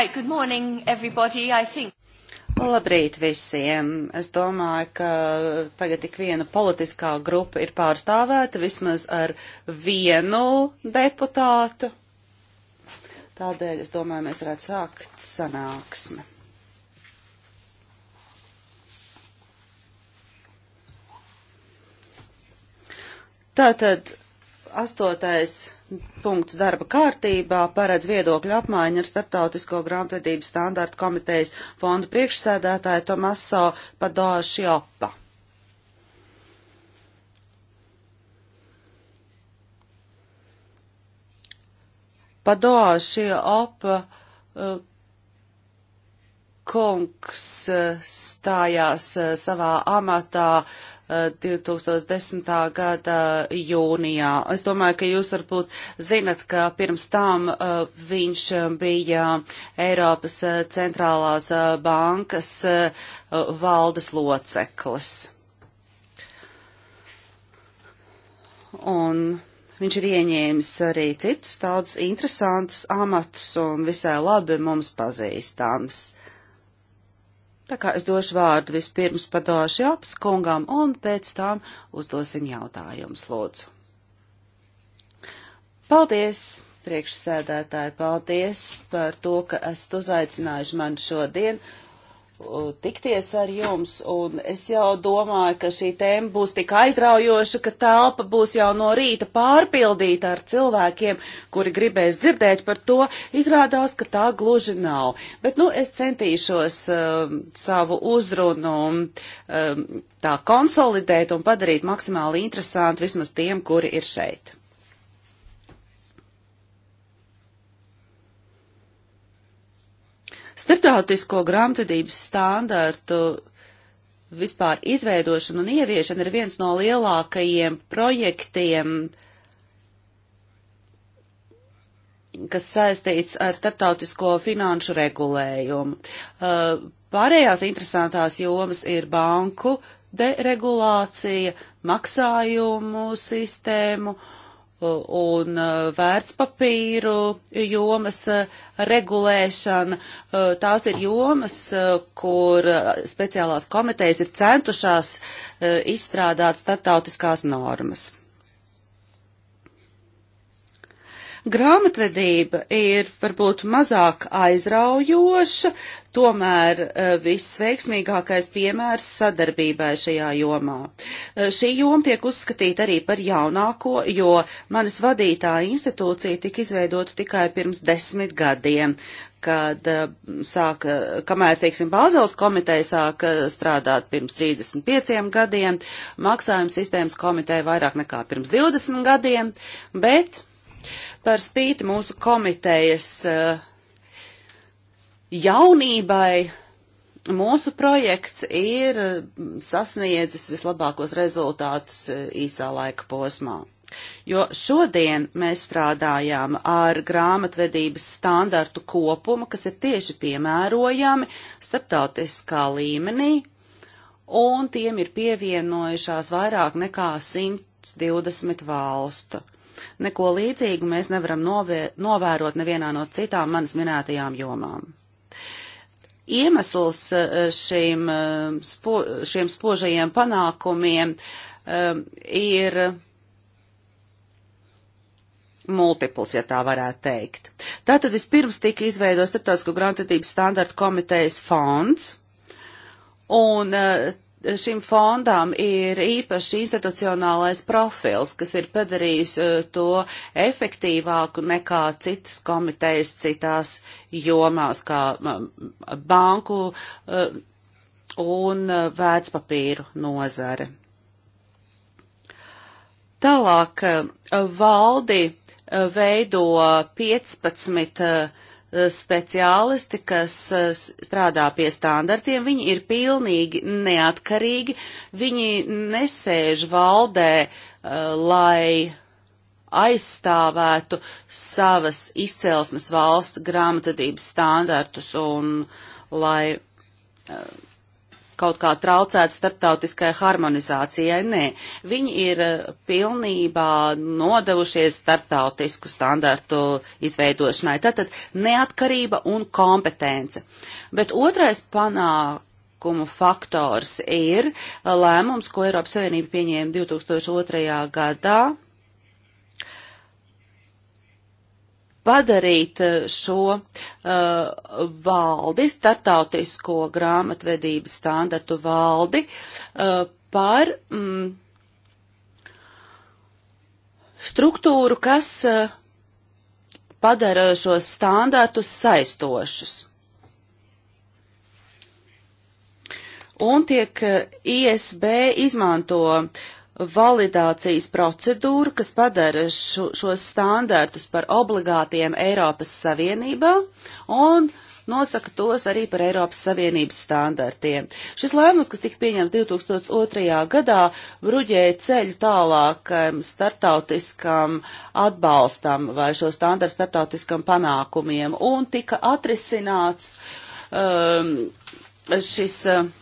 Right, good morning everybody, I think. Labrīt visiem! Es domāju, ka tagad tik viena politiskā grupa ir pārstāvēta vismaz ar vienu deputātu. Tādēļ, es domāju, mēs varētu sākt sanāksmi. Tātad astotais punkts darba kārtībā paredz viedokļu apmaiņu ar Startautisko grāmatvedības standartu komitejas fondu priekšsēdētāju Tomaso Padoši Opa. Padoši Opa uh, kungs eh, stājās eh, savā amatā 2010. Eh, gada jūnijā. Es domāju, ka jūs varbūt zinat, ka pirms tam viņš bija Eiropas centrālās bankas valdes loceklis. Un Viņš ir ieņēmis arī citus tādus interesantus amatus un visai labi mums pazīstams. Tā kā es došu vārdu vispirms padošu Jāps kungam un pēc tam uzdosim jautājumus, lūdzu. Paldies, priekšsēdētāji, paldies par to, ka esat uzaicinājuši mani šodien Uh, tikties ar jums, un es jau domāju, ka šī tēma būs tik aizraujoša, ka telpa būs jau no rīta pārpildīta ar cilvēkiem, kuri gribēs dzirdēt par to. Izrādās, ka tā gluži nav. Bet, nu, es centīšos um, savu uzrunu um, tā konsolidēt un padarīt maksimāli interesantu vismaz tiem, kuri ir šeit. Startautisko grāmatvedības standārtu vispār izveidošana un ieviešana ir viens no lielākajiem projektiem, kas saistīts ar starptautisko finanšu regulējumu. Uh, pārējās interesantās jomas ir banku deregulācija, maksājumu sistēmu uh, un eh, vērtspapīru jomas eh, regulēšana. Eh, tās ir jomas, kur speciālās komitejas ir centušās izstrādāt starptautiskās normas. Grāmatvedība ir varbūt mazāk aizraujoša, tomēr eh, visveiksmīgākais piemērs sadarbībai šajā jomā. Eh, šī joma tiek uzskatīta arī par jaunāko, jo manis vadītāja institūcija tika izveidota tikai pirms desmit gadiem kad eh, sāka, kamēr, teiksim, Bāzeles komiteja sāka strādāt pirms 35 gadiem, maksājuma sistēmas komiteja vairāk nekā pirms 20 gadiem, bet Par spīti mūsu komitejas eh, jaunībai mūsu projekts ir mm, sasniedzis vislabākos rezultātus eh, īsā laika posmā. Jo šodien mēs strādājām ar grāmatvedības standartu kopumu, kas ir tieši piemērojami starptautiskā līmenī, un tiem ir pievienojušās vairāk nekā 120 valstu. Neko līdzīgu mēs nevaram novērot nevienā no citām manas minētajām jomām. Iemesls eh, šīm, eh, spo, šiem spožajiem panākumiem eh, ir multiples, ja tā varētu teikt. Tātad vispirms tika izveidots starptautisko grāmatvedības standartu komitejas fonds, un šim fondam ir īpaši institucionālais profils, kas ir padarījis e, to efektīvāku nekā citas komitejas citās jomās, kā banku e, un e, vērtspapīru nozare. Tālāk valdi veido 15 speciālisti, kas e, strādā pie standartiem, viņi ir pilnīgi neatkarīgi, viņi nesēž valdē, e, lai aizstāvētu savas izcelsmes valsts grāmatvedības standartus un lai e, kaut kā traucētu starptautiskai harmonizācijai. Nē, viņi ir eh, pilnībā nodevušies starptautisku standartu izveidošanai. Tātad neatkarība un kompetence. Bet otrais panākumu faktors ir eh, lēmums, ko Eiropas Savienība pieņēma 2002. gadā padarīt eh, šo uh, valdi, startautisko grāmatvedības standartu valdi, uh, par mm, struktūru, kas uh, padara šos standartus saistošus. Un tiek ISB izmanto uh, validācijas procedūru, kas padara šo, šos standartus par obligātiem Eiropas Savienībā un nosaka tos arī par Eiropas Savienības standartiem. Šis lēmums, kas tika pieņemts 2002. gadā, bruģēja ceļu tālākam startautiskam atbalstam vai šo standartu startautiskam panākumiem un tika atrisināts um, šis. Uh,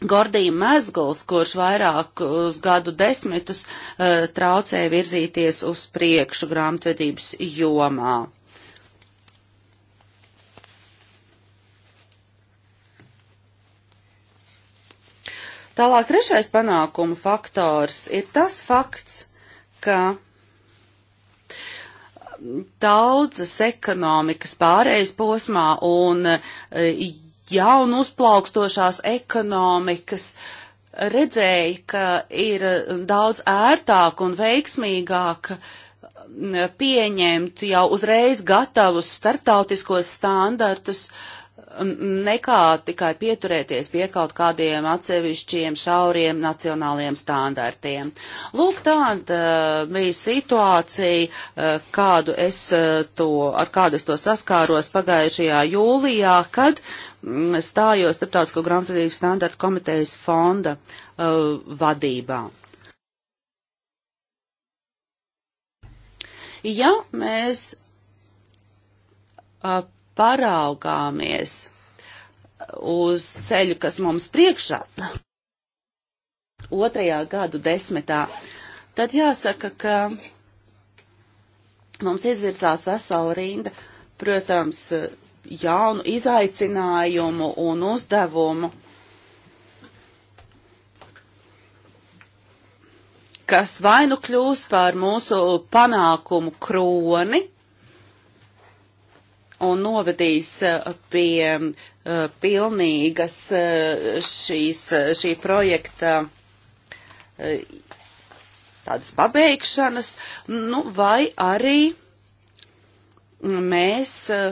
Gordija Mezgls, kurš vairākus gadu desmitus uh, traucēja virzīties uz priekšu grāmatvedības jomā. Tālāk trešais panākumu faktors ir tas fakts, ka daudzas ekonomikas pārējais posmā un uh, jaunu uzplaukstošās ekonomikas redzēja, ka ir daudz ērtāk un veiksmīgāk pieņemt jau uzreiz gatavus startautiskos standartus, nekā tikai pieturēties pie kaut kādiem atsevišķiem šauriem nacionāliem standartiem. Lūk, tāda eh, bija situācija, eh, kādu es eh, to, ar kādu es to saskāros pagājušajā jūlijā, kad uh, Mm, stājos Starptautisko grāmatvedības standartu komitejas fonda uh, vadībā. Ja mēs uh, paraugāmies uz ceļu, kas mums priekšā otrajā gadu desmitā, tad jāsaka, ka mums izvirzās vesela rinda, protams, uh, jaunu izaicinājumu un uzdevumu, kas vai nu kļūs par mūsu panākumu kroni un novedīs eh, pie eh, pilnīgas eh, šīs, šī projekta tādas pabeigšanas, nu, vai arī mēs uh,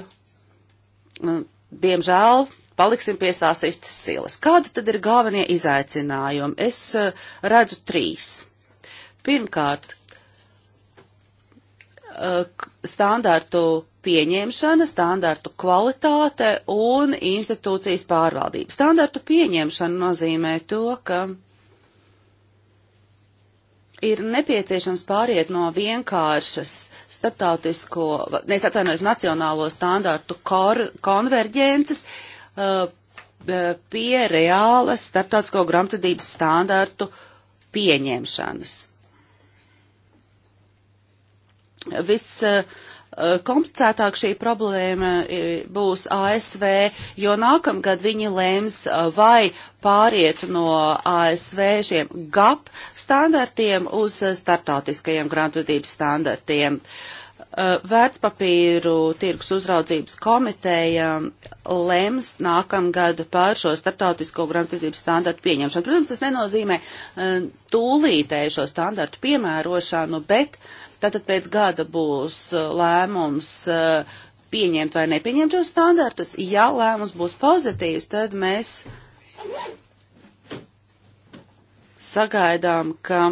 Mm, diemžēl paliksim pie sāsistas silas. Kādi tad ir galvenie izaicinājumi? Es eh, redzu trīs. Pirmkārt, eh, standārtu pieņemšana, standārtu kvalitāte un institūcijas pārvaldība. Standārtu pieņemšana nozīmē to, ka ir nepieciešams pāriet no vienkāršas starptautisko, nevis atvainojos nacionālo standārtu kor, konverģences uh, uh pie reālas starptautisko grāmatvedības standārtu pieņemšanas. Viss uh, Eh, komplicētāk šī problēma eh, būs ASV, jo nākamgad viņi lems, eh, vai pāriet no ASV šiem GAP standartiem uz startautiskajiem grāmatvedības standartiem. Vērtspapīru tirgus uzraudzības komiteja lems nākamgad par šo starptautisko grāmatvedības standartu pieņemšanu. Protams, tas nenozīmē tūlītēju šo standartu piemērošanu, bet uh, Tātad pēc gada būs uh, lēmums uh, pieņemt vai nepieņemt šos standartus. Ja lēmums būs pozitīvs, tad mēs sagaidām, ka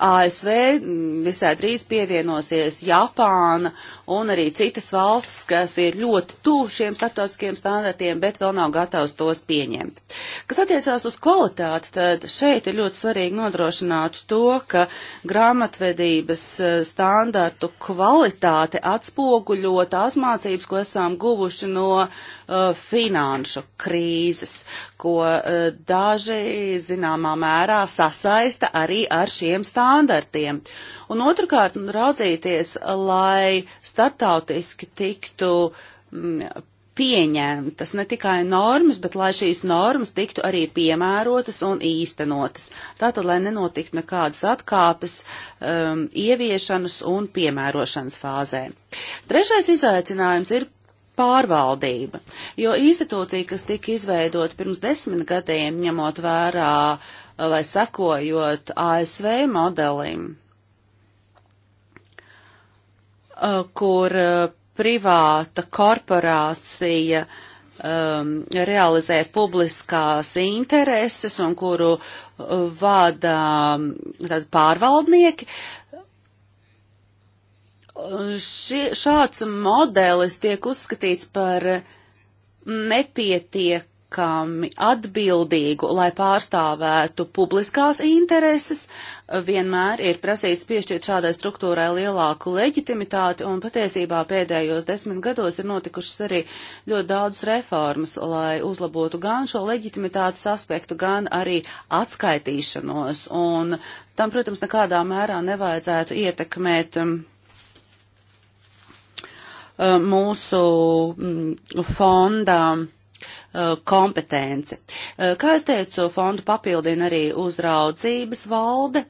ASV mm, visai drīz pievienosies Japāna un arī citas valstis, kas ir ļoti tuvu šiem starptautiskiem standartiem, bet vēl nav gatavs tos pieņemt. Kas attiecās uz kvalitāti, tad šeit ir ļoti svarīgi nodrošināt to, ka grāmatvedības e, standartu kvalitāte atspoguļo tās mācības, ko esam guvuši no uh, uh, finanšu krīzes, ko uh, daži zināmā mērā sasaista arī ar šiem standartiem. Un otrkārt, raudzīties, lai startautiski tiktu mm, pieņemtas ne tikai normas, bet lai šīs normas tiktu arī piemērotas un īstenotas. Tātad, lai nenotiktu nekādas atkāpes um, ieviešanas un piemērošanas fāzē. Trešais izaicinājums ir pārvaldība. Jo institūcija, kas tika izveidota pirms desmit gadiem, ņemot vērā vai sekojot ASV modelim, eh, kur eh, privāta korporācija um, realizē publiskās intereses un kuru eh, vada um, pārvaldnieki, uh, Ši, šāds modelis tiek uzskatīts par nepietiekami atbildīgu, lai pārstāvētu publiskās intereses. Vienmēr ir prasīts piešķirt šādai struktūrai lielāku leģitimitāti, un patiesībā pēdējos desmit gados ir notikušas arī ļoti daudz reformas, lai uzlabotu gan šo leģitimitātes aspektu, gan arī atskaitīšanos. Un tam, protams, nekādā mērā nevajadzētu ietekmēt um, Uh, mūsu mm, fonda uh, kompetence. Uh, kā es teicu, fondu papildina arī uzraudzības valde,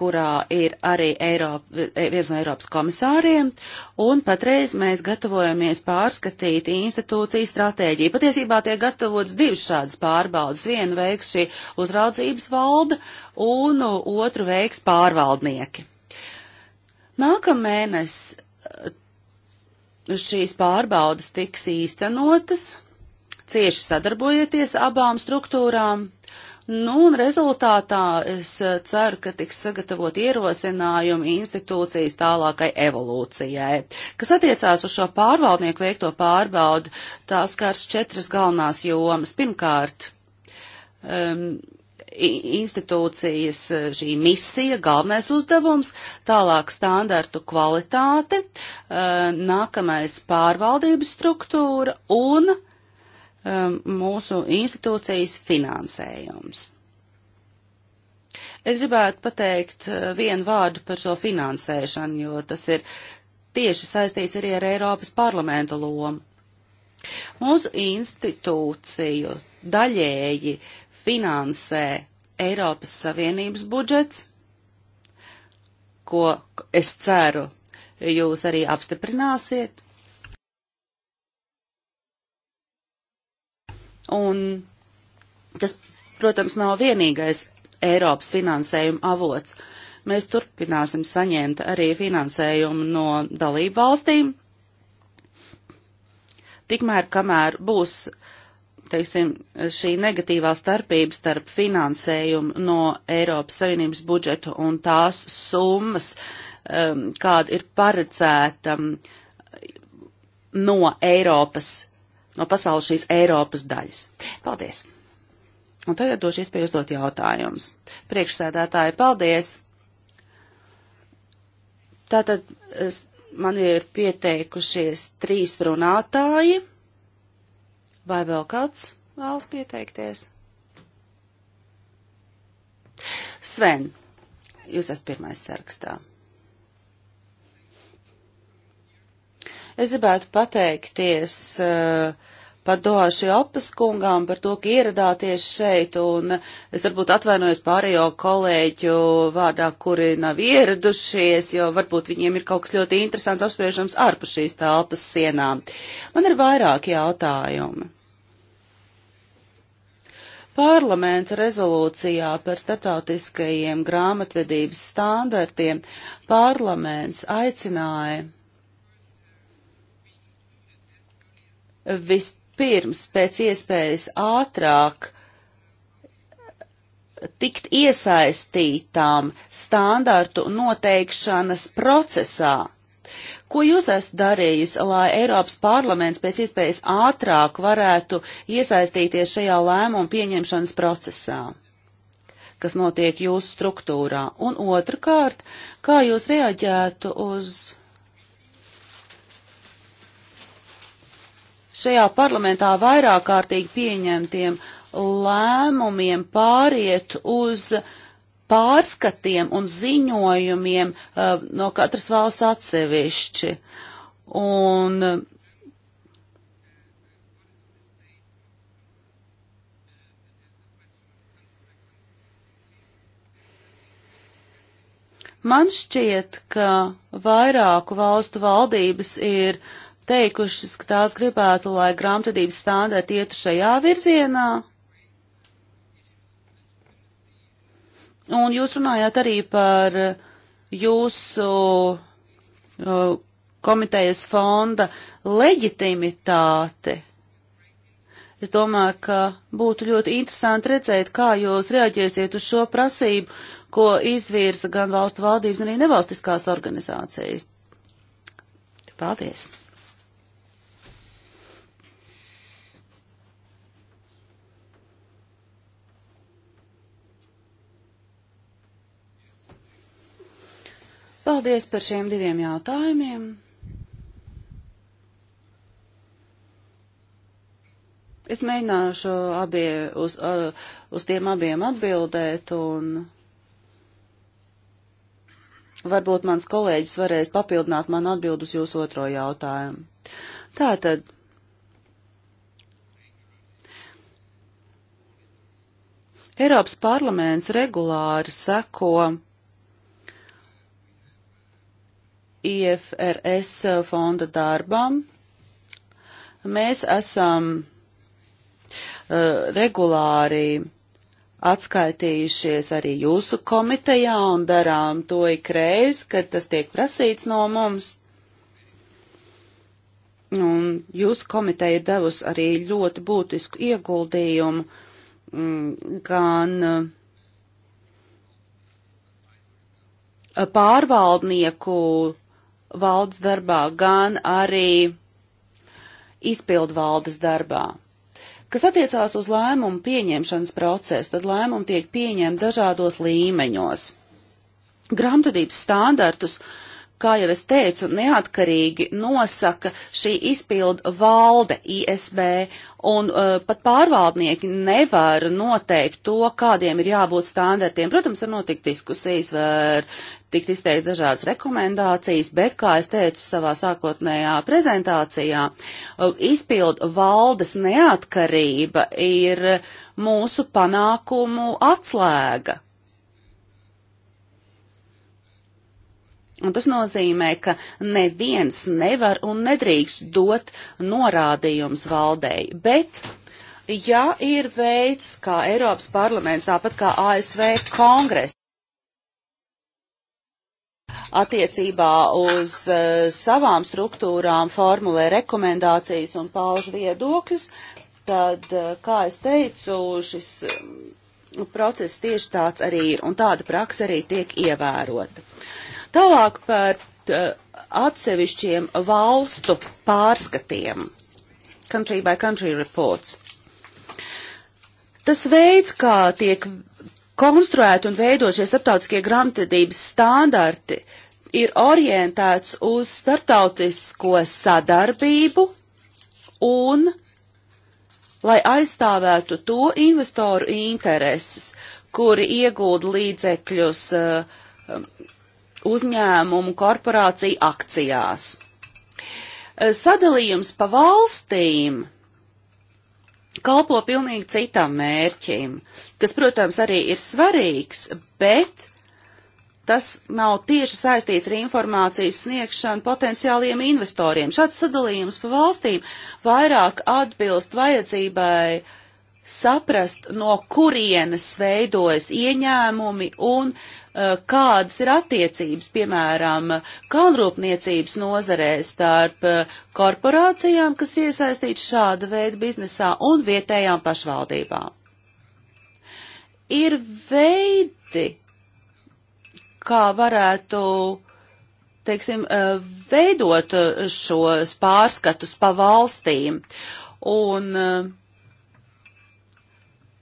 kurā ir arī Eiropa, e, viens no Eiropas komisāriem, un patreiz mēs gatavojamies pārskatīt institūciju stratēģiju. Patiesībā tiek gatavots divas šādas pārbaudas. Vienu veiks šī uzraudzības valde, un otru veiks pārvaldnieki. Nākamēnes šīs pārbaudas tiks īstenotas, cieši sadarbojoties abām struktūrām. Nu, un rezultātā es ceru, ka tiks sagatavot ierosinājumi institūcijas tālākai evolūcijai. Kas attiecās uz šo pārvaldnieku veikto pārbaudu, tās kārs četras galvenās jomas. Pirmkārt, um, institūcijas e, šī misija, galvenais uzdevums, tālāk standartu kvalitāte, e, nākamais pārvaldības struktūra un e, mūsu institūcijas finansējums. Es gribētu pateikt vienu vārdu par šo finansēšanu, jo tas ir tieši saistīts arī ar Eiropas parlamenta lomu. Mūsu institūciju daļēji uh, finansē Eiropas Savienības budžets, ko es ceru jūs arī apstiprināsiet. Un tas, protams, nav vienīgais Eiropas finansējuma avots. Mēs turpināsim saņemt arī finansējumu no dalību valstīm, tikmēr kamēr būs uh, teiksim, šī negatīvā starpība starp finansējumu no Eiropas Savienības budžetu un tās summas, um, kāda ir paredzēta um, no Eiropas, no pasaules šīs Eiropas daļas. Paldies! Un tagad došu iespēju uzdot jautājumus. Priekšsēdētāji, paldies! Tātad es, man ir pieteikušies trīs runātāji. Vai vēl kāds vēlas pieteikties? Sven, jūs esat pirmais sarakstā. Es gribētu pateikties uh, padošu opas kungām par to, ka ieradāties šeit, un es varbūt atvainojos pārējo kolēģu vārdā, kuri nav ieradušies, jo varbūt viņiem ir kaut kas ļoti interesants apspriežams ārpus šīs telpas sienām. Man ir vairāki jautājumi. Parlamenta rezolūcijā par starptautiskajiem grāmatvedības standartiem parlaments aicināja vispār vispirms pēc iespējas ātrāk tikt iesaistītām standartu noteikšanas procesā. Ko jūs esat darījis, lai Eiropas parlaments pēc iespējas ātrāk varētu iesaistīties šajā lēmumu pieņemšanas procesā, kas notiek jūsu struktūrā? Un otrkārt, kā jūs reaģētu uz šajā parlamentā vairāk kārtīgi pieņemtiem lēmumiem pāriet uz pārskatiem un ziņojumiem uh, no katras valsts atsevišķi. Un man šķiet, ka vairāku valstu valdības ir uh, teikušas, ka tās gribētu, lai grāmatvedības standarti ietu šajā virzienā. Un jūs runājāt arī par jūsu komitejas fonda leģitimitāti. Es domāju, ka būtu ļoti interesanti redzēt, kā jūs reaģēsiet uz šo prasību, ko izvirza gan valstu valdības, gan arī nevalstiskās organizācijas. Paldies! Paldies par šiem diviem jautājumiem. Es mēģināšu abie, uz, uz tiem abiem atbildēt, un varbūt mans kolēģis varēs papildināt man atbild uz jūsu otro jautājumu. Tātad. Eiropas parlaments regulāri seko IFRS uh, fonda darbam. Mēs esam uh, regulāri atskaitījušies arī jūsu komitejā un darām to ikreiz, kad tas tiek prasīts no mums. Un jūsu komiteja ir devusi arī ļoti būtisku ieguldījumu mm, gan uh, pārvaldnieku valdes darbā, gan arī izpildu valdes darbā. Kas attiecās uz lēmumu pieņemšanas procesu, tad lēmumi tiek pieņemti dažādos līmeņos. Grāmatvedības standartus uh, kā jau es teicu, neatkarīgi nosaka šī izpildu valde ISB, un uh, pat pārvaldnieki nevar noteikt to, kādiem ir jābūt standartiem. Protams, var notikt diskusijas, var tikt izteikt dažādas rekomendācijas, bet, kā es teicu savā sākotnējā prezentācijā, uh, izpildu valdes neatkarība ir mūsu panākumu atslēga. Un tas nozīmē, ka neviens nevar un nedrīkst dot norādījums valdei, bet ja ir veids, kā Eiropas parlaments, tāpat kā ASV kongress, attiecībā uz uh, savām struktūrām formulē rekomendācijas un pauž viedokļus, tad, uh, kā es teicu, šis uh, process tieši tāds arī ir, un tāda praksa arī tiek ievērota. Uh, Tālāk par atsevišķiem valstu pārskatiem. Country by country reports. Tas veids, kā tiek konstruēti un veidošie starptautiskie grāmatvedības standarti, ir orientēts uz starptautisko sadarbību un lai aizstāvētu to investoru intereses, kuri iegūda līdzekļus uh, uzņēmumu korporāciju akcijās. E, sadalījums pa valstīm kalpo pilnīgi citam mērķim, kas, protams, arī ir svarīgs, bet tas nav tieši saistīts ar informācijas sniegšanu potenciāliem investoriem. Šāds sadalījums pa valstīm vairāk atbilst vajadzībai saprast, no kurienes veidojas ieņēmumi un uh, Eh, kādas ir attiecības, piemēram, kalnrūpniecības nozarē starp eh, korporācijām, kas ir iesaistīts šāda veida biznesā un vietējām pašvaldībām. Ir veidi, kā varētu, teiksim, eh, veidot šos pārskatus pa valstīm. Un uh,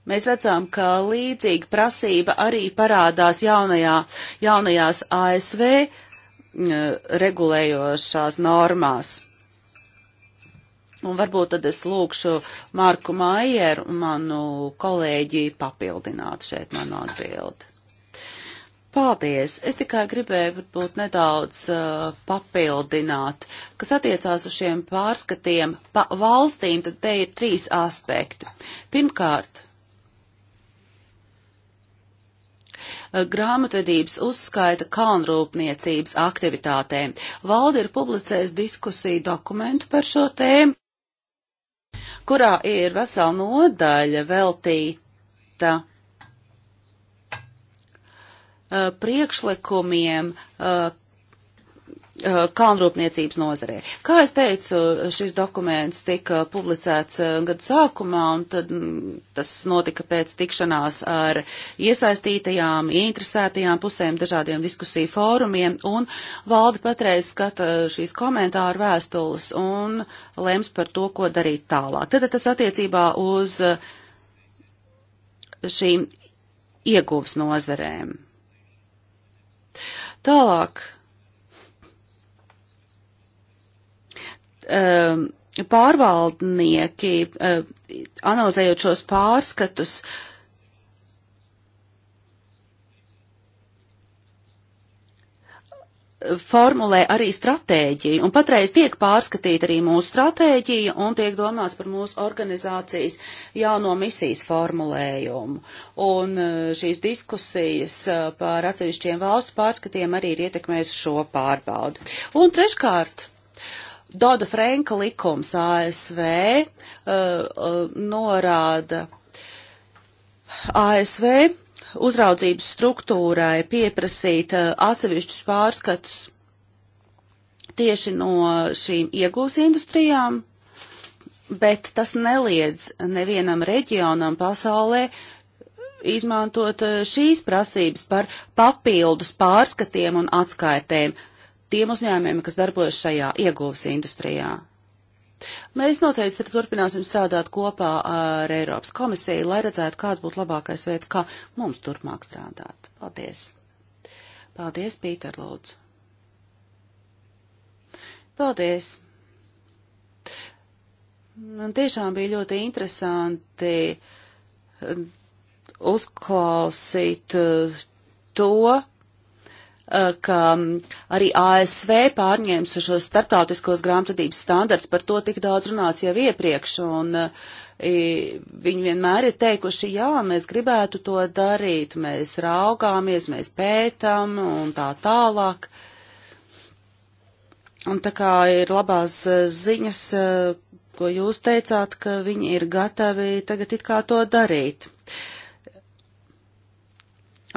Mēs redzam, ka līdzīga prasība arī parādās jaunajā, jaunajās ASV mm, regulējošās normās. Un varbūt tad es lūkšu Marku Maieru un manu kolēģi papildināt šeit manu atbildi. Paldies! Es tikai gribēju varbūt nedaudz uh, papildināt. Kas attiecās uz šiem pārskatiem pa valstīm, tad te ir trīs aspekti. Pirmkārt, Eh, grāmatvedības uzskaita kalnrūpniecības aktivitātēm. Valde ir publicējis diskusiju dokumentu par šo tēmu, kurā ir vesela nodaļa veltīta eh, priekšlikumiem, eh, Uh, kalnrūpniecības nozarē. Kā es teicu, šis dokuments tika publicēts uh, gada sākumā, un tad mm, tas notika pēc tikšanās ar iesaistītajām, ieinteresētajām pusēm, dažādiem diskusiju fórumiem, un valde patreiz skata uh, šīs komentāru vēstules un lems par to, ko darīt tālāk. Tad tas attiecībā uz šīm ieguvs nozarēm. Tālāk um, pārvaldnieki, um, analizējot šos pārskatus, formulē arī stratēģiju, un patreiz tiek pārskatīta arī mūsu stratēģija, un tiek domāts par mūsu organizācijas jauno misijas formulējumu. Un uh, šīs diskusijas uh, par atsevišķiem valstu pārskatiem arī ir ietekmējusi šo pārbaudu. Un treškārt, Doda Frenka likums ASV uh, uh, norāda ASV uzraudzības struktūrai pieprasīt uh, atsevišķus pārskatus tieši no šīm iegūs industrijām, bet tas neliedz nevienam reģionam pasaulē izmantot uh, šīs prasības par papildus pārskatiem un atskaitēm tiem uzņēmumiem, kas darbojas šajā ieguvas industrijā. Mēs noteikti turpināsim strādāt kopā ar Eiropas komisiju, lai redzētu, kāds būtu labākais veids, kā mums turpmāk strādāt. Paldies! Paldies, Pīter, lūdzu! Paldies! Man tiešām bija ļoti interesanti eh, uzklausīt eh, to, Eh, ka arī ASV pārņēma šos starptautiskos grāmatvedības standarts, par to tik daudz runāts jau iepriekš, un eh, viņi vienmēr ir teikuši, jā, mēs gribētu to darīt, mēs raugāmies, mēs pētam un tā tālāk. Un tā kā ir labās eh, ziņas, ko jūs teicāt, ka viņi ir gatavi tagad it kā to darīt. Uh,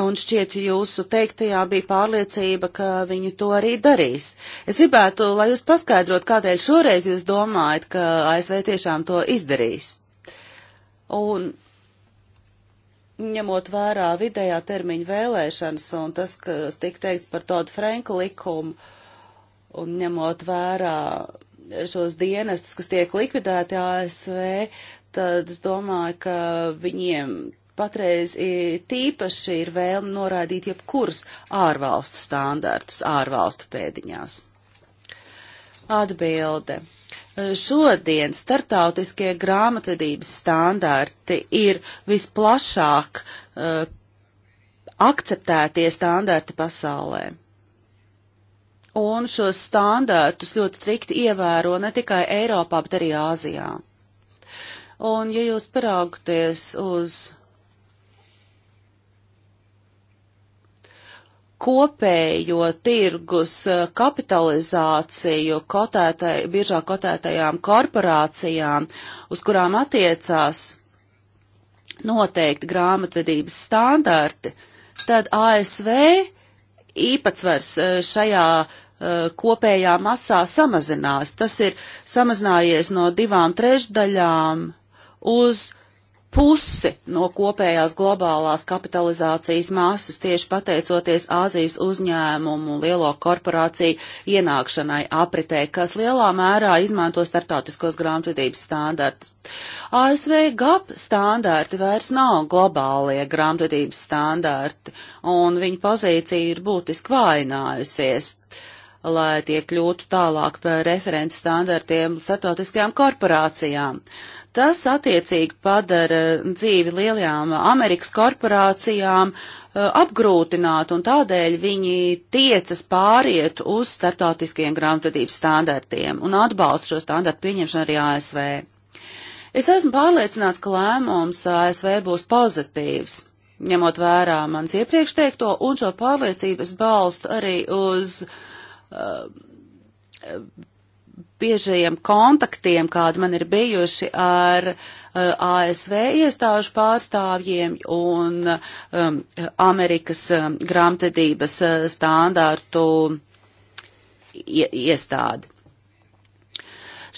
Un šķiet, jūsu teiktajā bija pārliecība, ka viņi to arī darīs. Es gribētu, lai jūs paskaidrot, kādēļ šoreiz jūs domājat, ka ASV tiešām to izdarīs. Un ņemot vērā vidējā termiņa vēlēšanas un tas, kas tika teikts par Todu Frenka likumu, un ņemot vērā šos dienestus, kas tiek likvidēti ASV, tad es domāju, ka viņiem Patreiz e, tīpaši ir vēlme noraidīt jebkurus ārvalstu standartus ārvalstu pēdiņās. Atbilde. Šodien starptautiskie grāmatvedības standarti ir visplašāk uh, akceptētie standarti pasaulē. Un šos standartus ļoti strikti ievēro ne tikai Eiropā, bet arī Āzijā. Un, ja jūs paraugaties uz kopējo tirgus eh, kapitalizāciju kotētai, biežā kotētajām korporācijām, uz kurām attiecās noteikti grāmatvedības standarti, tad ASV īpatsvars eh, šajā eh, kopējā masā samazinās. Tas ir samazinājies no divām trešdaļām uz pusi no kopējās globālās kapitalizācijas masas tieši pateicoties Āzijas uzņēmumu lielo korporāciju ienākšanai apritē, kas lielā mērā izmanto starptautiskos grāmatvedības standartus. ASV GAP standarti vairs nav globālie grāmatvedības standarti, un viņa pozīcija ir būtiski vainājusies. Uh, lai tie kļūtu tālāk par referents standartiem starptautiskajām korporācijām. Tas attiecīgi padara dzīvi lielajām Amerikas korporācijām eh, apgrūtināt, un tādēļ viņi tiecas pāriet uz starptautiskajiem grāmatvedības standartiem un atbalsta šo standartu pieņemšanu arī ASV. Es esmu pārliecināts, ka lēmums ASV būs pozitīvs ņemot vērā mans iepriekš teikto, un šo pārliecības balstu arī uz biežajiem kontaktiem, kādi man ir bijuši ar uh, eh, ASV iestāžu pārstāvjiem un um, Amerikas um, grāmatvedības uh, standārtu iestādi.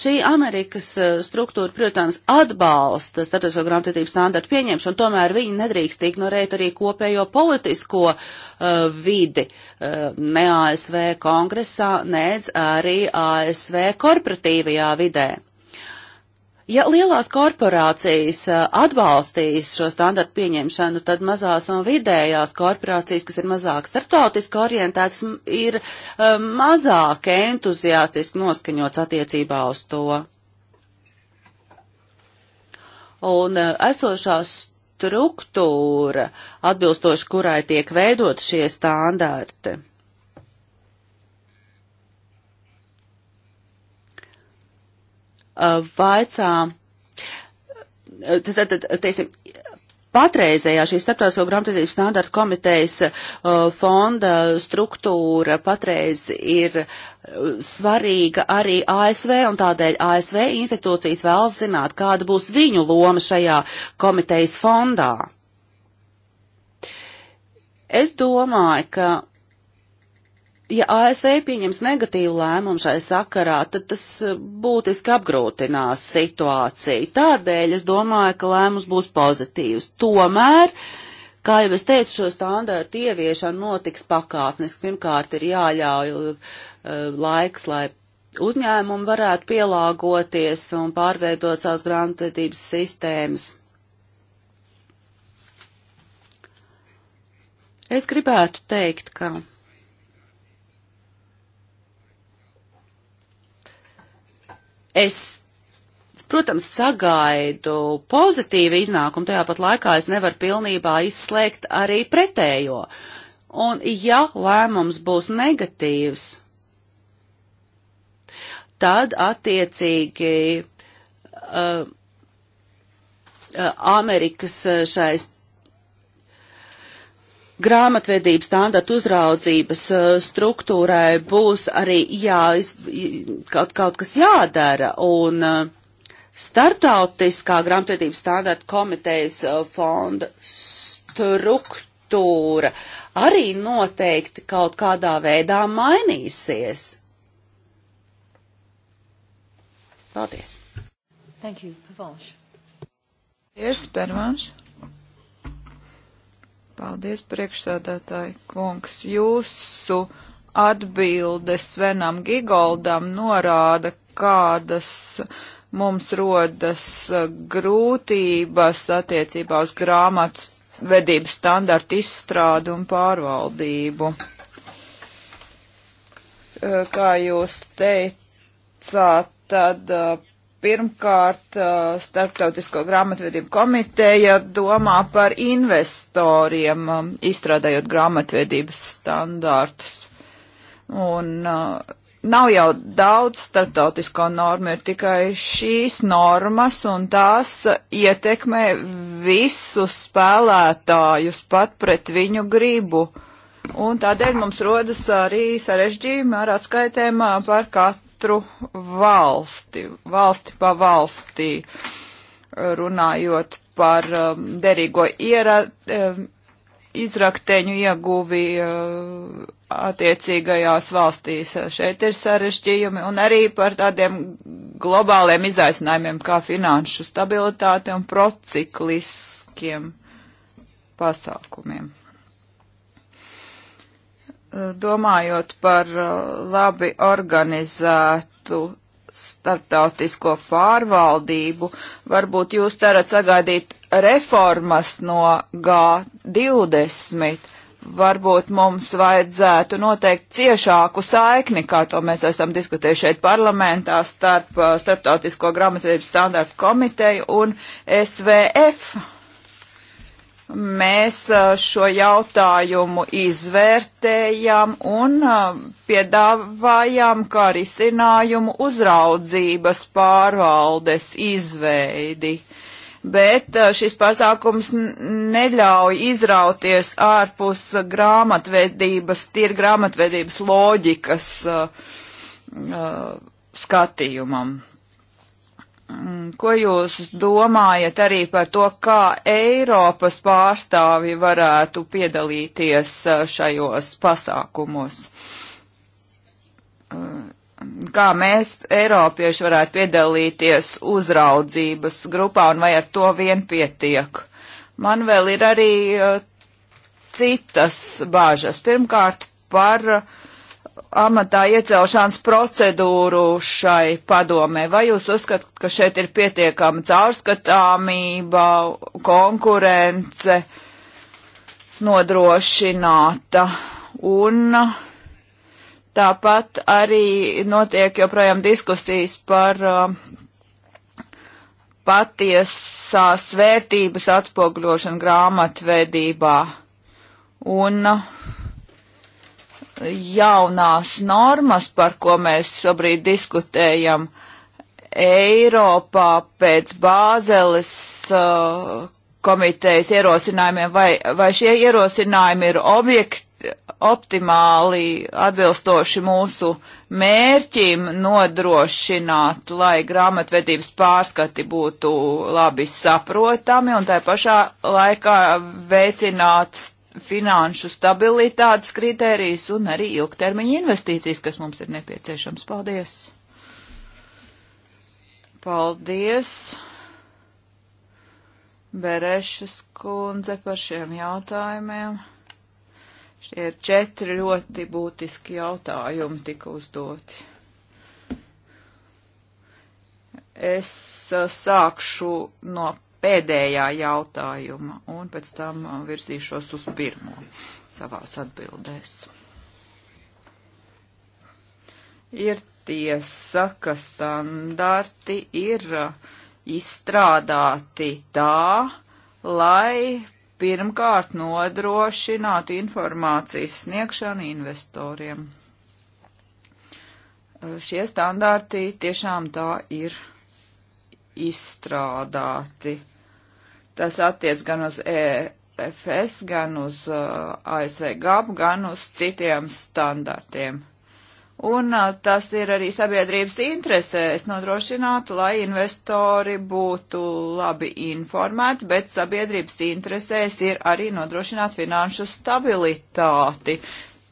Šī Amerikas eh, struktūra, protams, atbalsta starptautisko grāmatvedības standartu pieņemšanu, tomēr viņi nedrīkst ignorēt arī kopējo politisko uh, vidi uh, ne ASV kongresā, nedz arī ASV korporatīvajā vidē. Ja lielās korporācijas uh, atbalstīs šo standartu pieņemšanu, tad mazās un vidējās korporācijas, kas ir mazāk starptautiski orientētas, ir um, mazāk entuziastiski noskaņots attiecībā uz to. Un uh, esošā struktūra, atbilstoši kurai tiek veidot šie standarti, Uh, vaicā, uh, tad, tad, tad teiksim, patreizējā šī starptautisko grāmatvedības standarta komitejas uh, fonda struktūra patreiz ir svarīga arī ASV, un tādēļ ASV institūcijas vēlas zināt, kāda būs viņu loma šajā komitejas fondā. Es domāju, ka ja ASV pieņems negatīvu lēmumu šai sakarā, tad tas eh, būtiski apgrūtinās situāciju. Tādēļ es domāju, ka lēmums būs pozitīvs. Tomēr, kā jau es teicu, šo standārtu ieviešana notiks pakāpeniski. Pirmkārt, ir jāļauj uh, laiks, lai uzņēmumi varētu pielāgoties un pārveidot savas grāmatvedības sistēmas. Es gribētu teikt, ka Es, protams, sagaidu pozitīvu iznākumu, tajā pat laikā es nevaru pilnībā izslēgt arī pretējo. Un ja lēmums būs negatīvs, tad attiecīgi uh, uh Amerikas uh, šais grāmatvedības standartu uzraudzības uh, struktūrai būs arī jāiz, kaut, kaut kas jādara. Un uh, startautiskā grāmatvedības standartu komitejas uh, fonda struktūra arī noteikti kaut kādā veidā mainīsies. Paldies! Thank you, Pavanš. Yes, Pavanš. Paldies, priekšsēdētāji kungs. Jūsu atbildes Venam Gigoldam norāda, kādas mums rodas uh, grūtības attiecībā uz grāmatas vedības standartu izstrādu un pārvaldību. Uh, kā jūs teicāt, tad uh, Pirmkārt, uh, Starptautisko grāmatvedību komiteja domā par investoriem, um, izstrādājot grāmatvedības standārtus. Un uh, nav jau daudz starptautisko normu, ir tikai šīs normas, un tās ietekmē visus spēlētājus pat pret viņu gribu. Un tādēļ mums rodas arī sarežģījumi ar atskaitēm uh, par katru katru valsti, valsti pa valstī, runājot par um, derīgo iera, um, izrakteņu ieguvi uh, attiecīgajās valstīs. Šeit ir sarežģījumi un arī par tādiem globāliem izaicinājumiem kā finanšu stabilitāte un procikliskiem pasākumiem domājot par uh, labi organizētu starptautisko pārvaldību, varbūt jūs cerat sagaidīt reformas no G20. Varbūt mums vajadzētu noteikt ciešāku saikni, kā to mēs esam diskutējuši šeit parlamentā starp uh, Starptautisko grāmatvedības standartu komiteju un SVF Mēs šo jautājumu izvērtējam un piedāvājam kā risinājumu uzraudzības pārvaldes izveidi. Bet šis pasākums neļauj izrauties ārpus grāmatvedības, tīri grāmatvedības loģikas uh, skatījumam. Mm, ko jūs domājat arī par to, kā Eiropas pārstāvi varētu piedalīties uh, šajos pasākumos? Uh, kā mēs, Eiropieši, varētu piedalīties uzraudzības grupā un vai ar to vien pietiek? Man vēl ir arī uh, citas bāžas. Pirmkārt, par uh, amatā iecelšanas procedūru šai padomē. Vai jūs uzskatāt, ka šeit ir pietiekama caurskatāmība, konkurence nodrošināta un tāpat arī notiek joprojām diskusijas par uh, patiesās vērtības atspogļošanu grāmatvedībā. Un uh, jaunās normas, par ko mēs šobrīd diskutējam Eiropā pēc Bāzeles uh, komitejas ierosinājumiem, vai, vai šie ierosinājumi ir objekti, optimāli atbilstoši mūsu mērķim nodrošināt, lai grāmatvedības pārskati būtu labi saprotami un tai pašā laikā veicināt finanšu stabilitātes kritērijas un arī ilgtermiņa investīcijas, kas mums ir nepieciešams. Paldies! Paldies! Berešas kundze par šiem jautājumiem. Šie ir četri ļoti būtiski jautājumi tika uzdoti. Es uh, sākšu no pēdējā jautājuma, un pēc tam uh, virzīšos uz pirmo savās atbildēs. Ir tiesa, ka standarti ir uh, izstrādāti tā, lai pirmkārt nodrošinātu informācijas sniegšanu investoriem. Uh, šie standarti tiešām tā ir izstrādāti. Tas attiec gan uz EFS, gan uz uh, ASV GAP, gan uz citiem standartiem. Un uh, tas ir arī sabiedrības interesēs nodrošināt, lai investori būtu labi informēti, bet sabiedrības interesēs ir arī nodrošināt finanšu stabilitāti.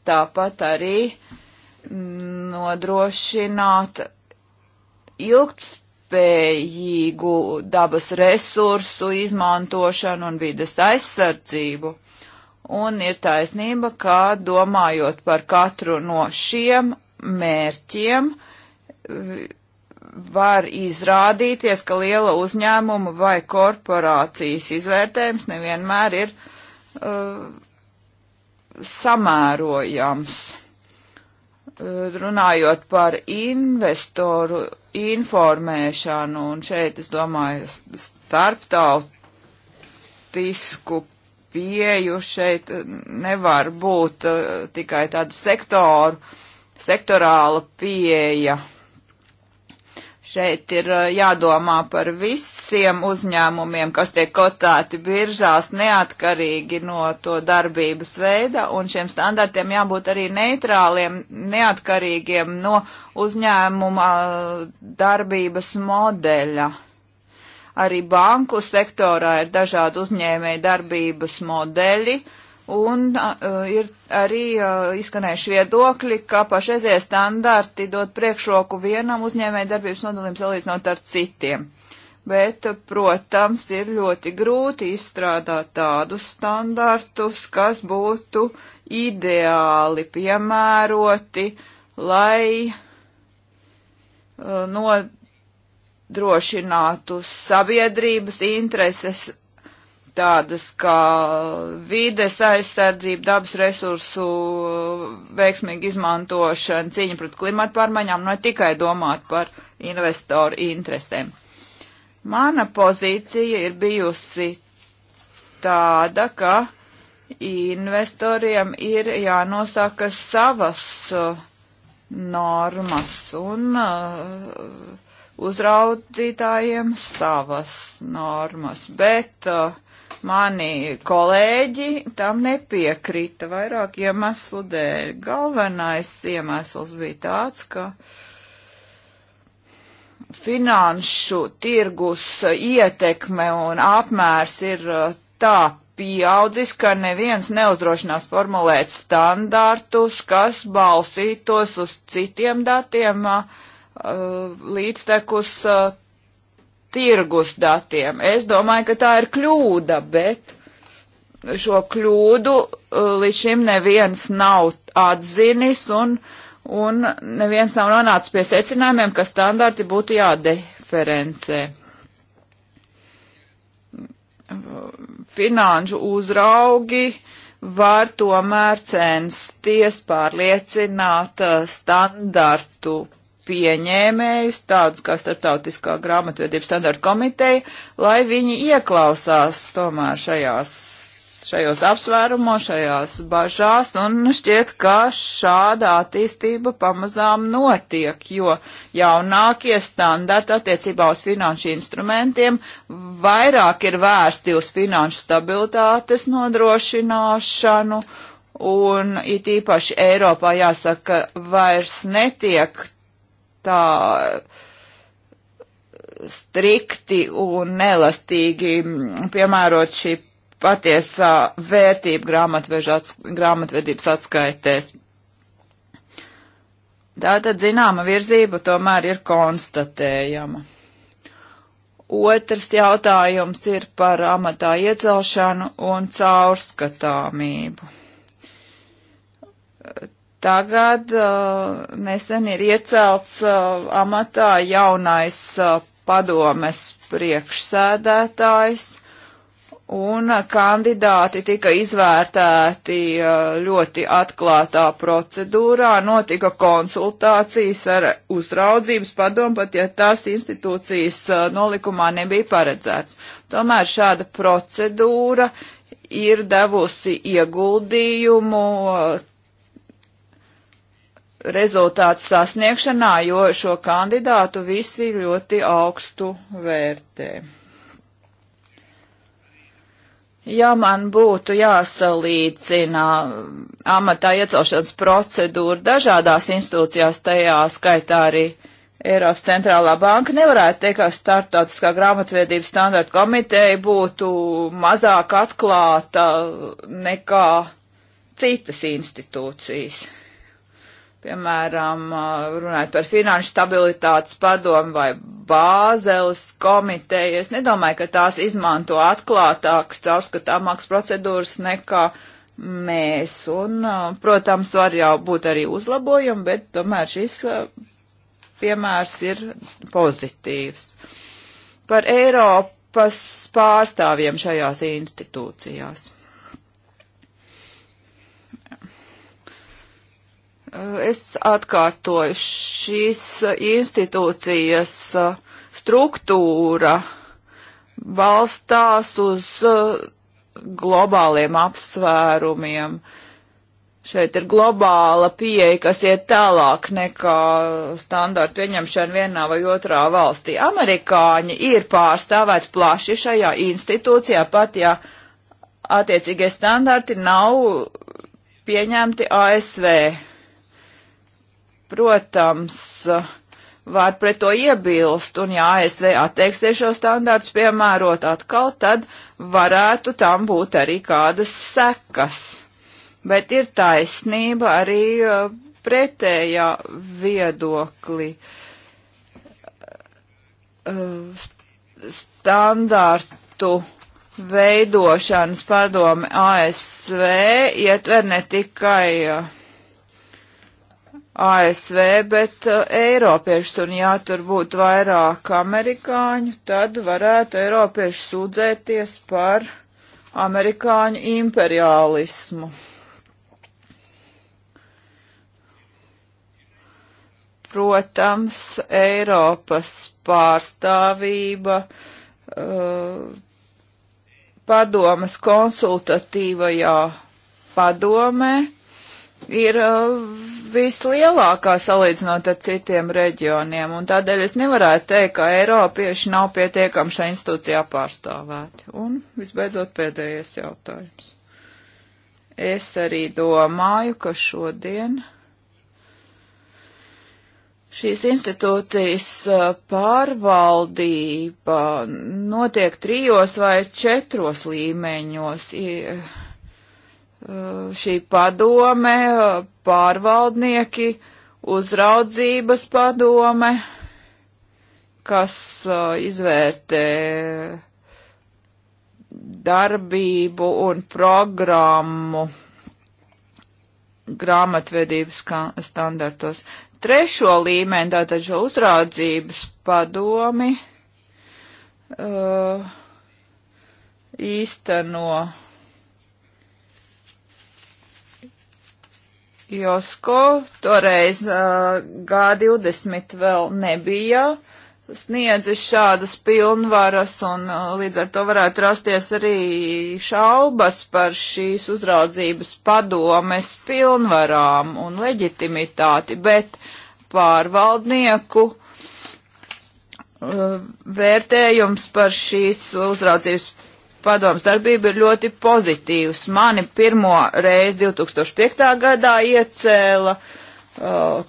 Tāpat arī nodrošināt ilgts ilgtspējīgu dabas resursu izmantošanu un vides aizsardzību. Un ir taisnība, ka domājot par katru no šiem mērķiem, var izrādīties, ka liela uzņēmuma vai korporācijas izvērtējums nevienmēr ir uh, samērojams. Uh, runājot par investoru informēšanu, un šeit es domāju starptautisku pieju, šeit nevar būt uh, tikai tādu sektoru, sektorāla pieeja. Šeit ir uh, jādomā par visiem uzņēmumiem, kas tiek kotāti biržās neatkarīgi no to darbības veida, un šiem standartiem jābūt arī neitrāliem, neatkarīgiem no uzņēmuma uh, darbības modeļa. Arī banku sektorā ir dažādi uzņēmēji darbības modeļi, uh, Un uh, ir arī uh, izskanējuši viedokļi, ka pašreizie standarti dod priekšroku vienam uzņēmēju darbības nodalim salīdzinot ar citiem. Bet, protams, ir ļoti grūti izstrādāt tādus standartus, kas būtu ideāli piemēroti, lai uh, nodrošinātu sabiedrības intereses tādas kā vides aizsardzība, dabas resursu uh, veiksmīga izmantošana, cīņa pret klimatu pārmaiņām, nu, ne tikai domāt par investoru interesēm. Mana pozīcija ir bijusi tāda, ka investoriem ir jānosaka savas uh, normas un uh, uzraudzītājiem savas normas, bet uh, Mani kolēģi tam nepiekrita vairāk iemeslu dēļ. Galvenais iemesls bija tāds, ka finanšu tirgus ietekme un apmērs ir uh, tā pieaudzis, ka neviens neuzdrošinās formulēt standartus, kas balsītos uz citiem datiem uh, uh, līdztekus tirgus datiem. Es domāju, ka tā ir kļūda, bet šo kļūdu uh, līdz šim neviens nav atzinis un, un neviens nav nonācis pie secinājumiem, ka standarti būtu jādeferencē. Finanšu uzraugi var tomēr censties pārliecināt uh, standartu pieņēmējus, tādus kā Startautiskā grāmatvedības standarta komiteja, lai viņi ieklausās tomēr šajās, šajos apsvērumos, šajās bažās, un šķiet, ka šāda attīstība pamazām notiek, jo jaunākie standarti attiecībā uz finanšu instrumentiem vairāk ir vērsti uz finanšu stabilitātes nodrošināšanu Un it īpaši Eiropā jāsaka, vairs netiek tā strikti un nelastīgi piemērot šī patiesā vērtība atsk grāmatvedības atskaitēs. Tātad zināma virzība tomēr ir konstatējama. Otrs jautājums ir par amatā iecelšanu un caurskatāmību. Tagad uh, nesen ir iecelts uh, amatā jaunais uh, padomes priekšsēdētājs, un uh, kandidāti tika izvērtēti uh, ļoti atklātā procedūrā, notika konsultācijas ar uzraudzības padomu, pat ja tās institūcijas uh, nolikumā nebija paredzēts. Tomēr šāda procedūra ir devusi ieguldījumu rezultātu sasniegšanā, jo šo kandidātu visi ļoti augstu vērtē. Ja man būtu jāsalīdzina amatā iecelšanas procedūra dažādās institūcijās, tajā skaitā arī Eiropas centrālā banka, nevarētu teikt, ka startautiskā grāmatvedības standarta komiteja būtu mazāk atklāta nekā citas institūcijas piemēram, runājot par finanšu stabilitātes padomu vai bāzeles komiteju, es nedomāju, ka tās izmanto atklātākas, caurskatāmākas procedūras nekā mēs. Un, protams, var jau būt arī uzlabojumi, bet tomēr šis piemērs ir pozitīvs. Par Eiropas pārstāvjiem šajās institūcijās. Es atkārtoju, šīs institūcijas struktūra balstās uz uh, globāliem apsvērumiem. Šeit ir globāla pieeja, kas iet tālāk nekā standārta pieņemšana vienā vai otrā valstī. Amerikāņi ir pārstāvēti plaši šajā institūcijā, pat ja attiecīgie standarti nav pieņemti ASV protams, var pret to iebilst, un ja ASV atteiksies šo standārtu piemērot atkal, tad varētu tam būt arī kādas sekas. Bet ir taisnība arī eh, pretējā viedoklī. Eh, standārtu veidošanas padome ASV ietver ne tikai uh, ASV, bet uh, Eiropiešus, un ja tur būtu vairāk amerikāņu, tad varētu Eiropieši sūdzēties par amerikāņu imperialismu. Protams, Eiropas pārstāvība uh, padomas konsultatīvajā padomē ir uh, vislielākā salīdzinot ar citiem reģioniem, un tādēļ es nevarētu teikt, ka Eiropieši nav pietiekami šai institūcijā pārstāvēti. Un visbeidzot pēdējais jautājums. Es arī domāju, ka šodien šīs institūcijas uh, pārvaldība notiek trijos vai četros līmeņos. Uh, šī padome uh, pārvaldnieki, uzraudzības padome, kas uh, izvērtē darbību un programmu grāmatvedības standartos. Trešo līmeni, tātad šo uzraudzības padomi, uh, īsteno Josko, toreiz uh, G20 vēl nebija sniedzis šādas pilnvaras, un uh, līdz ar to varētu rasties arī šaubas par šīs uzraudzības padomes pilnvarām un leģitimitāti, bet pārvaldnieku uh, vērtējums par šīs uzraudzības padomas darbība ir ļoti pozitīvs. Mani pirmo reizi 2005. gadā iecēla uh,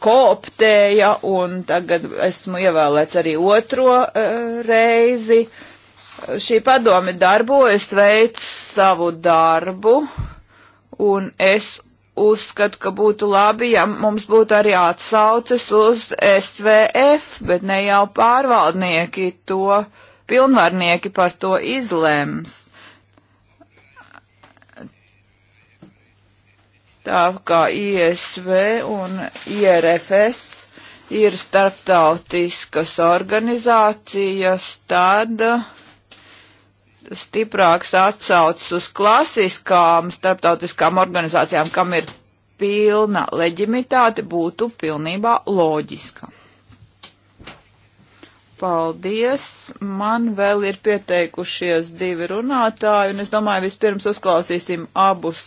kooptēja un tagad esmu ievēlēts arī otro uh, reizi. Šī padome darbojas, veic savu darbu un es uzskatu, ka būtu labi, ja mums būtu arī atsauces uz SVF, bet ne jau pārvaldnieki to, pilnvarnieki par to izlems. tā kā ISV un IRFS ir starptautiskas organizācijas, tad stiprāks atsaucis uz klasiskām starptautiskām organizācijām, kam ir pilna leģimitāte, būtu pilnībā loģiska. Paldies! Man vēl ir pieteikušies divi runātāji, un es domāju, vispirms uzklausīsim abus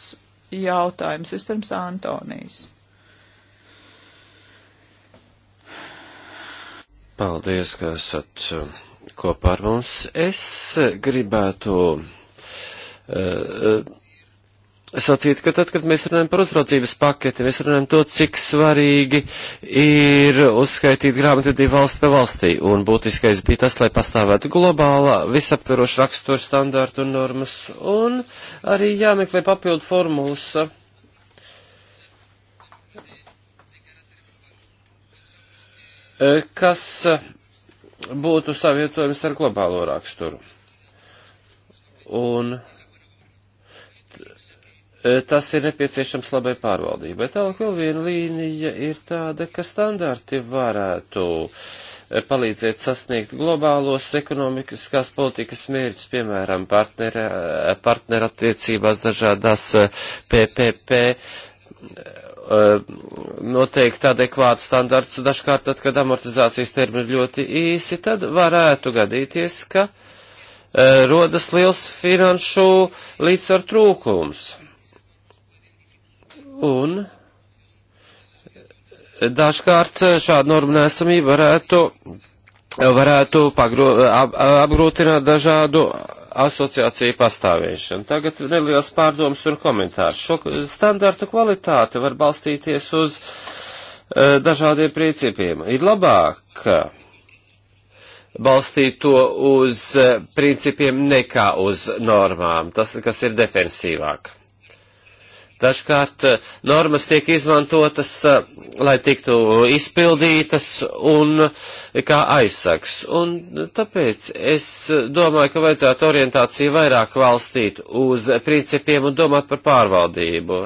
jautājumus. Vispirms Antonijs. Paldies, ka esat uh, kopā ar mums. Es gribētu uh, uh sacīt, ka tad, kad mēs runājam par uzraudzības paketi, mēs runājam to, cik svarīgi ir uzskaitīt grāmatvedību valsts pa valstī. Un būtiskais bija tas, lai pastāvētu globālā, visaptveroša rakstura standārta un normas. Un arī jāmeklē papildu formulas. kas būtu savietojams ar globālo raksturu. Un E, tas ir nepieciešams labai pārvaldībai. Tālāk vēl viena līnija ir tāda, ka standarti varētu e, palīdzēt sasniegt globālos ekonomikas politikas mērķus, piemēram, partnera, e, partnerattiecībās dažādās PPP noteikt adekvātu standartus. Dažkārt, tad, kad amortizācijas termi ir ļoti īsi, tad varētu gadīties, ka rodas liels finanšu līdzsvar trūkums Un dažkārt šāda norma nesamība varētu, varētu pagro, ap, apgrūtināt dažādu asociāciju pastāvēšanu. Tagad neliels pārdoms un komentārs. Šo standartu kvalitāte var balstīties uz uh, dažādiem principiem. Ir labāk balstīt to uz principiem nekā uz normām, tas, kas ir defensīvāk. Dažkārt eh, normas tiek izmantotas, eh, lai tiktu izpildītas un eh, kā aizsaks. Un tāpēc es domāju, ka vajadzētu orientāciju vairāk valstīt uz principiem un domāt par pārvaldību.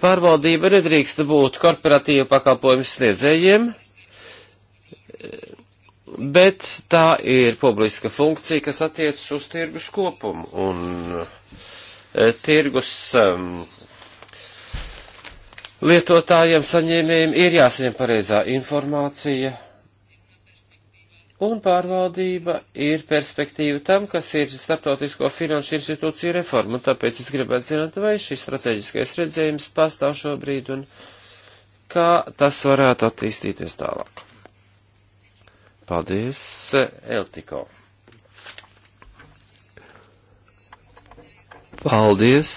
Pārvaldība nedrīkst būt korporatīva pakalpojumu sniedzējiem, bet tā ir publiska funkcija, kas attiecas uz tirgus kopumu. Un, tirgus um, lietotājiem, saņēmējiem ir jāsaņem pareizā informācija, un pārvaldība ir perspektīva tam, kas ir starptautisko finanšu institūciju reforma, un tāpēc es gribētu zināt, vai šis strateģiskais redzējums pastāv šobrīd, un kā tas varētu attīstīties tālāk. Paldies, Eltiko. Paldies.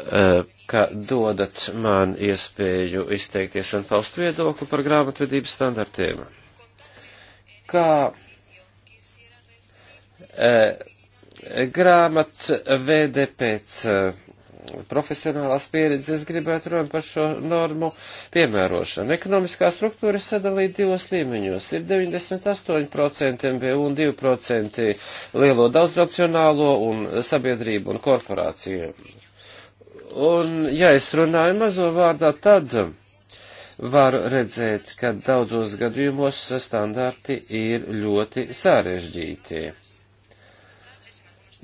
Uh, ka dodat man iespēju izteikties un paust viedokli par grāmatvedības standartiem. Kā e, grāmatvede pēc e, profesionālās pieredzes gribētu runāt par šo normu piemērošanu. Ekonomiskā struktūra ir sadalīta divos līmeņos. Ir 98% MBU un 2% lielo daudznacionālo un sabiedrību un korporāciju Un, ja es runāju mazo vārdā, tad varu redzēt, ka daudzos gadījumos standarti ir ļoti sarežģītie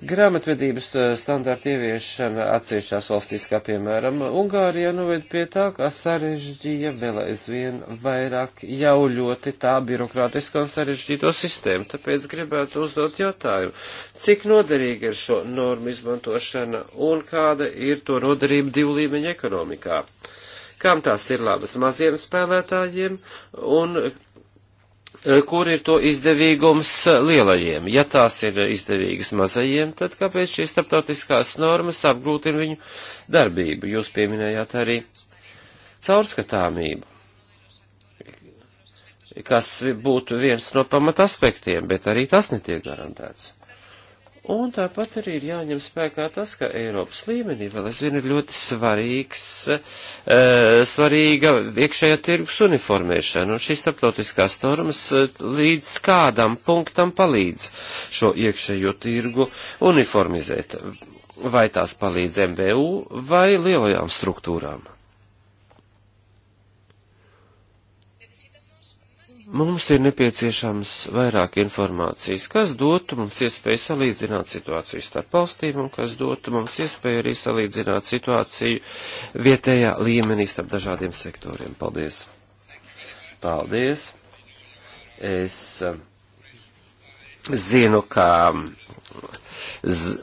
Grāmatvedības eh, standārta ieviešana atsevišķās valstīs, kā piemēram Ungārijā, noved pie tā, ka sarežģīja vēl aizvien vairāk jau ļoti tā birokrātisko un sarežģīto sistēmu. Tāpēc gribētu uzdot jautājumu, cik noderīga ir šo normu izmantošana un kāda ir to noderība divu līmeņu ekonomikā? Kam tās ir labas maziem spēlētājiem un Eh, kur ir to izdevīgums eh, lielajiem. Ja tās ir izdevīgas mazajiem, tad kāpēc šīs starptautiskās normas apgrūtina viņu darbību? Jūs pieminējāt arī caurskatāmību, kas būtu viens no pamataspektiem, bet arī tas netiek garantēts. Un tāpat arī ir jāņem spēkā tas, ka Eiropas līmenī vēl aizvien ir ļoti svarīgs, e, svarīga iekšējā tirgus uniformēšana, un šīs starptautiskās normas eh, līdz kādam punktam palīdz šo iekšējo tirgu uniformizēt. Vai tās palīdz MVU vai lielajām struktūrām? Mums ir nepieciešams vairāk informācijas, kas dotu mums iespēju salīdzināt situāciju starp valstīm un kas dotu mums iespēju arī salīdzināt situāciju vietējā līmenī starp dažādiem sektoriem. Paldies! Paldies! Es eh, zinu, ka z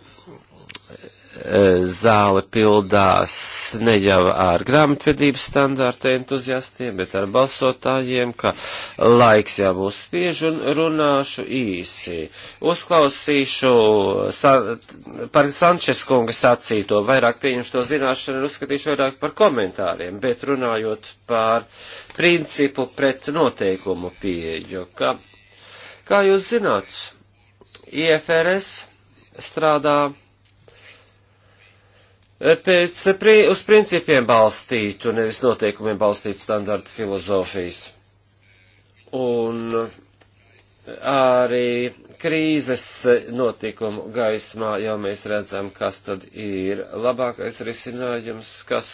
E, zāle pildās ne jau ar grāmatvedības standārta entuziastiem, bet ar balsotājiem, ka laiks jau būs spiež un runāšu īsi. Uzklausīšu sa par Sančes kunga sacīto, vairāk pieņemšu to zināšanu un uzskatīšu vairāk par komentāriem, bet runājot par principu pret noteikumu pieeju, ka, kā jūs zināt, IFRS strādā pēc, uz principiem balstītu, nevis noteikumiem balstītu standartu filozofijas. Un arī krīzes notikumu gaismā jau mēs redzam, kas tad ir labākais risinājums, kas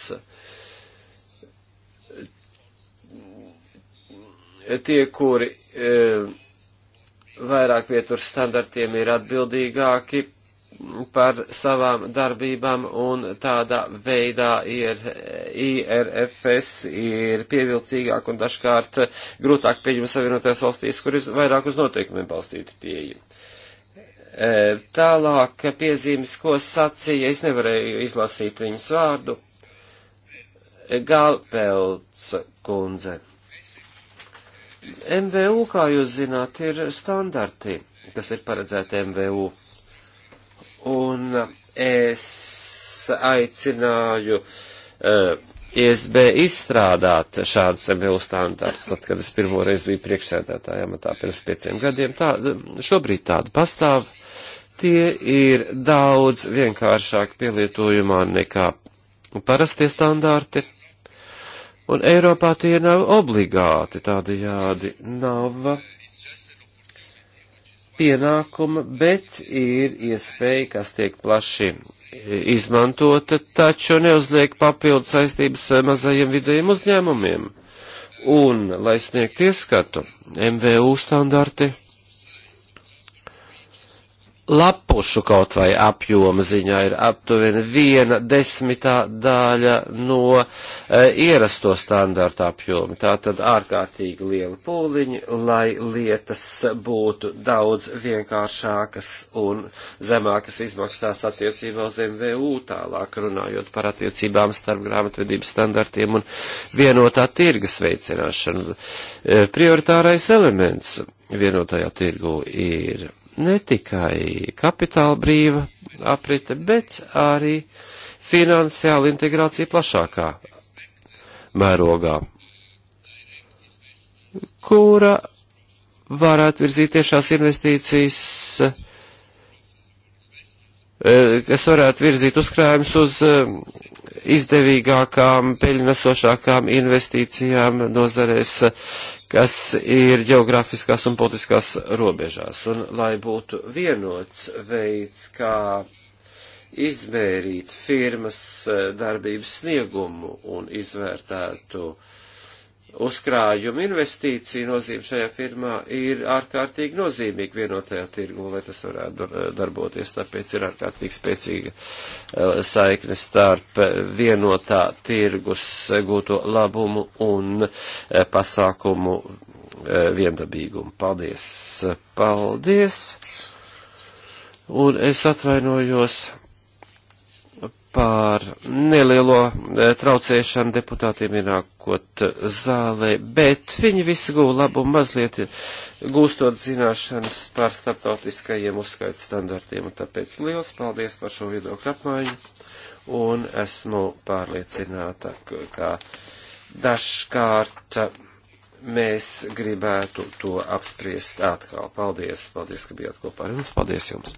tie, kuri eh, vairāk vietur standartiem ir atbildīgāki, par savām darbībām un tādā veidā ir IRFS ir pievilcīgāk un dažkārt grūtāk pieņem savienotajās valstīs, kur ir vairāk uz noteikumiem balstīta pieeja. E, tālāk piezīmes, ko sacīja, es nevarēju izlasīt viņas vārdu. E, Galpelts kundze. MVU, kā jūs zināt, ir standarti, kas ir paredzēti MVU. Un es aicināju uh, eh, ISB izstrādāt šādu semilu standārtu, tad, kad es pirmoreiz biju priekšsēdētājā matā pirms pieciem gadiem. Tā, šobrīd tāda pastāv. Tie ir daudz vienkāršāk pielietojumā nekā parastie standārti. Un Eiropā tie nav obligāti tādajādi nav pienākuma, bet ir iespēja, kas tiek plaši izmantota, taču neuzliek papildu saistības mazajiem vidējiem uzņēmumiem. Un, lai sniegt ieskatu, MVU standarti lapušu kaut vai apjoma ziņā ir aptuveni viena desmitā daļa no e, ierasto standarta apjoma. Tā tad ārkārtīgi liela pūliņa, lai lietas būtu daudz vienkāršākas un zemākas izmaksās attiecībā uz MVU tālāk runājot par attiecībām starp grāmatvedības standartiem un vienotā tirgas veicināšanu. E, prioritārais elements vienotajā tirgu ir ne tikai kapitāla brīva aprite, bet arī finansiāla integrācija plašākā mērogā, kura varētu virzīt tiešās investīcijas Eh, kas varētu virzīt uzkrājumus uz eh, izdevīgākām, peļņvesošākām investīcijām nozarēs, kas ir geogrāfiskās un politiskās robežās. Un lai būtu vienots veids, kā izmērīt firmas eh, darbības sniegumu un izvērtētu uh, uzkrājuma investīcija nozīme šajā firmā ir ārkārtīgi nozīmīga vienotajā tirgu, lai tas varētu eh, darboties. Tāpēc ir ārkārtīgi spēcīga eh, saikne starp vienotā tirgus gūto labumu un eh, pasākumu viendabīgumu. Paldies! Paldies! Un es atvainojos par nelielo e, traucēšanu deputātiem ienākot e, zālē, bet viņi visi guva labu mazliet e, gūstot zināšanas par starptautiskajiem uzskaits standartiem, un tāpēc liels paldies par šo viedokļu apmaiņu, un esmu pārliecināta, ka dažkārt mēs gribētu to apspriest atkal. Paldies, paldies, ka bijāt kopā ar mums, paldies jums!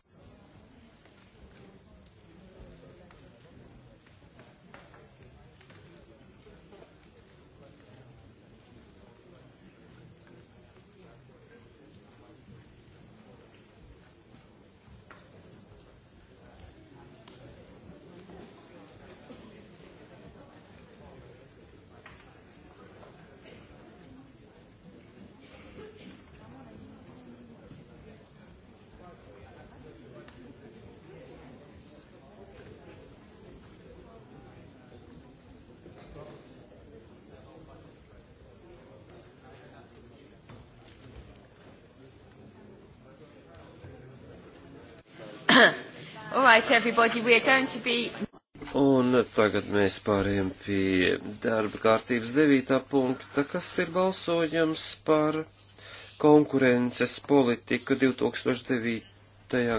Right, everybody, we are going to be... Un tagad mēs pārējām pie darba kārtības devītā punkta, kas ir balsojams par konkurences politiku 2009.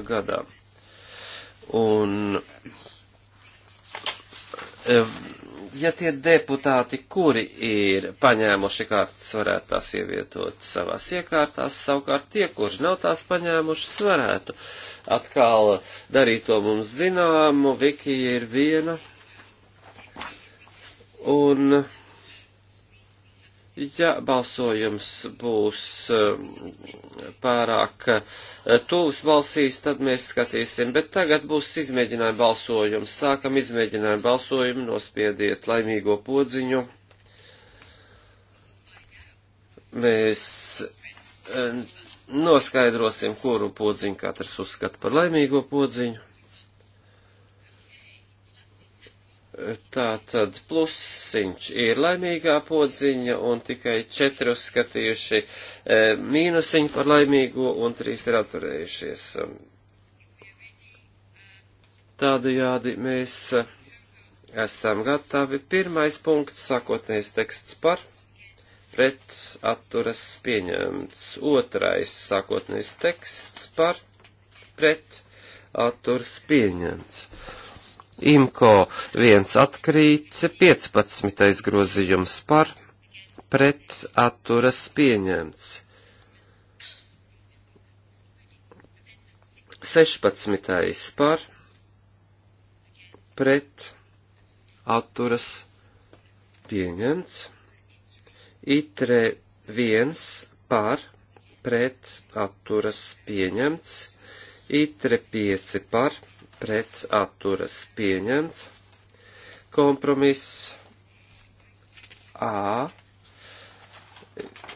gadā. Un eh, ja tie deputāti, kuri ir paņēmuši kārtas, varētu tās ievietot savās iekārtās, savukārt tie, kuri nav tās paņēmušas, varētu atkal darīt to mums zināmu, Vikija ir viena. Un uh, ja balsojums būs um, pārāk uh, tuvs valstīs, tad mēs skatīsim. Bet tagad būs izmēģinājuma balsojums. Sākam izmēģinājumu balsojumu, nospiediet laimīgo podziņu. Mēs uh, noskaidrosim, kuru podziņu katrs uzskata par laimīgo podziņu. Tā tad plusiņš ir laimīgā podziņa un tikai četri uzskatījuši e, mīnusiņu par laimīgo un trīs ir atturējušies. Tādējādi mēs esam gatavi. Pirmais punkts, sākotnējs teksts par, pret atturas pieņemts. Otrais, sākotnējs teksts par, pret atturas pieņemts. Imko 1 atkrīt, 15. grozījums par, pret atturas pieņemts. 16. par, pret atturas pieņemts. Itre 1 par, pret atturas pieņemts. Itre 5 par, pret pret atturas pieņemts. Kompromiss A.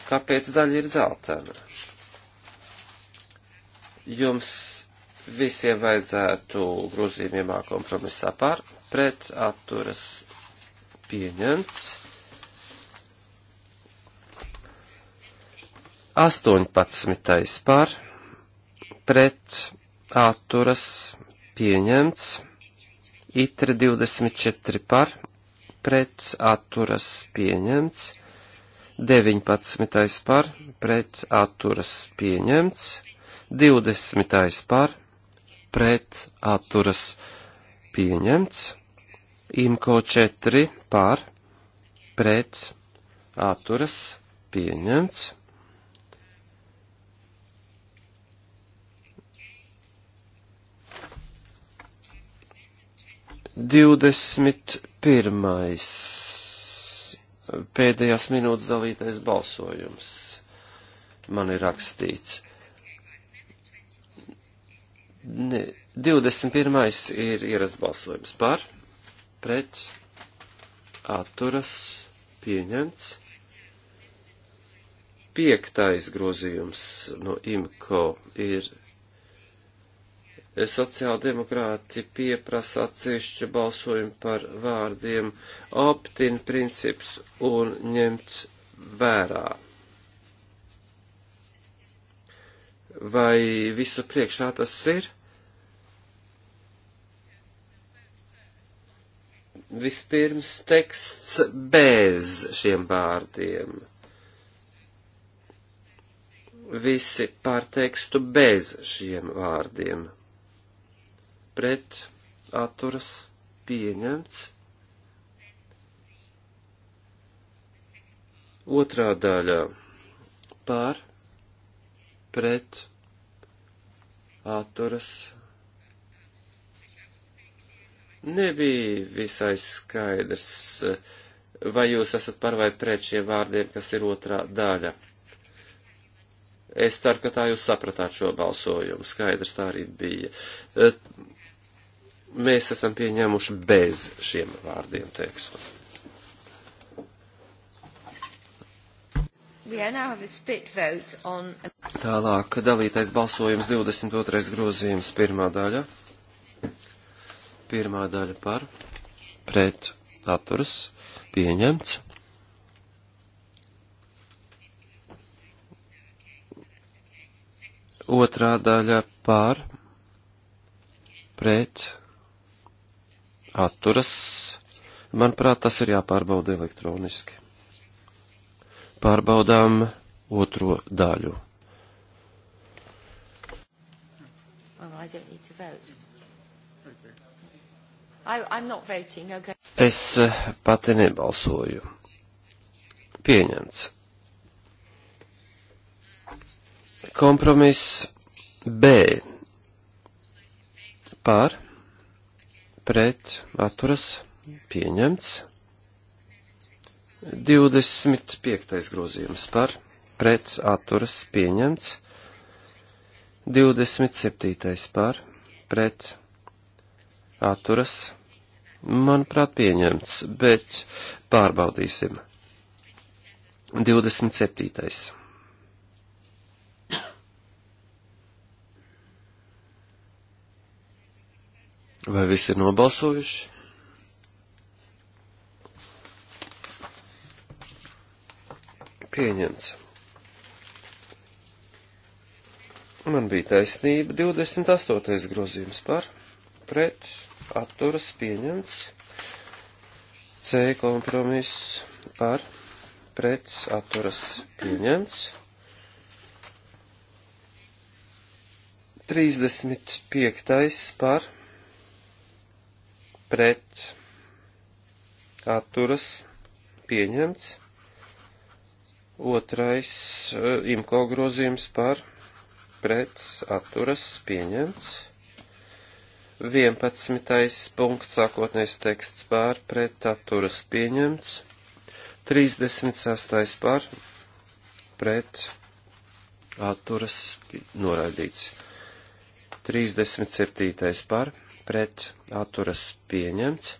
Kāpēc daļa ir dzeltena? Jums visiem vajadzētu grozījumiem A kompromisā par pret atturas pieņemts. 18. par pret atturas pieņemts pieņemts. Itre 24 par, pret atturas pieņemts. 19. par, pret atturas pieņemts. 20. par, pret atturas pieņemts. Imko 4 par, pret atturas pieņemts. 21. pēdējās minūtes dalītais balsojums man ir rakstīts. Ne, 21. ir ierasts balsojums par, pret, atturas, pieņemts. Piektais grozījums no IMCO ir sociāldemokrāti pieprasa atsevišķu balsojumu par vārdiem optin princips un ņemts vērā. Vai visu priekšā tas ir? Vispirms teksts bez šiem vārdiem visi pār tekstu bez šiem vārdiem pret atturas pieņemts. Otrā daļā par pret atturas nebija visai skaidrs, vai jūs esat par vai pret šiem vārdiem, kas ir otrā daļa. Es ceru, ka tā jūs sapratāt šo balsojumu. Skaidrs tā arī bija mēs esam pieņēmuši bez šiem vārdiem tekstu. On... Tālāk dalītais balsojums 22. grozījums pirmā daļa. Pirmā daļa par pret atturas pieņemts. Otrā daļa par pret atturas. Manuprāt, tas ir jāpārbauda elektroniski. Pārbaudām otro daļu. Es eh, pati nebalsoju. Pieņemts. Kompromiss B. Par pret atturas pieņemts. 25. grozījums par pret atturas pieņemts. 27. par pret atturas, manuprāt, pieņemts, bet pārbaudīsim. 27. Vai visi ir nobalsojuši? Pieņemts. Man bija taisnība 28. grozījums par pret atturas pieņemts. C kompromiss par pret atturas pieņemts. 35. par pret atturas pieņemts. Otrais eh, imko grozījums par pret atturas pieņemts. 11. punkts sākotnējs teksts pār pret atturas pieņemts. 36. pār pret atturas noraidīts. 37. pār pret pret atturas pieņemts.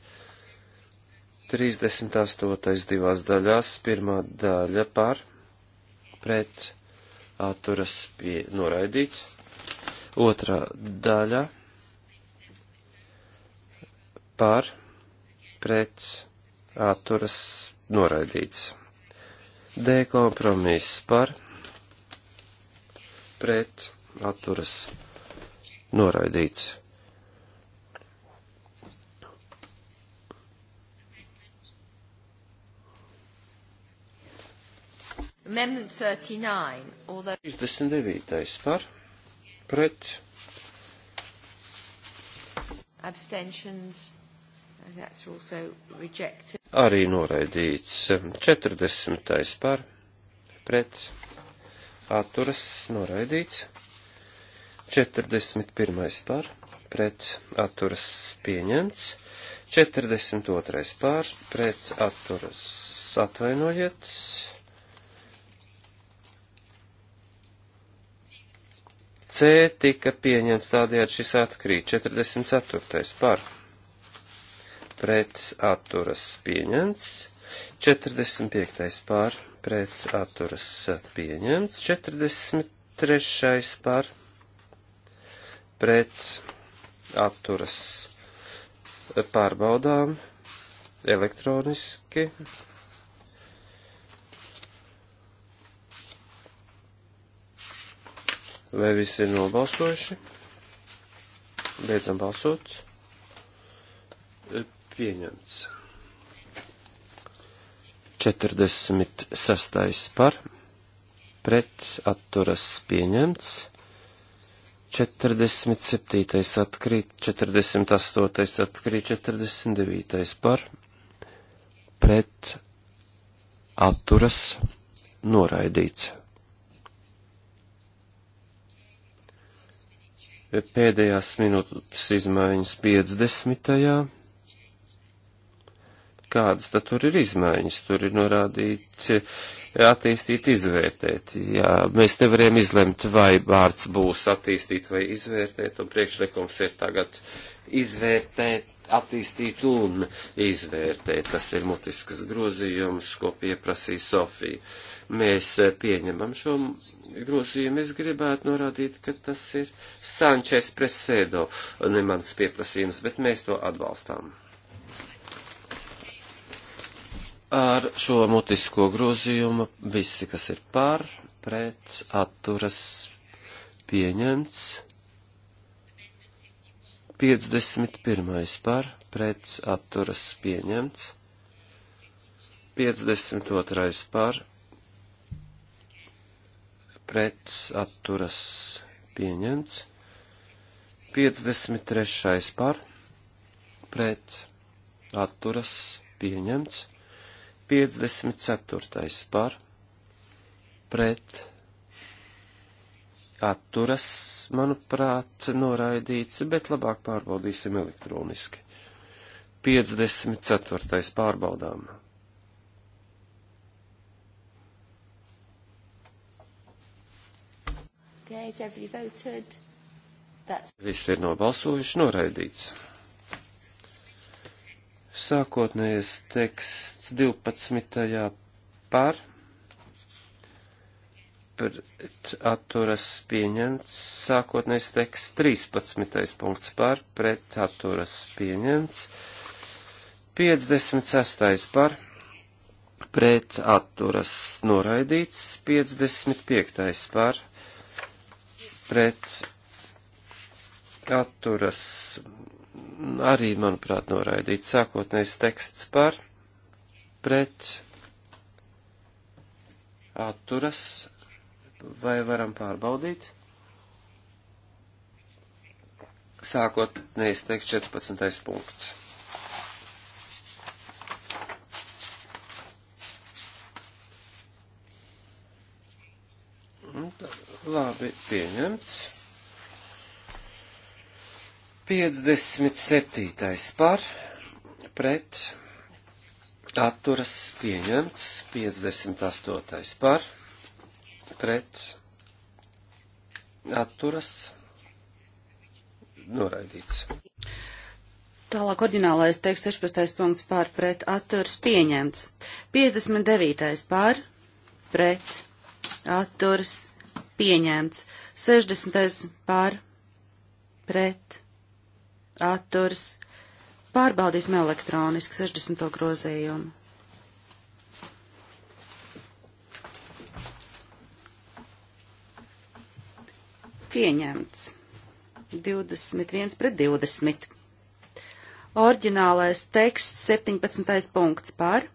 38. divās daļās, pirmā daļa par pret atturas pie, noraidīts. Otrā daļa par pret atturas noraidīts. D kompromiss par pret atturas noraidīts. Amendment 39, although... 39. par pret. Abstentions. That's also rejected. Arī noraidīts. 40. par pret. Atturas noraidīts. 41. par pret. Atturas pieņemts. 42. par pret. Atturas atvainojiet C tika pieņemts tādējādi šis atkrīt 44. par pret atturas pieņemts, 45. par pret atturas pieņemts, 43. par pret atturas pārbaudām elektroniski Vai visi ir nobalsojuši? Beidzam balsot. E, pieņemts. 46. par. Pret atturas pieņemts. 47. atkrīt, 48. atkrīt, 49. par, pret, atturas, noraidīts. pēdējās minūtes izmaiņas 50. Kādas tad tur ir izmaiņas? Tur ir norādīts attīstīt, izvērtēt. Jā, mēs nevarējām izlemt, vai vārds būs attīstīt vai izvērtēt, un priekšlikums ir tagad izvērtēt, attīstīt un izvērtēt. Tas ir mutisks grozījums, ko pieprasīja Sofija. Mēs pieņemam šo grozījumu, es gribētu norādīt, ka tas ir Sančes Presēdo, ne mans pieprasījums, bet mēs to atbalstām. Ar šo mutisko grozījumu visi, kas ir pār, pret, atturas, pieņemts. 51. par, pret, atturas, pieņemts. 52. par, pret atturas pieņemts. 53. par pret atturas pieņemts. 54. par pret atturas, manuprāt, noraidīts, bet labāk pārbaudīsim elektroniski. 54. pārbaudām. carries. Every voted. That's... Visi ir nobalsojuši, noraidīts. Sākotnējais teksts 12. par pret atturas pieņemts, sākotnējais teksts 13. punkts par, pret atturas pieņemts, 56. par, pret atturas noraidīts, 55. par, pret atturas arī, manuprāt, noraidīts sākotnējs teksts par pret atturas vai varam pārbaudīt. Sākotnējs teksts 14. punkts. Labi, pieņemts. 57. par pret atturas pieņemts. 58. par pret atturas noraidīts. Tālāk oriģinālais teiks 16. punkts pār pret atturs pieņemts. 59. pār pret atturs pieņemts. 60. pār pret atturs. Pārbaudīsim elektroniski 60. grozījumu. Pieņemts. 21 pret 20. Orģinālais teksts 17. punkts par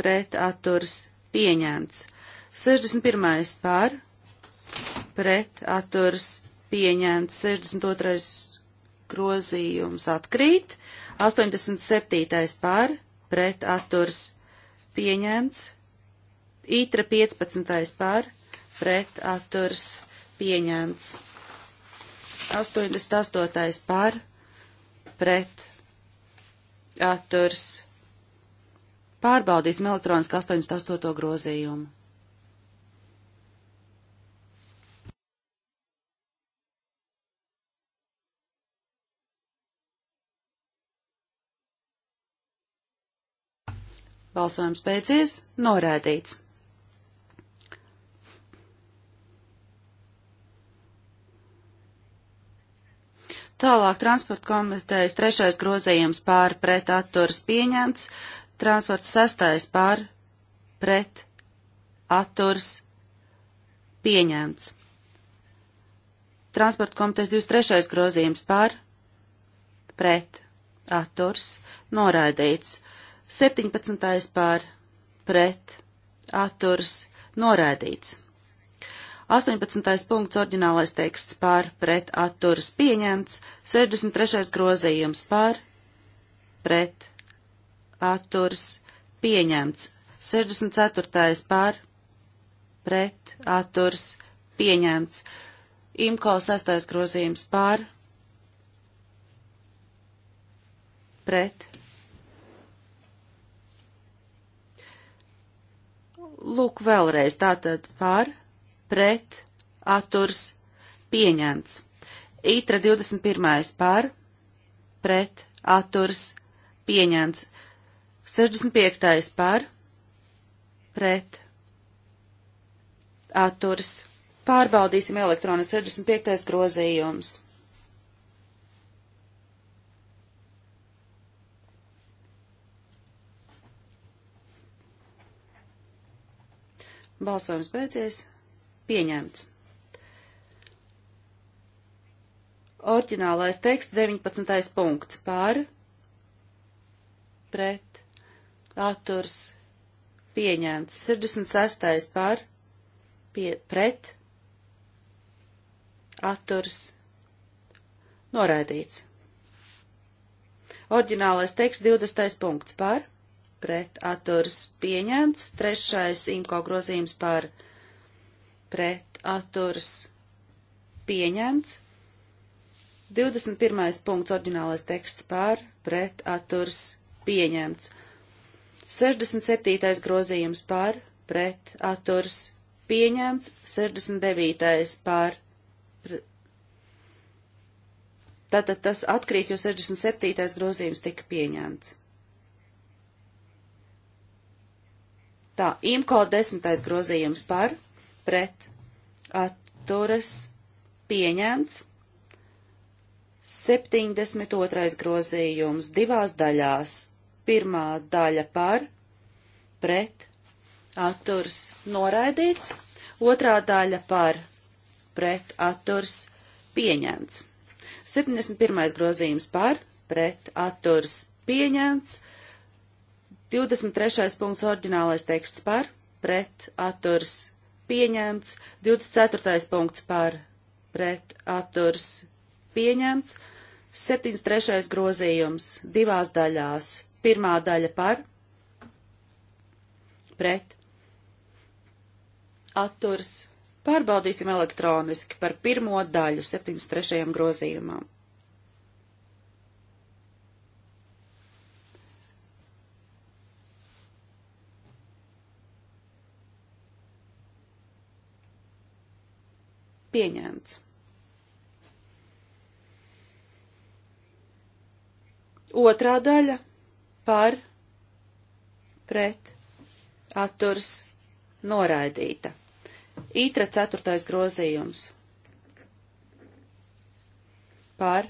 pret atturs pieņemts. 61. par, pret atturs pieņemts, 62. grozījums atkrīt, 87. par, pret atturs pieņemts, ītra 15. par, pret atturs pieņemts, 88. par, pret atturs pieņemts. Pārbaudīsim elektroniski 88. grozījumu. Balsojums beidzies, norēdīts. Tālāk transporta komitejas trešais grozījums pār pret atturas pieņemts, transports sestais pār pret atturas pieņemts. Transporta komitejas 23. grozījums pār pret atturs noraidīts. 17. pār pret atturs noraidīts. 18. punkts orģinālais teksts pār pret atturas pieņemts, 63. grozījums pār pret atturas pieņemts, 64. pār pret atturas pieņemts, imko 6. grozījums pār pret Lūk, vēlreiz tātad par, pret, atturs, pieņemts. Ītra 21. par, pret, atturs, pieņemts. 65. par, pret, atturs. Pārbaudīsim elektronas 65. grozījums. Balsojums beidzies. Pieņemts. Orķinālais teksts 19. punkts par, pret, atturs, pieņemts. 66. par, pie, pret, atturs, noraidīts. Orģinālais teksts 20. punkts par, pret atturs pieņemts, trešais imko grozījums par pret atturs pieņemts, 21. punkts orģinālais teksts par pret atturs pieņemts, 67. grozījums par pret atturs pieņemts, 69. par pr Tātad tas atkrīt, jo 67. grozījums tika pieņemts. Tā, IMCO desmitais grozījums par, pret, atturas, pieņemts. 72. grozījums divās daļās. Pirmā daļa par, pret, atturs, noraidīts. Otrā daļa par, pret, atturs, pieņemts. 71. grozījums par, pret, atturs, pieņemts. 23. punkts oriģinālais teksts par, pret, atturs, pieņemts. 24. punkts par, pret, atturs, pieņemts. 73. grozījums divās daļās. Pirmā daļa par, pret, atturs. Pārbaudīsim elektroniski par pirmo daļu 73. grozījumam. pieņemts. Otrā daļa par pret atturs noraidīta. Ītra ceturtais grozījums par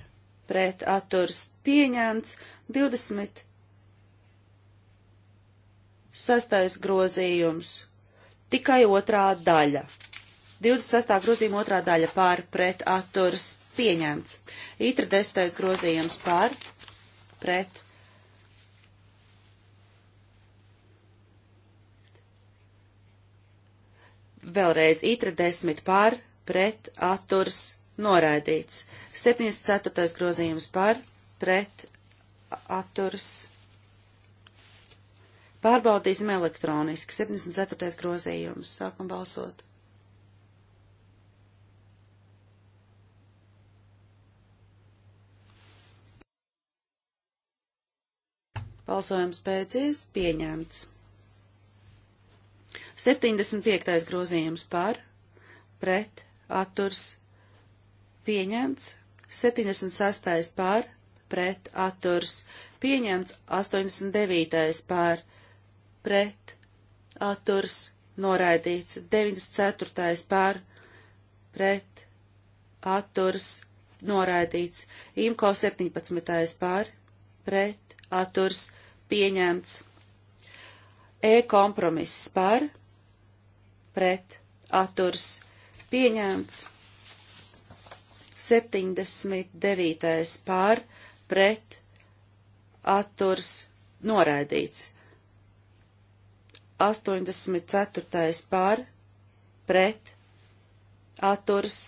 pret atturs pieņemts 20. Sastais grozījums tikai otrā daļa 26. grozījuma otrā daļa pār pret atturs pieņemts. Itra 10. grozījums pār pret. Vēlreiz itra 10 pār pret atturs noraidīts. 74. grozījums par pret atturs. Pārbaudīsim elektroniski. 74. grozījums. Sākam balsot. Balsojums beidzies, pieņemts. 75. grozījums par, pret, atturs, pieņemts. 76. par, pret, atturs, pieņemts. 89. par, pret, atturs, noraidīts. 94. par, pret, atturs, noraidīts. Imko 17. par, pret, atturs pieņemts. E kompromiss par, pret, atturs pieņemts. 79. par, pret, atturs noraidīts. 84. par, pret, atturs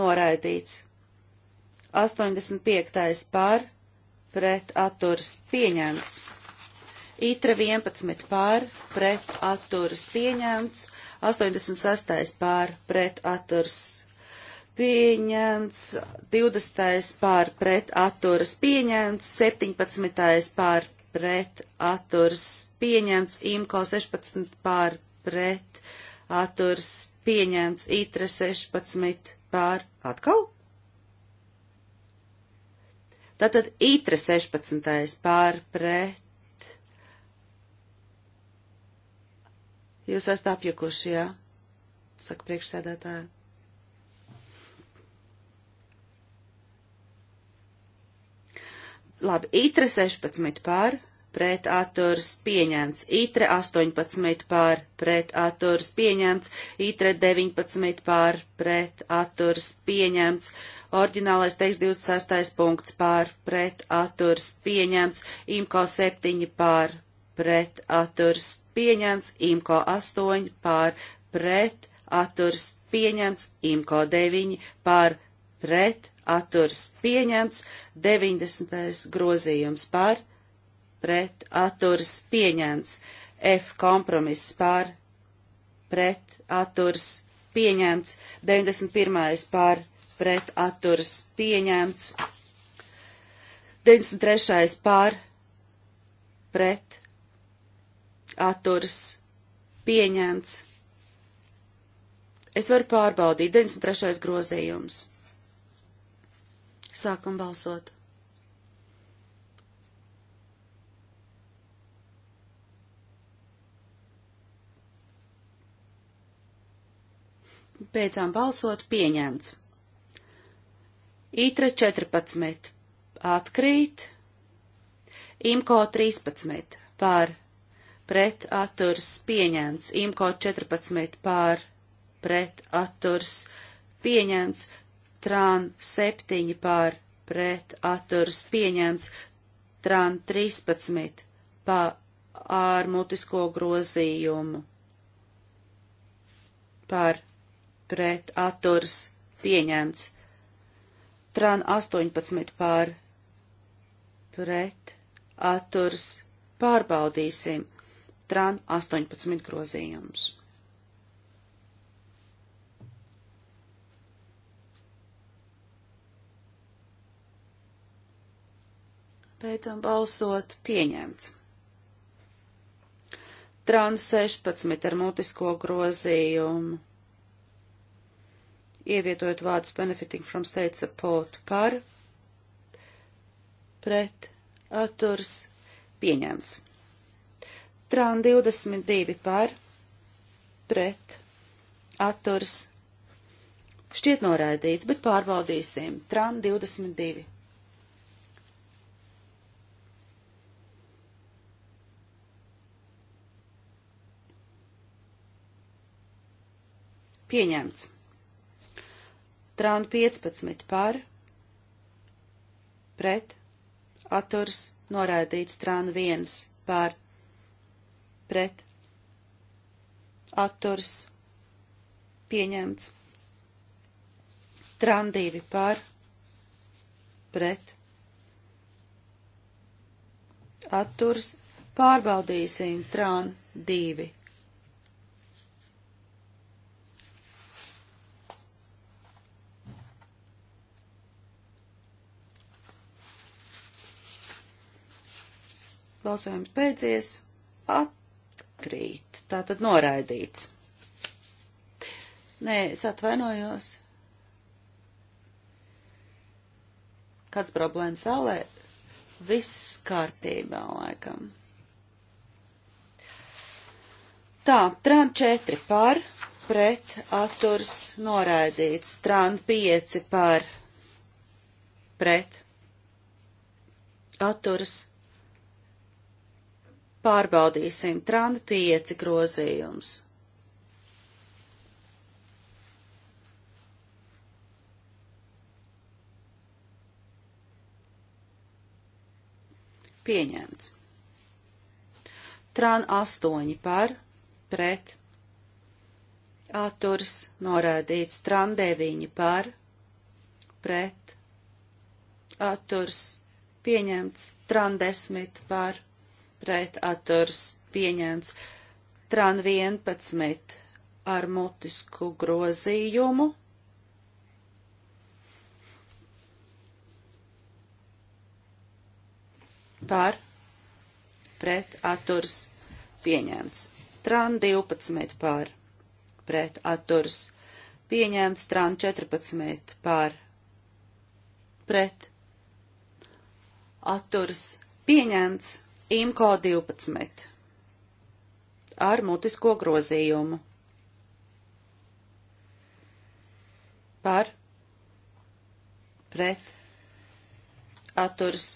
noraidīts. 85. par, pret atturas pieņemts. Itra 11 pār pret atturas pieņemts, 86 pār pret atturas pieņemts, 20 pār pret atturas pieņemts, 17 pār pret atturas pieņemts, IMKO 16 pār pret atturas pieņemts, ITRA 16 pār atkal Tātad itra 16. pār pret. Jūs esat apjukuši, jā? Saka priekšsēdētāji. Labi, itra 16 pār pret pret atturs pieņemts, itre 18 pār pret atturs pieņemts, itre 19 pār pret atturs pieņemts, oriģinālais teiks 26. punkts pār pret atturs pieņemts, imko 7 pār pret atturs pieņemts, imko 8 pār pret atturs pieņemts, imko 9 pār pret atturs pieņemts, 90. grozījums pār pret pret atturas pieņemts. F kompromiss par pret atturas pieņemts. 91. par pret atturas pieņemts. 93. par pret atturas pieņemts. Es varu pārbaudīt 93. grozījums. Sākam balsot. Beidzām balsot pieņemts. Itra 14 atkrīt. Imko 13 pār pret atturs pieņemts. Imko 14 pār pret atturs pieņemts. Tran 7 pār pret atturs pieņemts. Tran 13 pār ar mutisko grozījumu par pret atturs pieņemts. Tran 18 pār pret atturs pārbaudīsim. Tran 18 grozījums. Beidzam balsot pieņemts. Trans 16 ar mutisko grozījumu ievietojot vārdus benefiting from state support par, pret, atturs, pieņemts. Tran 22 par, pret, atturs, šķiet noraidīts, bet pārbaudīsim. Tran 22. Pieņemts. Tran 15 par, pret, atturs noraidīts. Tran 1 par, pret, atturs pieņemts. Tran 2 par, pret, atturs pārbaudīsim. Tran 2. Balsojums beidzies. Atkrīt. Tā tad noraidīts. Nē, es atvainojos. Kāds problēma zālē? Viss kārtībā, laikam. Tā, tran 4 par, pret, atturs, noraidīts, tran 5 par, pret, atturs, noraidīts Pārbaudīsim trāmi pieci grozījums. Pieņemts. Tran 8 par, pret, atturs norādīts, tran 9 par, pret, atturs pieņemts, tran 10 par, pret atturs pieņemts. Tran 11 ar mutisku grozījumu. Par pret atturs pieņemts. Tran 12 par pret atturs pieņemts. Tran 14 par pret atturs pieņemts IMCO 12 ar mutisko grozījumu par pret atturs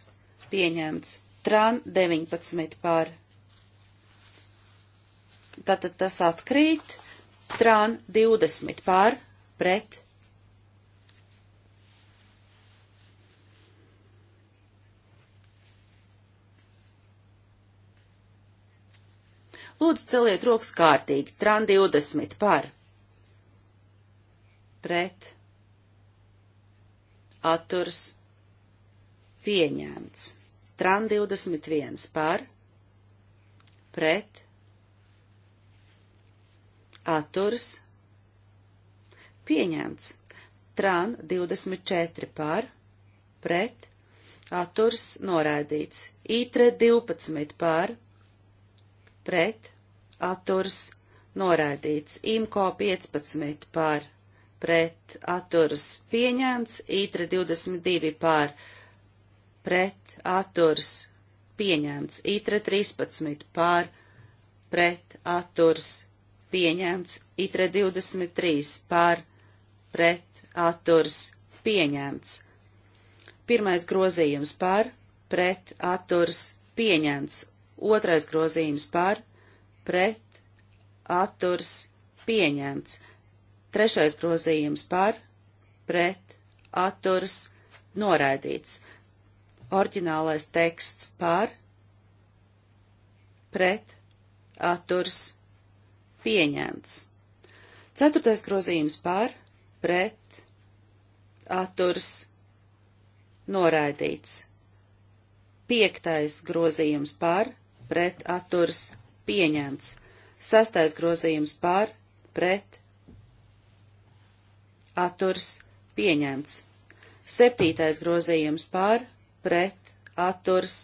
pieņemts TRAN 19 par. Tātad tas atkrīt TRAN 20 par pret Lūdzu, celiet rokas kārtīgi. Tran 20 par. Pret. Atturs. Pieņemts. Tran 21 par. Pret. Atturs. Pieņemts. Tran 24 par. Pret. Atturs noraidīts. Ītre 12 par. Pret pret atturs noraidīts. Imko 15 par pret atturs pieņemts. Ītre 22 par pret atturs pieņemts. Ītre 13 par pret atturs pieņemts. Ītre 23 par pret atturs pieņemts. Pirmais grozījums par pret atturs pieņemts. Otrais grozījums par, pret, atturs, pieņemts. Trešais grozījums par, pret, atturs, noraidīts. Orģinālais teksts par, pret, atturs, pieņemts. Ceturtais grozījums par, pret, atturs, noraidīts. Piektais grozījums par, pret atturas pieņemts. Sastais grozījums par pret atturas pieņemts. Septītais grozījums par pret atturas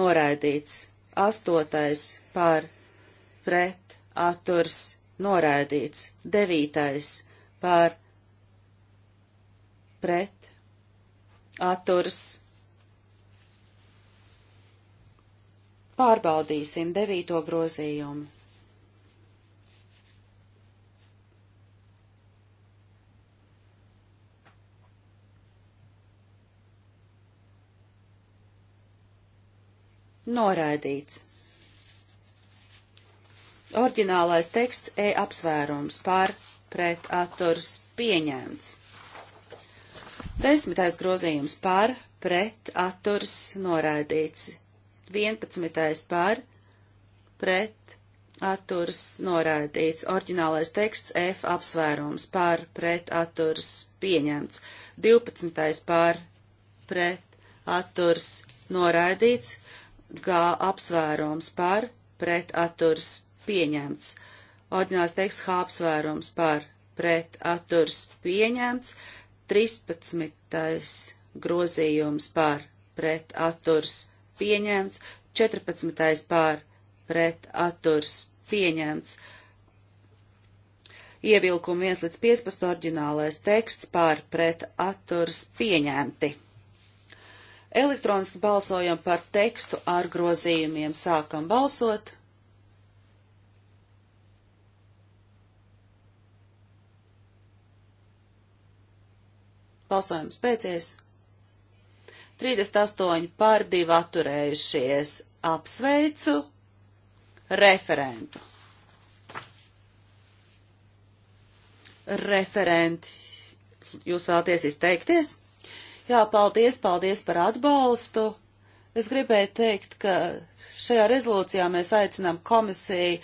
noraidīts. Astotais par pret atturs noraidīts. Devītais par pret atturs noraidīts Pārbaudīsim devīto grozījumu. Noraidīts. Orģinālais teksts E apsvērums par pret atturs pieņemts. Desmitais grozījums par pret atturs noraidīts. 11. par pret atturs norādīts. Orģinālais teksts F apsvērums par pret atturs pieņemts. 12. par pret atturs norādīts. G apsvērums par pret atturs pieņemts. Orģinālais teksts H apsvērums par pret atturs pieņemts. 13. grozījums par pret atturs pieņemts pieņemts, 14. pār pret atturs pieņemts. Ievilkumi 1 līdz 15 oriģinālais teksts pār pret atturs pieņemti. Elektroniski balsojam par tekstu ar grozījumiem. Sākam balsot. Balsojums beidzies. 38 pār 2 atturējušies. Apsveicu referentu. Referenti, jūs vēlaties izteikties? Jā, paldies, paldies par atbalstu. Es gribēju teikt, ka šajā rezolūcijā mēs aicinām komisiju eh,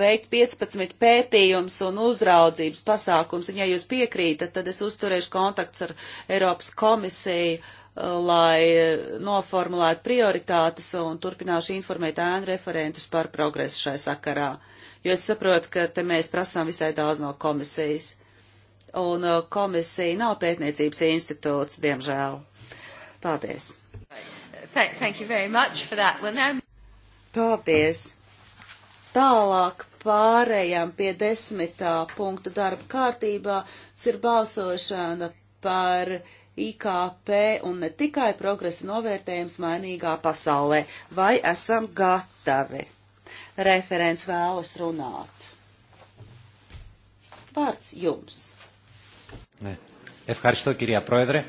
veikt 15 pētījums un uzraudzības pasākums, un ja jūs piekrītat, tad es uzturēšu kontakts ar Eiropas komisiju lai eh, noformulētu prioritātes un turpināšu informēt ēnu referentus par progresu šai sakarā. Jo es saprotu, ka te mēs prasām visai daudz no komisijas. Un eh, komisija nav pētniecības institūts, diemžēl. Paldies. Thank you very much for that. Well, now... Paldies. Tālāk pārējām pie desmitā punktu darba kārtībā. Tas ir balsošana par uh, IKP un ne tikai progresa novērtējums mainīgā pasaulē. Vai esam gatavi? Referents vēlas runāt. Vārds jums. Ne. Ευχαριστώ κυρία Πρόεδρε.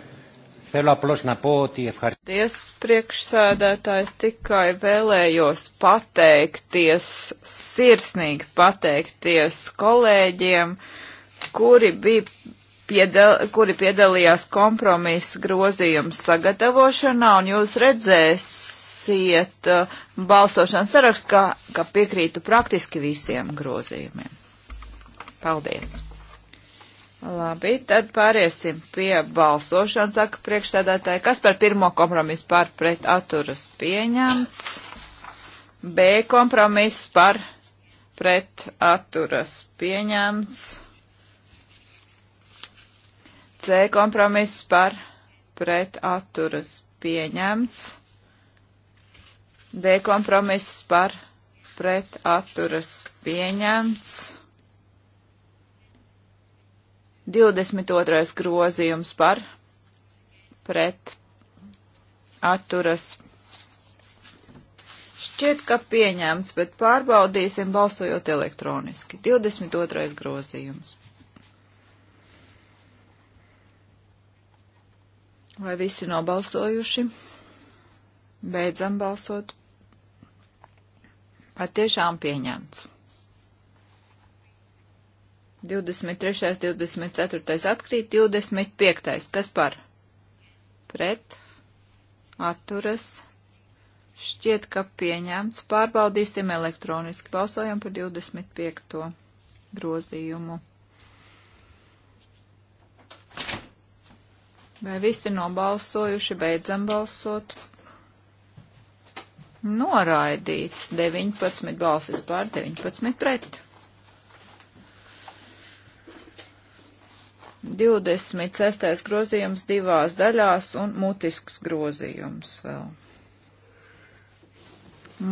Θέλω απλώς να πω ότι ευχαριστώ. priekšsēdētājs tikai vēlējos pateikties, sirsnīgi pateikties kolēģiem, kuri bija piedal, kuri piedalījās kompromisa grozījumu sagatavošanā, un jūs redzēsiet uh, balsošanas sarakstu, ka, ka piekrītu praktiski visiem grozījumiem. Paldies! Labi, tad pāriesim pie balsošanas, saka priekšsēdētāji. Kas par pirmo kompromisu par pret atturas pieņemts? B kompromiss par pret atturas pieņemts. C kompromiss par pret atturas pieņemts. D kompromiss par pret atturas pieņemts. 22. grozījums par pret atturas. Šķiet, ka pieņemts, bet pārbaudīsim balsojot elektroniski. 22. grozījums. Vai visi nobalsojuši? Beidzam balsot. Patiešām pieņemts. 23. 24. atkrīt, 25. kas par? Pret, atturas, šķiet, ka pieņemts. Pārbaudīsim elektroniski. Balsojam par 25. grozījumu. Vai visi nobalsojuši, beidzam balsot? Noraidīts 19 balsis pār 19 pret. 26. grozījums divās daļās un mutisks grozījums vēl.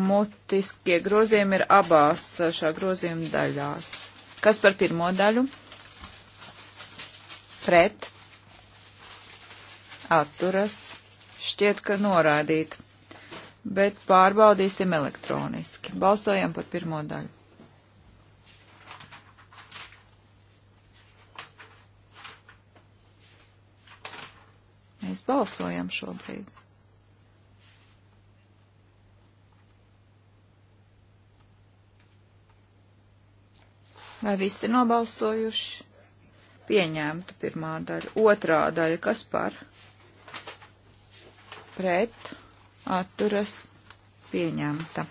Mutiskie grozījumi ir abās šā grozījuma daļās. Kas par pirmo daļu? Pret atturas, šķiet, ka norādīt, bet pārbaudīsim elektroniski. Balsojam par pirmo daļu. Mēs balsojam šobrīd. Vai visi nobalsojuši? Pieņemta pirmā daļa. Otrā daļa, kas par? pret atturas pieņemta.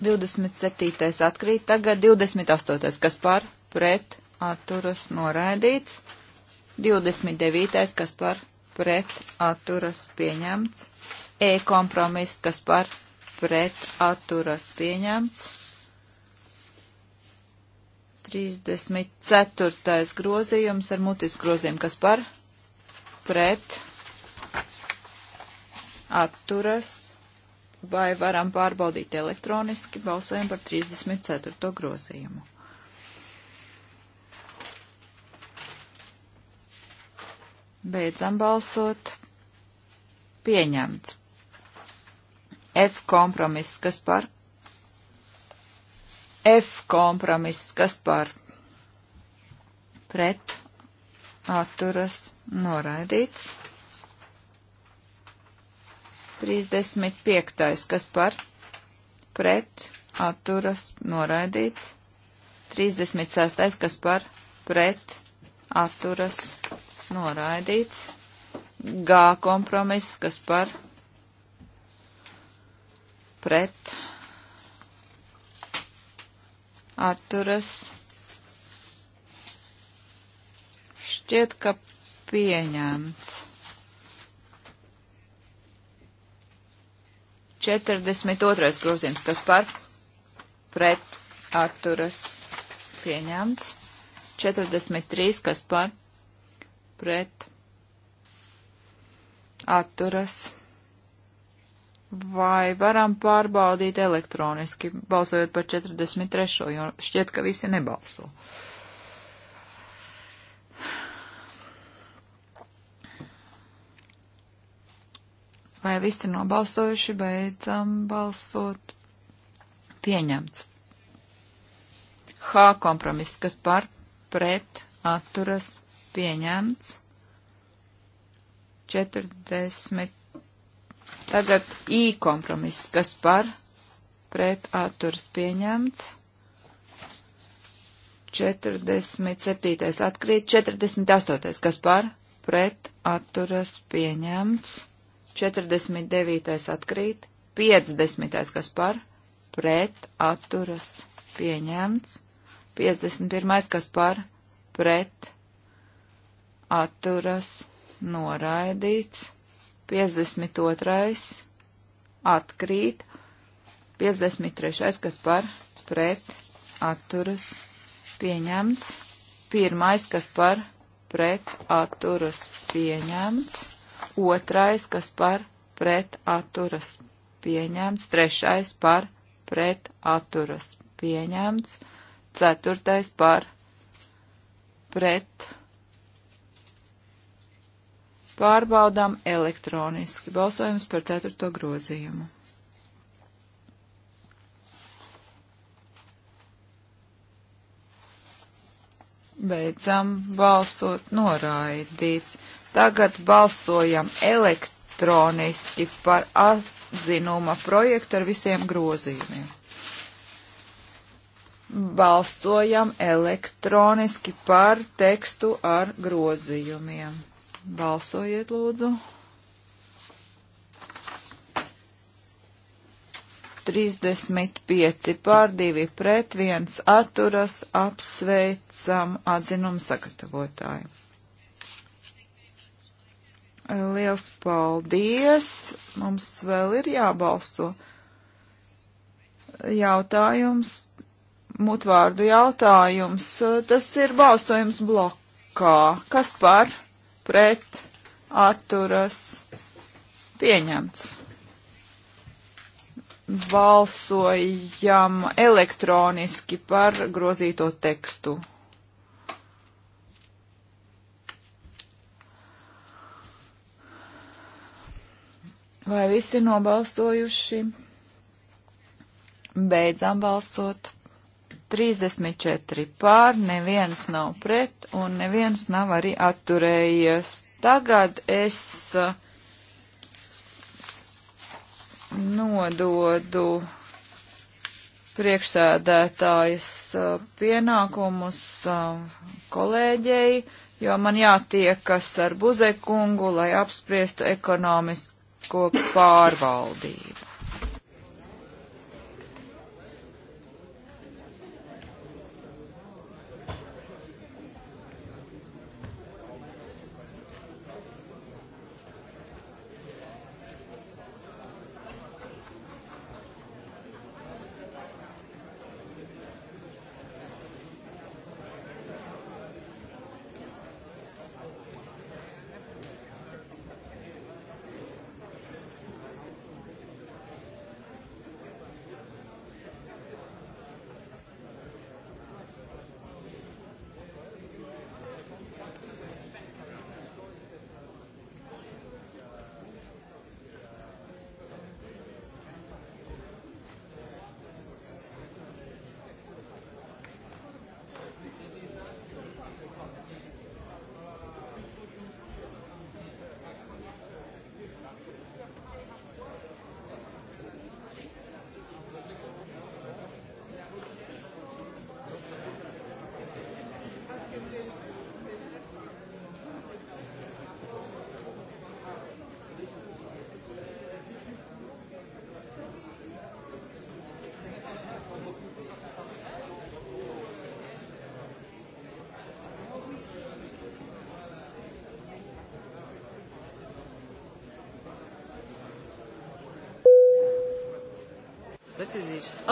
27. atkrīt, tagad 28. kas par pret atturas noraidīts, 29. kas par pret atturas pieņemts, E kompromiss, kas par pret atturas pieņemts, 34. grozījums ar mutis grozījumu, kas par pret atturas, vai varam pārbaudīt elektroniski, balsojam par 34. grozījumu. Beidzam balsot. Pieņemts. F kompromiss, kas par? F kompromiss, kas par? Pret. Atturas. Noraidīts. 35. kas par pret atturas noraidīts. 36. kas par pret atturas noraidīts. G kompromiss, kas par pret atturas šķiet, ka pieņemts. 42. grozījums, kas par pret atturas pieņemts. 43. kas par pret atturas. Vai varam pārbaudīt elektroniski, balsojot par 43. jo šķiet, ka visi nebalso. Uh, Vai visi ir nobalsojuši, beidzam balsot? Pieņemts. H kompromiss, kas par pret atturas pieņemts. 40. Tagad I kompromiss, kas par pret atturas pieņemts. 47. atkrīt, 48. kas par pret atturas pieņemts. 49. atkrīt, 50. kas par, pret, atturas, pieņemts, 51. kas par, pret, atturas, noraidīts, 52. atkrīt, 53. kas par, pret, atturas, pieņemts, 1. kas par, pret, atturas, pieņemts. Otrais, kas par pret atturas pieņemts. Trešais par pret atturas pieņemts. Ceturtais par pret. Pārbaudām elektroniski. Balsojums par ceturto grozījumu. Beidzam balsot noraidīts. Tagad balsojam elektroniski par atzinuma projektu ar visiem grozījumiem. Balsojam elektroniski par tekstu ar grozījumiem. Balsojiet, lūdzu. 35 pār 2 pret 1 atturas apsveicam atzinumu sagatavotāju. Liels paldies! Mums vēl ir jābalso. Jautājums, mutvārdu jautājums, tas ir balstojums blokā. Kas par, pret, atturas, pieņemts? Balsojam elektroniski par grozīto tekstu. Vai visi nobalstojuši? Beidzam balstot. 34 pār, neviens nav pret un neviens nav arī atturējies. Tagad es uh, nododu priekšsēdētājas uh, pienākumus uh, kolēģei, jo man jātiekas ar buzekungu, lai apspriestu ekonomisku ekonomisko pārvaldību.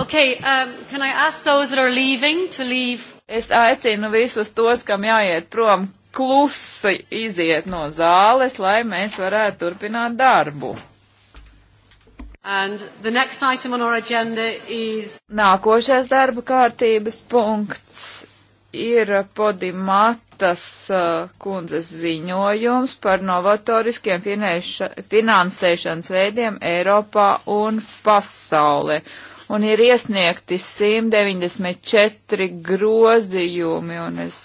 Okay, um, can I ask those that are leaving to leave? Es aicinu visus tos, kam jāiet prom, klusi iziet no zāles, lai mēs varētu turpināt darbu. And the next item on our agenda is... Nākošais darba kārtības punkts ir Podimatas uh, kundzes ziņojums par novatoriskiem finanša, finansēšanas veidiem Eiropā un pasaulē un ir iesniegti 194 grozījumi, un es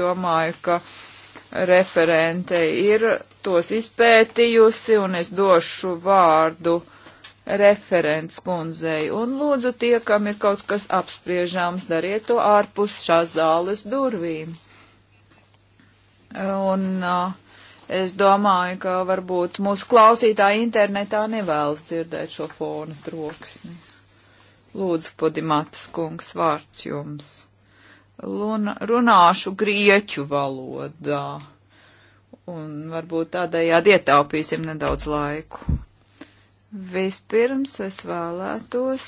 domāju, ka referente ir tos izpētījusi, un es došu vārdu referents kundzei, un lūdzu tie, kam ir kaut kas apspriežams, dariet to ārpus šās zāles durvīm. Un uh, es domāju, ka varbūt mūsu klausītāji internetā nevēlas dzirdēt šo fona troksni. Lūdzu, Podimatas kungs, vārds jums. Luna, runāšu grieķu valodā. Un varbūt tādējādi ietaupīsim nedaudz laiku. Vispirms es vēlētos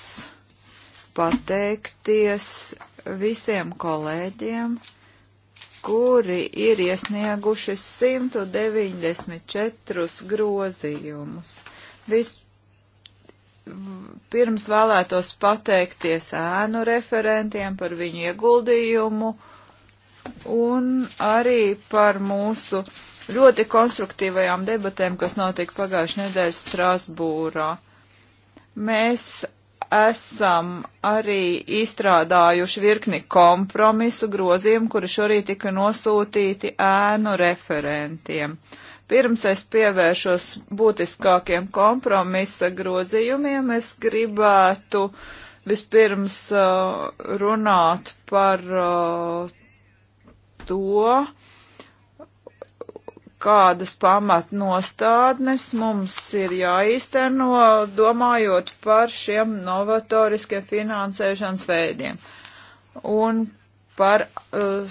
pateikties visiem kolēģiem, kuri ir iesnieguši 194 grozījumus. Viss pirms vēlētos pateikties ēnu referentiem par viņu ieguldījumu un arī par mūsu ļoti konstruktīvajām debatēm, kas notika pagājušajā nedēļā Strasbūrā. Mēs esam arī izstrādājuši virkni kompromisu grozījumu, kuri šorīt tika nosūtīti ēnu referentiem. Uh, Pirms es pievēršos būtiskākiem kompromisa grozījumiem, es gribētu vispirms uh, runāt par uh, to, kādas pamatnostādnes mums ir jāīsteno, domājot par šiem novatoriskiem finansēšanas veidiem un par uh,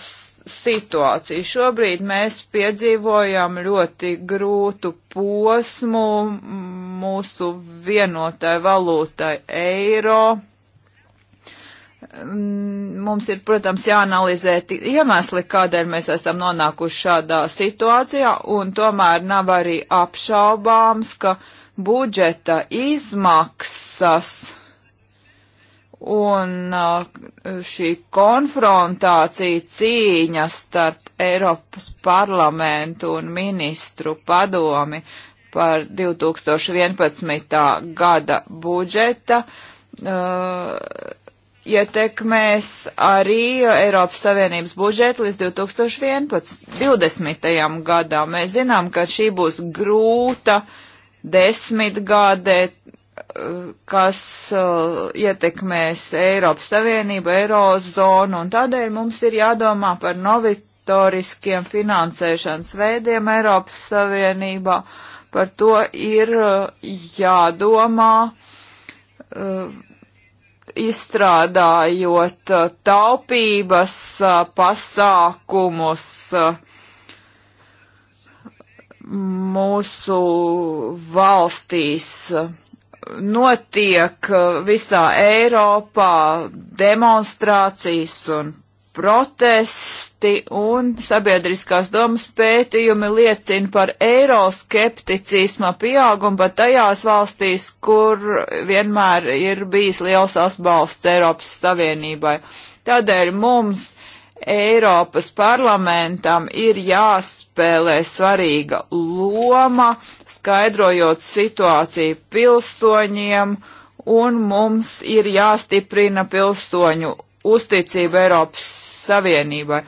situāciju. Šobrīd mēs piedzīvojam ļoti grūtu posmu mūsu vienotai valūtai eiro. Mums ir, protams, jāanalizē iemesli, kādēļ mēs esam nonākuši šādā situācijā, un tomēr nav arī apšaubāms, ka budžeta izmaksas Un uh, šī konfrontācija cīņa starp Eiropas parlamentu un ministru padomi par 2011. gada budžeta uh, ietekmēs arī Eiropas Savienības budžetu līdz 2020. gadam. Mēs zinām, ka šī būs grūta desmitgade kas uh, ietekmēs Eiropas Savienību, Eirozonu, un tādēļ mums ir jādomā par novitoriskiem finansēšanas veidiem Eiropas Savienībā. Par to ir uh, jādomā uh, izstrādājot taupības pasākumus mūsu valstīs notiek uh, visā Eiropā demonstrācijas un protesti un sabiedriskās domas pētījumi liecina par eiroskepticisma pieaugumu pat tajās valstīs, kur vienmēr ir bijis liels atbalsts Eiropas Savienībai. Tādēļ mums Eiropas parlamentam ir jāspēlē svarīga loma, skaidrojot situāciju pilsoņiem, un mums ir jāstiprina pilsoņu uzticība Eiropas Savienībai.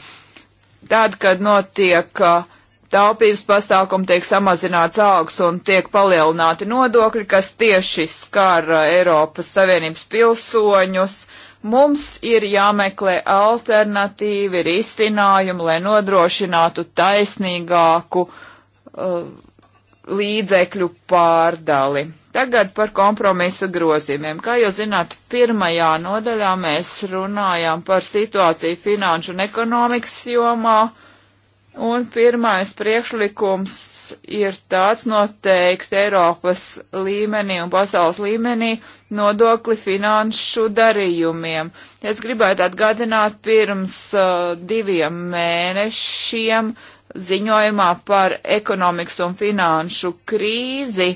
Tad, kad notiek uh, taupības pasākumi, tiek samazināts augs un tiek palielināti nodokļi, kas tieši skar uh, Eiropas Savienības pilsoņus, Mums ir jāmeklē alternatīvi risinājumi, lai nodrošinātu taisnīgāku uh, līdzekļu pārdali. Tagad par kompromisa grozījumiem. Kā jūs zināt, pirmajā nodaļā mēs runājām par situāciju finanšu un ekonomikas jomā, un pirmais priekšlikums ir tāds noteikt Eiropas līmenī un pasaules līmenī nodokli finanšu darījumiem. Es gribētu atgādināt pirms uh, diviem mēnešiem ziņojumā par ekonomikas un finanšu krīzi.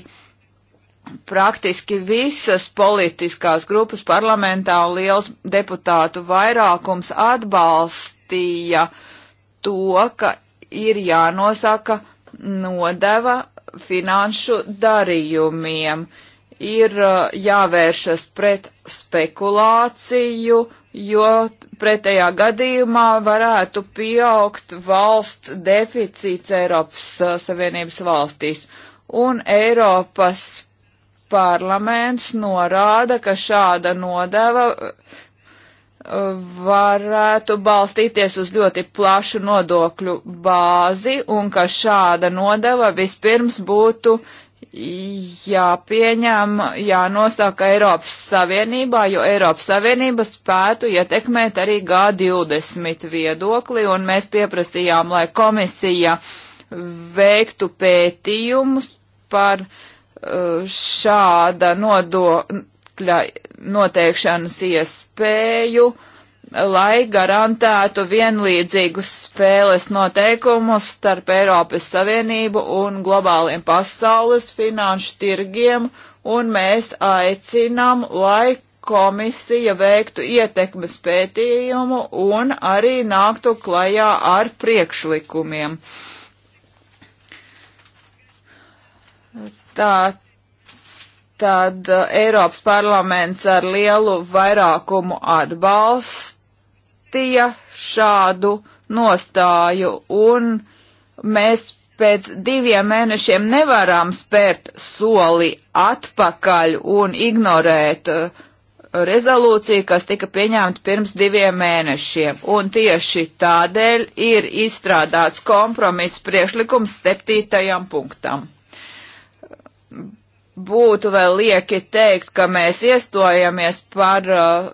Praktiski visas politiskās grupas parlamentā un liels deputātu vairākums atbalstīja to, ka ir jānosaka nodeva finanšu darījumiem. Ir uh, jāvēršas pret spekulāciju, jo pretējā gadījumā varētu pieaugt valsts deficīts Eiropas uh, Savienības valstīs. Un Eiropas parlaments norāda, ka šāda nodeva varētu balstīties uz ļoti plašu nodokļu bāzi un ka šāda nodeva vispirms būtu jāpieņem, jānosaka Eiropas Savienībā, jo Eiropas Savienība spētu ietekmēt arī G20 viedokli, un mēs pieprasījām, lai komisija veiktu pētījumus par uh, šāda nodo, nodokļa noteikšanas iespēju, lai garantētu vienlīdzīgus spēles noteikumus starp Eiropas Savienību un globāliem pasaules finanšu tirgiem, un mēs aicinām, lai komisija veiktu ietekmes pētījumu un arī nāktu klajā ar priekšlikumiem. Tā tad uh, Eiropas parlaments ar lielu vairākumu atbalstīja šādu nostāju, un mēs pēc diviem mēnešiem nevaram spērt soli atpakaļ un ignorēt uh, rezolūciju, kas tika pieņemta pirms diviem mēnešiem. Un tieši tādēļ ir izstrādāts kompromiss priekšlikums septītajam punktam būtu vēl lieki teikt, ka mēs iestojamies par uh,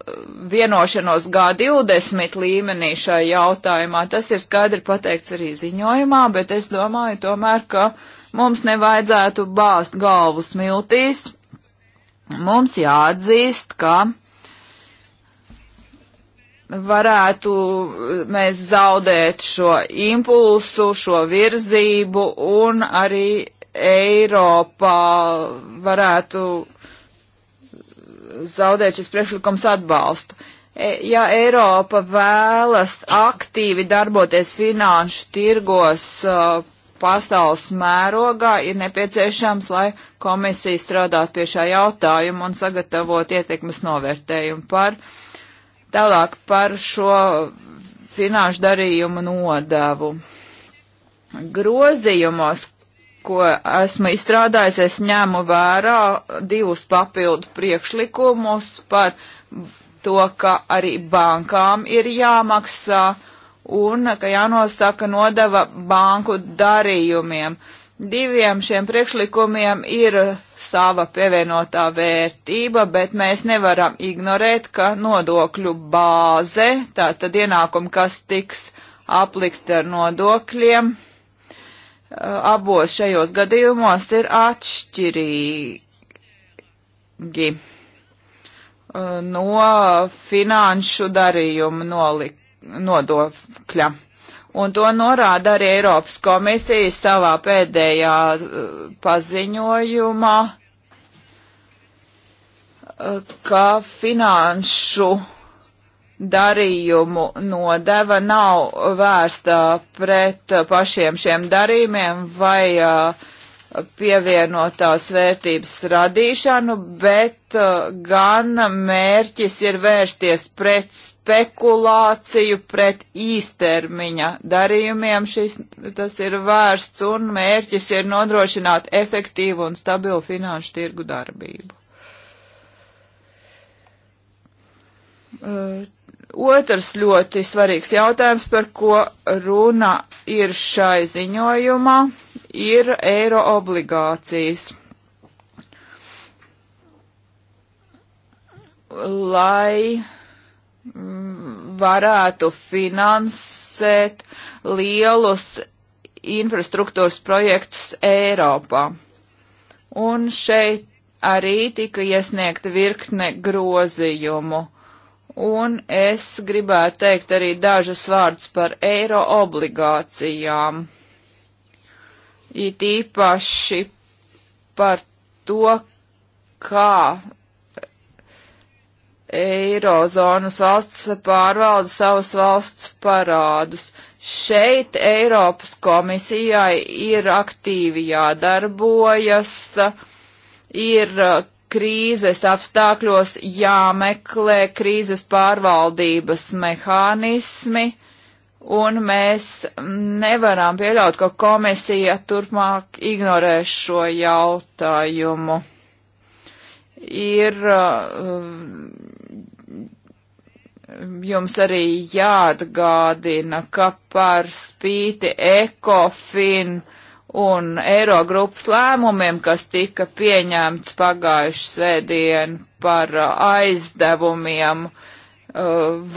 vienošanos G20 līmenī šai jautājumā. Tas ir skaidri pateikts arī ziņojumā, bet es domāju tomēr, ka mums nevajadzētu bāzt galvu smiltīs. Mums jāatzīst, ka varētu uh, mēs zaudēt šo impulsu, šo virzību un arī Eiropā varētu zaudēt šis priekšlikums atbalstu. E, ja Eiropa vēlas aktīvi darboties finanšu tirgos uh, pasaules mērogā, ir nepieciešams, lai komisija strādātu pie šā jautājuma un sagatavot ietekmes novērtējumu par tālāk par šo finanšu darījumu nodevu. Grozījumos, ko esmu izstrādājis, es ņēmu vērā divus papildu priekšlikumus par to, ka arī bankām ir jāmaksā un ka jānosaka nodeva banku darījumiem. Diviem šiem priekšlikumiem ir sava pievienotā vērtība, bet mēs nevaram ignorēt, ka nodokļu bāze, tātad ienākumi, kas tiks aplikt ar nodokļiem, abos šajos gadījumos ir atšķirīgi uh, no finanšu darījumu nolik, nodokļa. Un to norāda arī Eiropas komisija savā pēdējā uh, paziņojumā, uh, ka finanšu uh, darījumu nodeva nav vērsta pret pašiem šiem darījumiem vai uh, pievienotās vērtības radīšanu, bet uh, gan mērķis ir vērsties pret spekulāciju, pret īstermiņa darījumiem. Šis, tas ir vērsts un mērķis ir nodrošināt efektīvu un stabilu finanšu tirgu darbību. Uh, Otrs ļoti svarīgs jautājums, par ko runa ir šai ziņojumā, ir eiro obligācijas. Lai mm, varētu finansēt lielus infrastruktūras projektus Eiropā. Un šeit arī tika iesniegta virkne grozījumu. Un es gribētu teikt arī dažus vārdus par eiro obligācijām. It īpaši par to, kā eirozonas valsts pārvalda savus valsts parādus. Šeit Eiropas komisijai ir aktīvi jādarbojas, ir uh, krīzes apstākļos jāmeklē krīzes pārvaldības mehānismi, un mēs nevaram pieļaut, ka komisija turpmāk ignorē šo jautājumu. Ir uh, jums arī jāatgādina, ka par spīti ekofinu un Eiro grupas lēmumiem, kas tika pieņemts pagājuši sēdien par uh, aizdevumiem uh,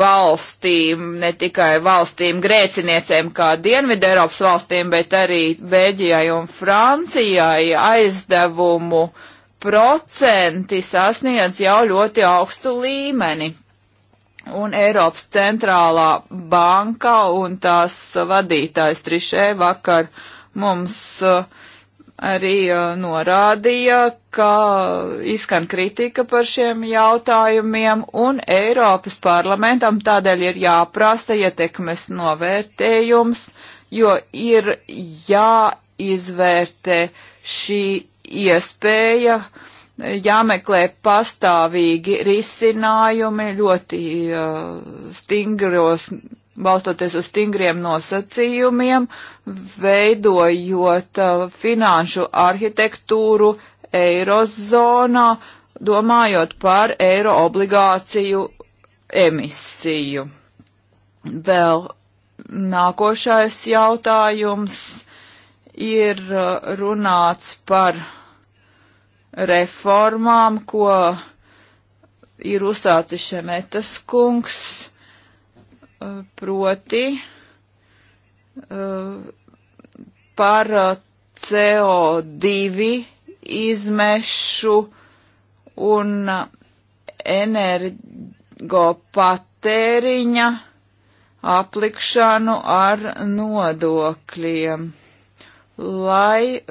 valstīm, ne tikai valstīm grēciniecēm kā Dienvidu Eiropas valstīm, bet arī Beļģijai un Francijai aizdevumu procenti sasniedz jau ļoti augstu līmeni. Un Eiropas centrālā banka un tās vadītājs Trišē vakar uh, mums uh, arī uh, norādīja, ka izskan kritika par šiem jautājumiem, un Eiropas parlamentam tādēļ ir jāprasa ietekmes novērtējums, jo ir jāizvērtē šī iespēja, jāmeklē pastāvīgi risinājumi ļoti uh, stingros balstoties uz stingriem nosacījumiem, veidojot uh, finanšu arhitektūru eirozonā, domājot par eiro obligāciju emisiju. Vēl nākošais jautājums ir uh, runāts par reformām, ko ir uzsācis Šemetas kungs proti eh, par eh, CO2 izmešu un eh, energopatēriņa aplikšanu ar nodokļiem, lai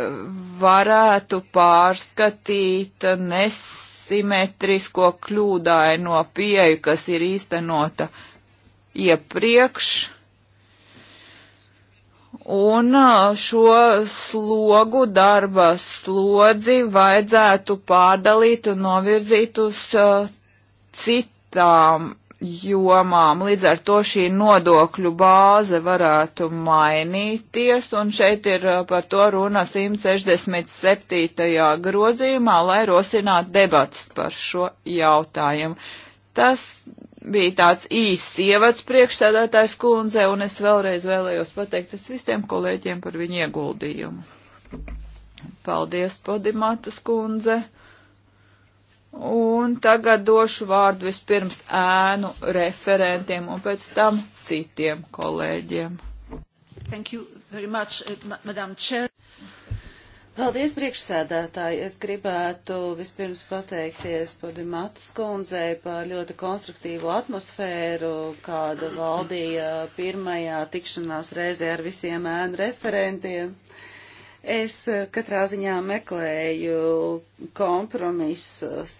varētu pārskatīt nesimetrisko kļūdaino pieju, kas ir īstenota uh, iepriekš. Un uh, šo slogu, darba slodzi vajadzētu pārdalīt un novirzīt uz uh, citām jomām. Līdz ar to šī nodokļu bāze varētu mainīties, un šeit ir uh, par to runa 167. grozījumā, lai rosinātu debatas par šo jautājumu. Tas bija tāds īsts ievads priekšsēdētājs kundze, un es vēlreiz vēlējos pateikties visiem kolēģiem par viņu ieguldījumu. Paldies, Podimātas kundze. Un tagad došu vārdu vispirms ēnu referentiem un pēc tam citiem kolēģiem. Thank you very much, uh, Madam Chair. Paldies, priekšsēdētāji! Es gribētu vispirms pateikties Padimatas kundzei par ļoti konstruktīvu atmosfēru, kāda valdīja pirmajā tikšanās reizē ar visiem ēnu referentiem. Es eh, katrā ziņā meklēju kompromisus,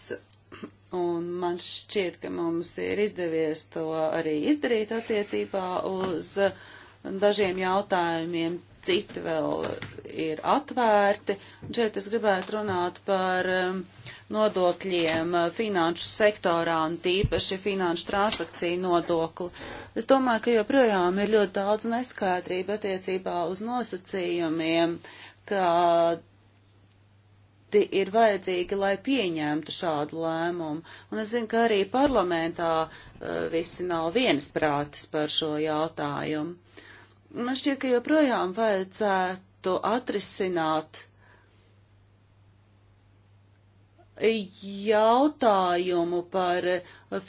un man šķiet, ka mums ir izdevies to arī izdarīt attiecībā uz dažiem jautājumiem citi vēl ir atvērti. Un šeit es gribētu runāt par um, nodokļiem uh, finanšu sektorā un tīpaši finanšu transakciju nodokli. Es domāju, ka joprojām ir ļoti daudz neskaidrība attiecībā uz nosacījumiem, kādi ir vajadzīgi, lai pieņemtu šādu lēmumu. Un es zinu, ka arī parlamentā uh, visi nav viensprātis par šo jautājumu. Man šķiet, ka joprojām vajadzētu atrisināt jautājumu par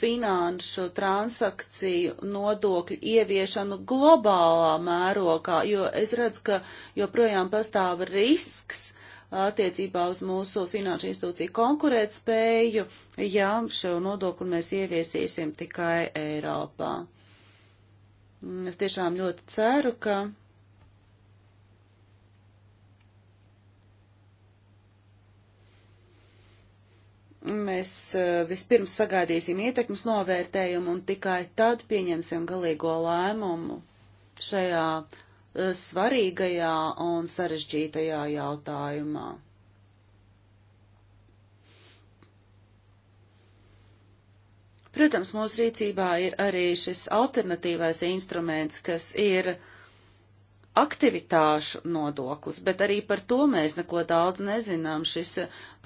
finanšu transakciju nodokļu ieviešanu globālā mērogā, jo es redzu, ka joprojām pastāv risks attiecībā uz mūsu finanšu institūciju konkurētspēju, ja šo nodokli mēs ieviesīsim tikai Eiropā. Mm, es tiešām ļoti ceru, ka mēs eh, vispirms sagaidīsim ietekmes novērtējumu un tikai tad pieņemsim galīgo lēmumu šajā eh, svarīgajā un sarežģītajā jautājumā. Protams, mūsu rīcībā ir arī šis alternatīvais instruments, kas ir aktivitāšu nodoklis, bet arī par to mēs neko daudz nezinām. Šis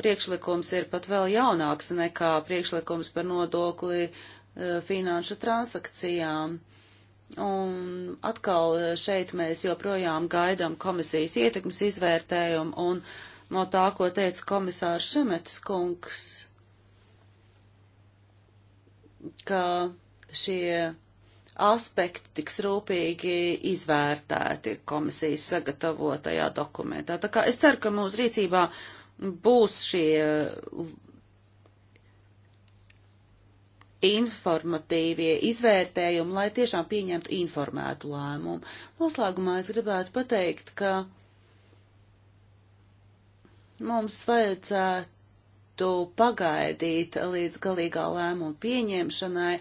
priekšlikums ir pat vēl jaunāks nekā priekšlikums par nodokli e, finanšu transakcijām. Un atkal e, šeit mēs joprojām gaidām komisijas ietekmes izvērtējumu un no tā, ko teica komisārs Šemetas kungs, ka šie aspekti tiks rūpīgi izvērtēti komisijas sagatavotajā dokumentā. Tā kā es ceru, ka mūsu rīcībā būs šie informatīvie izvērtējumi, lai tiešām pieņemtu informētu lēmumu. Noslēgumā es gribētu pateikt, ka mums vajadzētu vajadzētu pagaidīt līdz galīgā lēmuma pieņemšanai,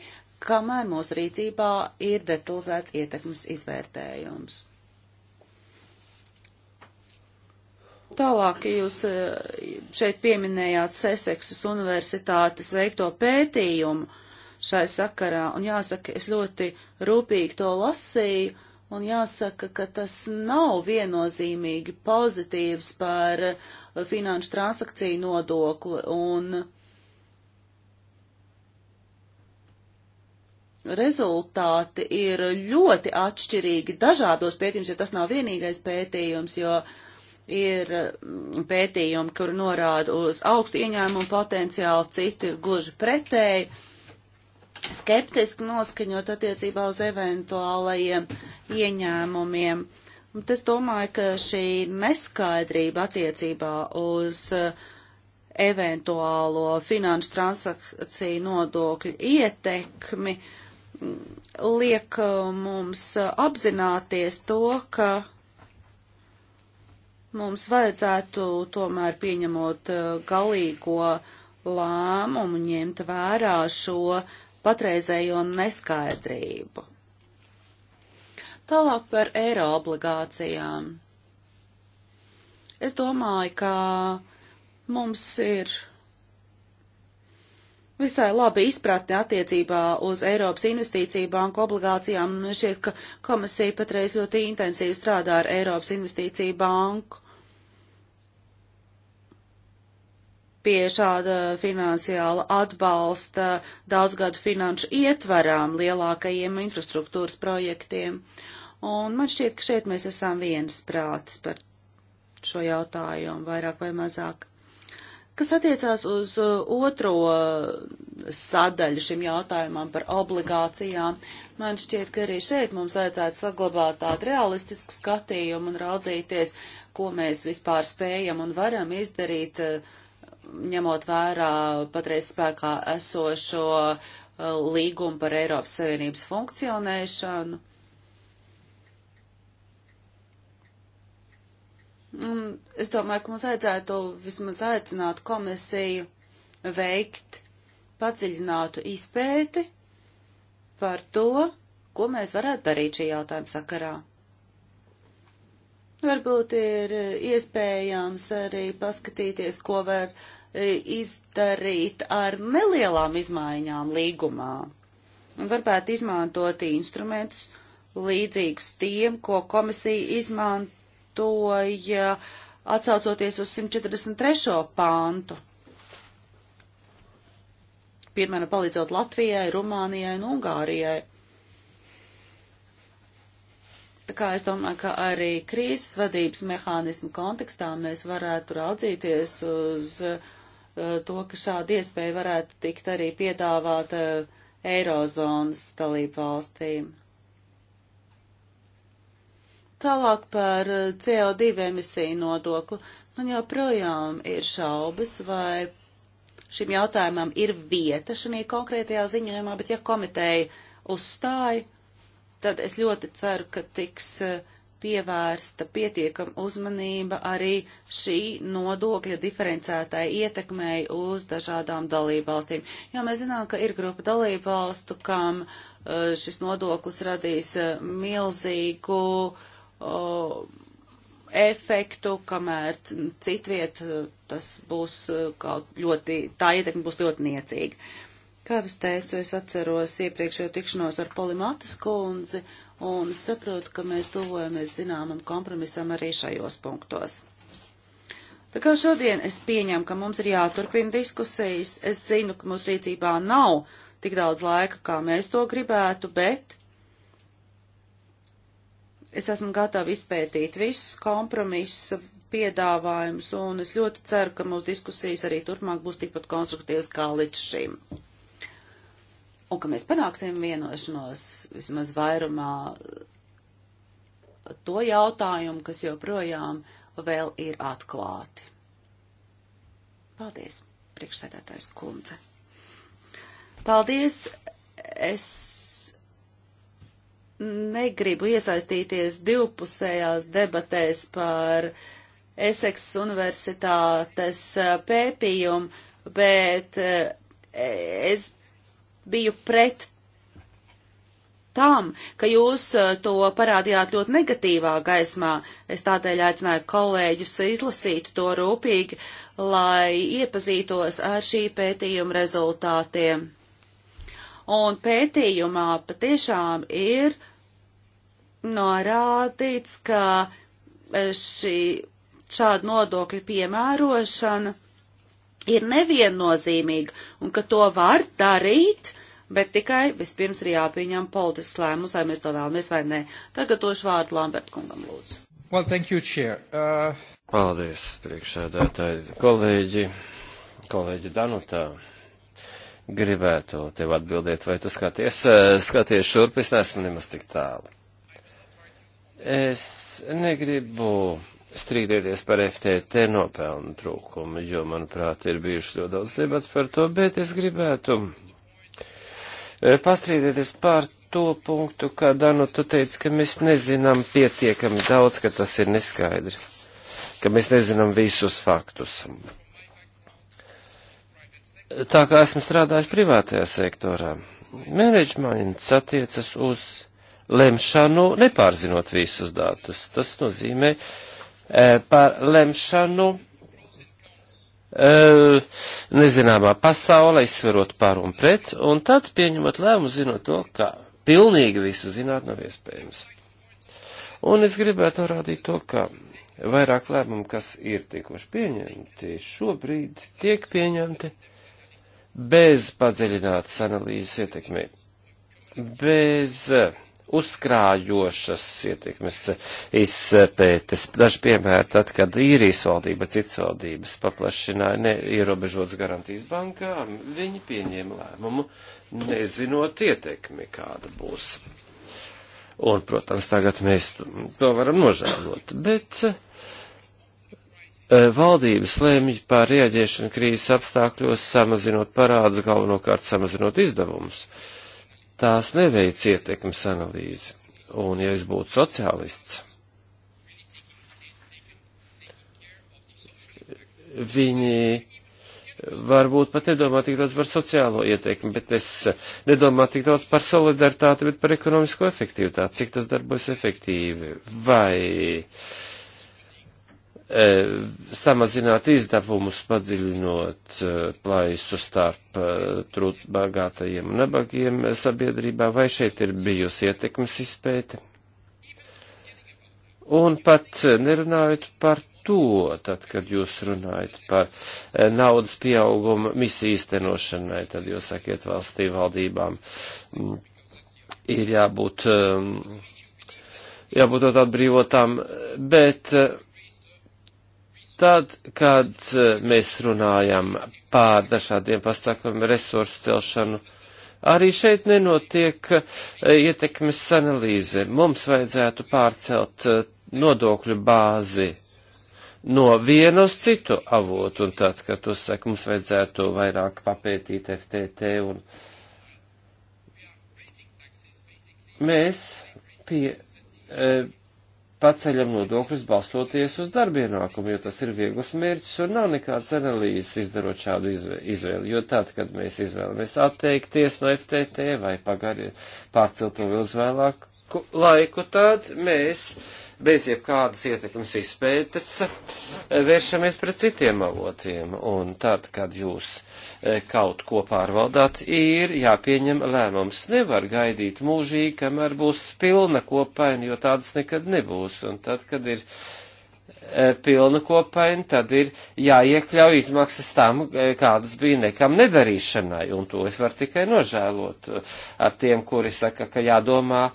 kamēr mūsu rīcībā ir detalizēts ietekmes izvērtējums. Tālāk jūs eh, šeit pieminējāt Seseksas universitātes veikto pētījumu šai sakarā, un jāsaka, es ļoti rūpīgi to lasīju, un jāsaka, ka tas nav viennozīmīgi pozitīvs par uh, finanšu transakciju nodokli un rezultāti ir ļoti atšķirīgi dažādos pētījumos, jo tas nav vienīgais pētījums, jo ir mm, pētījumi, kur norāda uz augstu ieņēmumu potenciālu, citi gluži pretēji skeptiski noskaņot attiecībā uz eventuālajiem ieņēmumiem. Uh, Un es domāju, ka šī neskaidrība attiecībā uz eh, eventuālo finanšu transakciju nodokļu ietekmi mm, liek eh, mums eh, apzināties to, ka mums vajadzētu tomēr pieņemot galīgo lēmumu ņemt vērā šo patreizējo neskaidrību. Tālāk par eiro obligācijām. Es domāju, ka mums ir visai labi izpratne attiecībā uz Eiropas investīciju banku obligācijām. Man šķiet, ka komisija patreiz ļoti intensīvi strādā ar Eiropas investīciju banku pie šāda finansiāla atbalsta daudzgadu finanšu ietvarām lielākajiem infrastruktūras projektiem. Uh, Un man šķiet, ka šeit mēs esam viens prātis par šo jautājumu, vairāk vai mazāk. Kas attiecās uz uh, otro sadaļu šim jautājumam par obligācijām, man šķiet, ka arī šeit mums vajadzētu saglabāt tādu realistisku skatījumu un raudzīties, ko mēs vispār spējam un varam izdarīt, uh, ņemot vērā patreiz spēkā esošo uh, līgumu par Eiropas Savienības funkcionēšanu Un es domāju, ka mums vajadzētu vismaz aicināt komisiju veikt padziļinātu izpēti par to, ko mēs varētu darīt šī jautājuma sakarā. Varbūt ir iespējams arī paskatīties, ko var e, izdarīt ar nelielām izmaiņām līgumā. Un varbūt izmantot instrumentus līdzīgus tiem, ko komisija izmanto lietoja atsaucoties uz 143. pāntu. Piemēram, palīdzot Latvijai, Rumānijai un Ungārijai. Tā kā es domāju, ka arī krīzes vadības mehānismu kontekstā mēs varētu raudzīties uz eh, to, ka šāda iespēja varētu tikt arī piedāvāta Eirozonas dalību valstīm. Tālāk par eh, CO2 emisiju nodokli. Man joprojām ir šaubas, vai šim jautājumam ir vieta šajā konkrētajā ziņojumā, bet ja komiteja uzstāja, tad es ļoti ceru, ka tiks eh, pievērsta pietiekama uzmanība arī šī nodokļa diferencētai ietekmei uz dažādām dalībvalstīm. Jo mēs zinām, ka ir grupa dalībvalstu, kam eh, šis nodoklis radīs milzīgu uh, o, efektu, kamēr citviet e, tas būs e, kaut ļoti, tā ietekme būs ļoti niecīga. Kā es teicu, es atceros iepriekšējo tikšanos ar Polimatas kundzi un saprotu, ka mēs tuvojamies zināmam kompromisam arī šajos punktos. Tā kā šodien es pieņemu, ka mums ir jāturpina diskusijas, es zinu, ka mūsu rīcībā nav tik daudz laika, kā mēs to gribētu, bet es esmu gatava izpētīt visus kompromisa piedāvājumus, un es ļoti ceru, ka mūsu diskusijas arī turpmāk būs tikpat konstruktīvas kā līdz šim. Un ka mēs panāksim vienošanos vismaz vairumā to jautājumu, kas joprojām vēl ir atklāti. Paldies, priekšsēdētājs kundze. Paldies, es negribu iesaistīties divpusējās debatēs par Eseksas universitātes eh, pētījumu, bet eh, es biju pret tam, ka jūs eh, to parādījāt ļoti negatīvā gaismā. Es tādēļ aicināju kolēģus izlasīt to rūpīgi, lai iepazītos ar šī pētījuma rezultātiem. Un pētījumā patiešām ir uh, norādīts, ka e, šī šāda nodokļa piemērošana ir neviennozīmīga un ka to var darīt, bet tikai vispirms ir jāpieņem politisks lēmums, vai mēs to vēlamies vai nē. Tagad došu vārdu Lambert kungam lūdzu. Well, thank you, Chair. Uh... Paldies, priekšsēdētāji, kolēģi, kolēģi Danutā. Gribētu tev atbildēt, vai tu skaties, eh, skaties šurp, es neesmu nemaz tik tālu. Es negribu strīdēties par FTT nopelnu trūkumu, jo, manuprāt, ir bijušas ļoti daudz debats par to, bet es gribētu eh, pastrīdēties par to punktu, kā Danu, tu teici, ka mēs nezinām pietiekami daudz, ka tas ir neskaidri, ka mēs nezinām visus faktus. Tā kā esmu strādājis privātajā sektorā, menedžments attiecas uz lemšanu, nepārzinot visus datus. Tas nozīmē e, par lemšanu e, nezināmā pasaulē, izsverot par un pret, un tad pieņemot lēmumu, zinot to, ka pilnīgi visu zināt nav iespējams. Un es gribētu norādīt to, ka vairāk lēmumu, kas ir tikuši pieņemti, šobrīd tiek pieņemti bez padziļinātas analīzes ietekmē, bez uh, uzkrājošas ietekmes izpētes. Daži piemēri tad, kad īrijas valdība, citas valdības paplašināja neierobežotas garantijas bankām, viņi pieņēma lēmumu, nezinot ietekmi, kāda būs. Un, protams, tagad mēs to varam nožēlot, bet eh, valdības lēmj par rieģiešanu krīzes apstākļos, samazinot parādus, galvenokārt samazinot izdevumus. Uh, tās neveic ietekmes analīzi. Un ja es būtu sociālists, viņi varbūt pat nedomā tik daudz par sociālo ieteikumu, bet es nedomāju tik daudz par solidaritāti, bet par ekonomisko efektivitāti, cik tas darbojas efektīvi. Vai uh, E, samazināt izdevumus, padziļinot e, plaisu starp e, trūc bagātajiem un nebagiem sabiedrībā, vai šeit ir bijusi ietekmes izpēte. Un pat nerunājot par to, tad, kad jūs runājat par naudas pieaugumu misiju īstenošanai, tad jūs sakiet valstī valdībām ir jābūt, jābūt atbrīvotām, bet Tad, kad eh, mēs runājam pār dažādiem pasākumiem, resursu celšanu, arī šeit nenotiek eh, ietekmes analīze. Mums vajadzētu pārcelt eh, nodokļu bāzi no viena uz citu avotu, un tad, kad tu saki, mums vajadzētu vairāk papētīt FTT, un mēs pie, paceļam nodokļus balstoties uz darbienākumu, jo tas ir viegls mērķis un nav nekāds analīzes izdarot šādu izvēli. Jo tad, kad mēs izvēlamies atteikties no FTT vai pagari pārcelt to vēl uz vēlāk, ilgāku laiku, tad mēs bez jebkādas ietekmes izpētes eh, vēršamies pret citiem avotiem. Un tad, kad jūs eh, kaut ko pārvaldāt, ir jāpieņem lēmums. Nevar gaidīt mūžīgi, kamēr būs pilna kopaina, jo tādas nekad nebūs. Un tad, kad ir eh, pilna kopaina, tad ir jāiekļauj izmaksas tam, kādas bija nekam nedarīšanai, un to es varu tikai nožēlot ar tiem, kuri saka, ka jādomā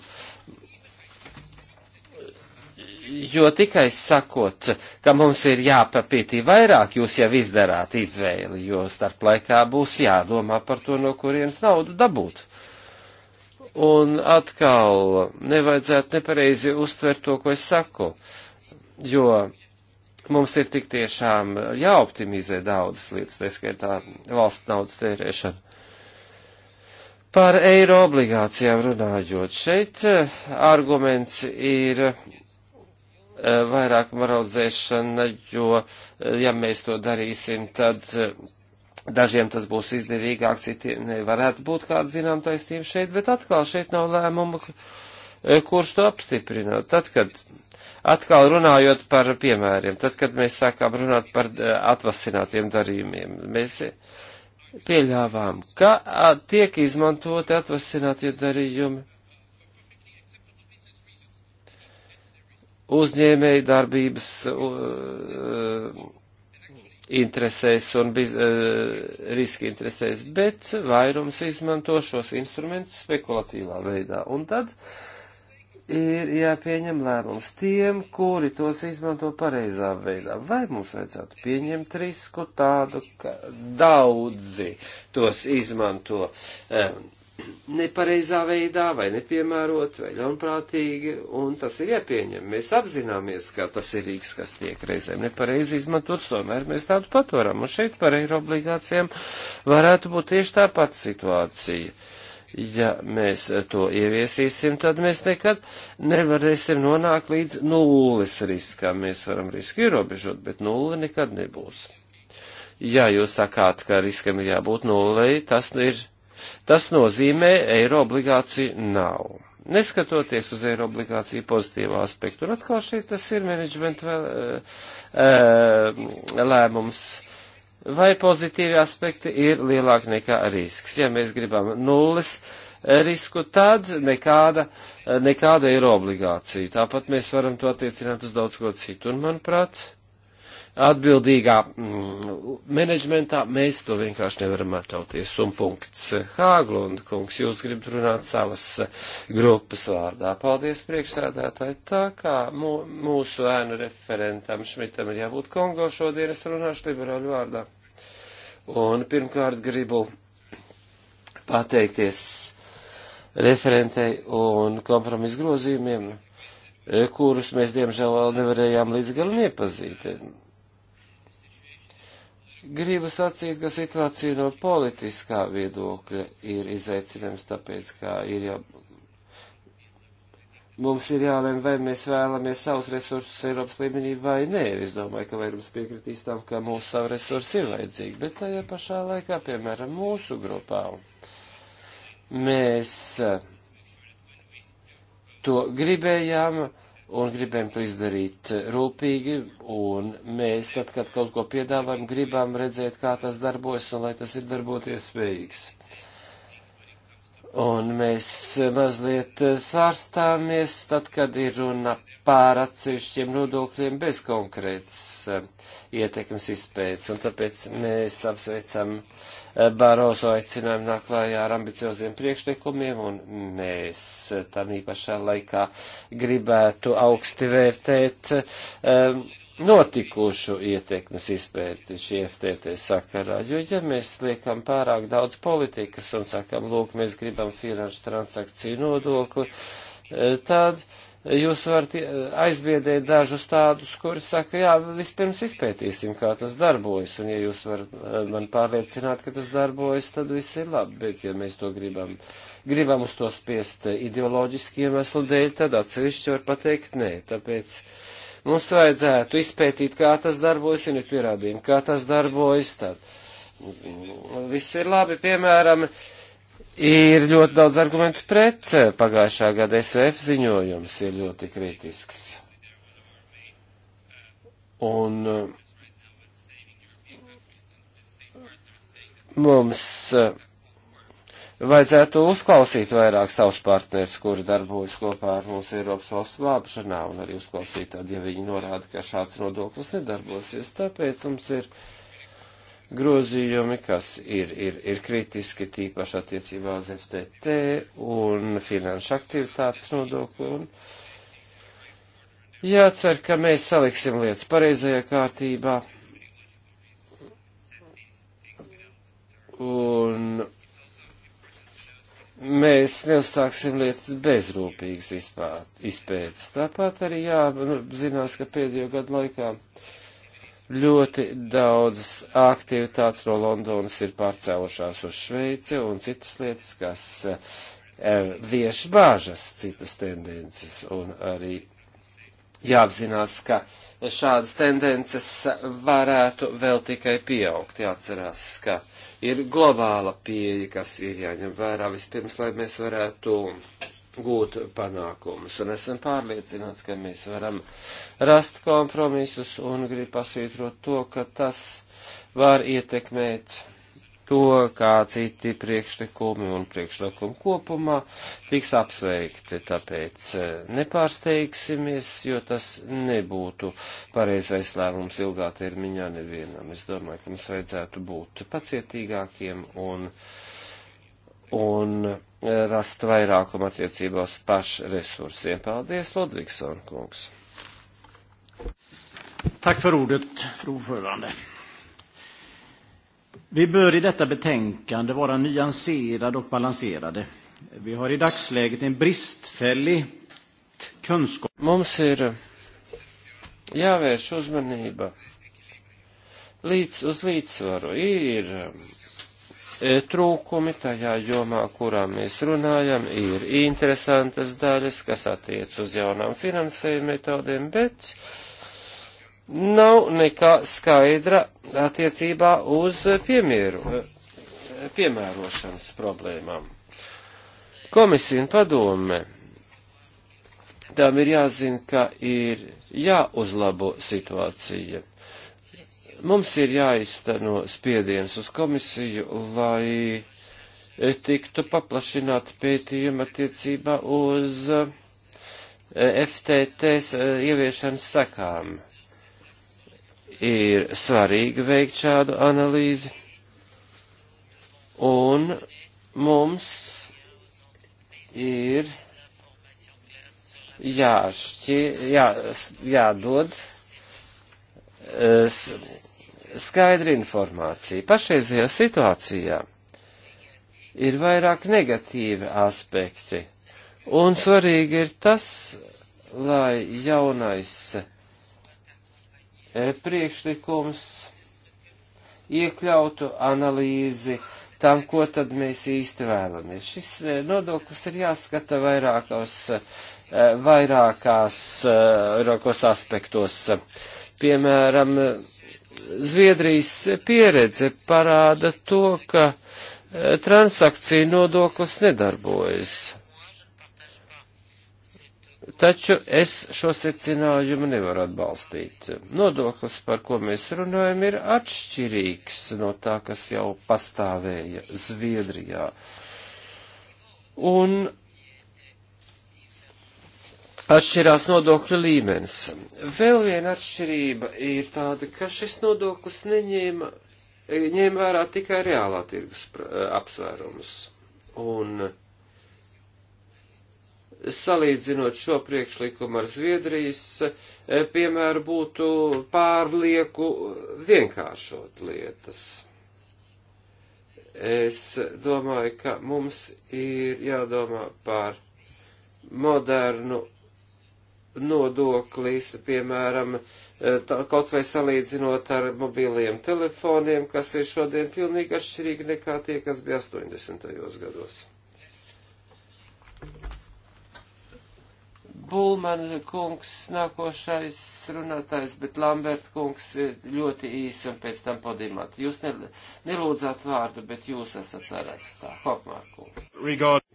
jo tikai sakot, ka mums ir jāpapītī vairāk, jūs jau izdarāt izvēli, jo starp laikā būs jādomā par to, no kurienes naudu dabūt. Un atkal nevajadzētu nepareizi uztvert to, ko es saku, jo mums ir tik tiešām jāoptimizē daudzas lietas, tā skaitā valsts naudas tērēšana. Par eiro obligācijām runājot, šeit eh, arguments ir Eh, vairāk moralizēšana, jo, eh, ja mēs to darīsim, tad eh, dažiem tas būs izdevīgāk, citiem nevarētu būt kāda zinām taisnība šeit, bet atkal šeit nav lēmuma, kurš to apstiprināt. Tad, kad atkal runājot par piemēriem, tad, kad mēs sākām runāt par atvasinātiem darījumiem, mēs pieļāvām, ka tiek izmantoti atvasinātie darījumi uzņēmēju darbības uh, interesēs un biz, uh, e, riski interesēs, bet vairums izmanto šos instrumentus spekulatīvā veidā. Un tad ir jāpieņem lēmums tiem, kuri tos izmanto pareizā veidā. Vai mums vajadzētu pieņemt risku tādu, ka daudzi tos izmanto um, nepareizā veidā, vai nepiemērot, vai ļaunprātīgi, un tas ir jāpieņem. Mēs apzināmies, ka tas ir rīks, kas tiek reizēm nepareizi izmantots, tomēr mēs tādu patvaram, un šeit par eiro obligācijām varētu būt tieši tā pati situācija. Ja mēs to ieviesīsim, tad mēs nekad nevarēsim nonākt līdz nulles riskam. Mēs varam risku ierobežot, bet nulle nekad nebūs. Ja jūs sakāt, ka riskam ir jābūt nulei, tas ir Tas nozīmē, eiro obligāciju nav. Neskatoties uz eiro obligāciju pozitīvu aspektu, un atkal šeit tas ir menedžmenta vēl, uh, lēmums, vai pozitīvi aspekti ir lielāki nekā risks. Ja mēs gribam nulles, eh, risku, tad nekāda, nekāda ir obligācija. Tāpat mēs varam to attiecināt uz daudz ko citu. Un, manuprāt, atbildīgā mm, menedžmentā, mēs to vienkārši nevaram atļauties. Un punkts Hāglund, kungs, jūs gribat runāt savas grupas vārdā. Paldies, priekšsēdētāji. Tā kā mūsu ēnu referentam Šmitam ir jābūt Kongo šodien, es runāšu liberāļu vārdā. Un pirmkārt gribu pateikties referentei un kompromisu grozījumiem, kurus mēs diemžēl vēl nevarējām līdz galam iepazīt Gribu sacīt, ka situācija no politiskā viedokļa ir izaicinājums, tāpēc, kā ir jau mums ir jālem, vai mēs vēlamies savus resursus Eiropas līmenī vai nē. Es domāju, ka vairums piekritīs tam, ka mūsu savu resursu ir vajadzīgi, bet tajā pašā laikā, piemēram, mūsu grupā mēs eh, to gribējām un gribam to izdarīt rūpīgi, un mēs tad, kad kaut ko piedāvājam, gribam redzēt, kā tas darbojas un lai tas ir darboties spējīgs. Un mēs mazliet svārstāmies tad, kad ir runa pār atsevišķiem nodokļiem bez konkrētas eh, ietekmes izpētes. Un tāpēc mēs apsveicam eh, Barozo aicinājumu nāklājā ar ambicioziem priekšlikumiem, un mēs tam īpašā laikā gribētu augsti vērtēt. Um, notikušu ietekmes izpēti šī FTT sakarā, jo ja mēs liekam pārāk daudz politikas un sakam, lūk, mēs gribam finanšu transakciju nodokli, e, tad jūs varat e, aizbiedēt dažus tādus, kuri saka, jā, vispirms izpētīsim, kā tas darbojas, un ja jūs varat e, man pārliecināt, ka tas darbojas, tad viss ir labi, bet ja mēs to gribam, gribam uz to spiest ideoloģiski iemeslu dēļ, tad atsevišķi var pateikt nē, tāpēc. Uh, Mums vajadzētu izpētīt, kā tas darbojas, un ir pierādījumi, kā tas darbojas. Tad. Mm, viss ir labi, piemēram, ir ļoti daudz argumentu pret eh, pagājušā gada SVF ziņojums, ir ļoti kritisks. Un eh, mums eh, vajadzētu uzklausīt vairāk savus partnerus, kuri darbojas kopā ar mūsu Eiropas valstu glābšanā, un arī uzklausīt tad, ja viņi norāda, ka šāds nodoklis nedarbosies. Tāpēc mums ir grozījumi, kas ir, ir, ir kritiski, tīpaši attiecībā uz FTT un finanšu aktivitātes nodokli. Un jācer, ka mēs saliksim lietas pareizajā kārtībā. Un mēs neuzsāksim lietas bezrūpīgas izpētes. Tāpat arī jāzinās, nu, ka pēdējo gadu laikā ļoti daudzas aktivitātes no Londonas ir pārcēlušās uz Šveici un citas lietas, kas e, vieš bāžas citas tendences un arī jāapzinās, ka šādas tendences varētu vēl tikai pieaugt. Jāatcerās, ka uh, ir globāla pieeja, kas ir jāņem vērā vispirms, lai mēs varētu gūt panākumus. Un esam pārliecināts, ka mēs varam rast kompromisus un grib pasvītrot to, ka tas var ietekmēt to, kā citi priekšlikumi un priekšlikumi kopumā tiks apsveikti, tāpēc eh, nepārsteigsimies, jo tas nebūtu pareizais lēmums ilgā termiņā nevienam. Es domāju, ka mums vajadzētu būt pacietīgākiem un, un eh, rast vairākumu attiecībā uz pašresursiem. Paldies, Lodvigson kungs! Tack för ordet, fru ordförande. Vi bör i detta betänkande vara nyanserade och balanserade. Vi har i dagsläget en bristfällig kunskap. Mums ir jāvērš uzmanība līdz uz līdzsvaru. Ir e, trūkumi tajā jomā, kurā mēs runājam, ir interesantas daļas, kas attiec uz jaunām finansējuma metodēm, bet uh, nav nekā skaidra attiecībā uz piemēru, eh, piemērošanas problēmām. Komisija un padome tām ir jāzina, ka ir jāuzlabo situācija. Mums ir jāizteno spiediens uz komisiju, lai tiktu paplašināti pētījumi attiecībā uz eh, FTT eh, ieviešanas sekām ir svarīgi veikt šādu analīzi, un mums ir jāšķi, jā, jādod e, skaidra informācija. Pašreizajā situācijā ir vairāk negatīvi aspekti, un svarīgi ir tas, lai jaunais E, priekšlikums iekļautu analīzi tam, ko tad mēs īsti vēlamies. Šis e, nodoklis ir jāskata vairākos, e, vairākās, vairākos aspektos. Piemēram, Zviedrijas pieredze parāda to, ka transakciju nodoklis nedarbojas. Taču es šo secinājumu nevaru atbalstīt. Nodoklis, par ko mēs runājam, ir atšķirīgs no tā, kas jau pastāvēja Zviedrijā. Un atšķirās nodokļu līmenis. Vēl viena atšķirība ir tāda, ka šis nodoklis neņēma, ņēma vērā tikai reālā tirgus eh, apsvērumus. Un salīdzinot šo priekšlikumu ar Zviedrijas e, piemēru, būtu pārlieku vienkāršot lietas. Es domāju, ka mums ir jādomā par modernu nodoklis, piemēram, e, tā, kaut vai salīdzinot ar mobiliem telefoniem, kas ir šodien pilnīgi atšķirīgi nekā tie, kas bija 80. gados. Bulman kungs nākošais runātājs, bet Lambert kungs ļoti īsi un pēc tam podimat. Jūs ne, nelūdzāt vārdu, bet jūs esat sarakstā. Hokmār kungs. Regard.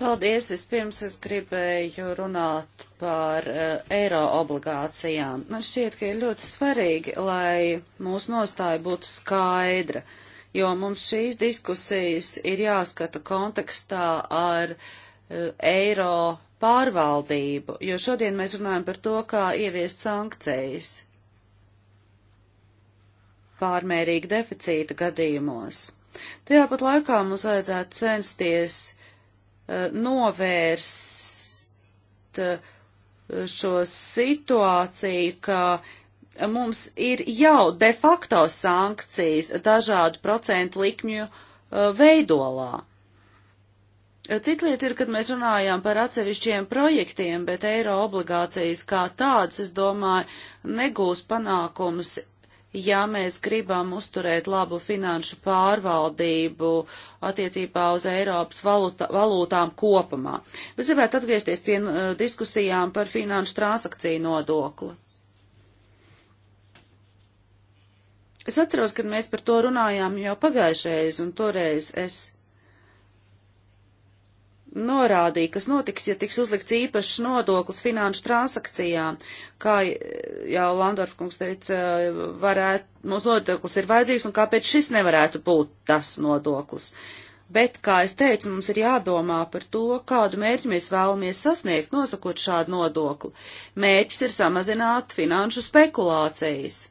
Paldies. Vispirms es gribēju runāt par uh, eiro obligācijām. Man šķiet, ka ir ļoti svarīgi, lai mūsu nostāja būtu skaidra, jo mums šīs diskusijas ir jāskata kontekstā ar uh, eiro pārvaldību, jo šodien mēs runājam par to, kā ieviest sankcijas pārmērīga deficīta gadījumos. Tajā pat laikā mums vajadzētu censties uh, novērst uh, šo situāciju, ka mums ir jau de facto sankcijas dažādu procentu likmju uh, veidolā. Cita lieta ir, kad mēs runājām par atsevišķiem projektiem, bet eiro obligācijas kā tādas, es domāju, negūs panākumus, ja mēs gribam uzturēt labu finanšu pārvaldību attiecībā uz Eiropas valuta, valūtām kopumā. Es gribētu atgriezties pie uh, diskusijām par finanšu transakciju nodokli. Es atceros, kad mēs par to runājām jau pagājušreiz, un toreiz es norādīja, kas notiks, ja tiks uzlikts īpašs nodoklis finanšu transakcijām. Kā jau Landorf kungs teica, varētu, mums nodoklis ir vajadzīgs un kāpēc šis nevarētu būt tas nodoklis. Bet, kā es teicu, mums ir jādomā par to, kādu mērķi mēs vēlamies sasniegt, nosakot šādu nodokli. Mērķis ir samazināt finanšu spekulācijas.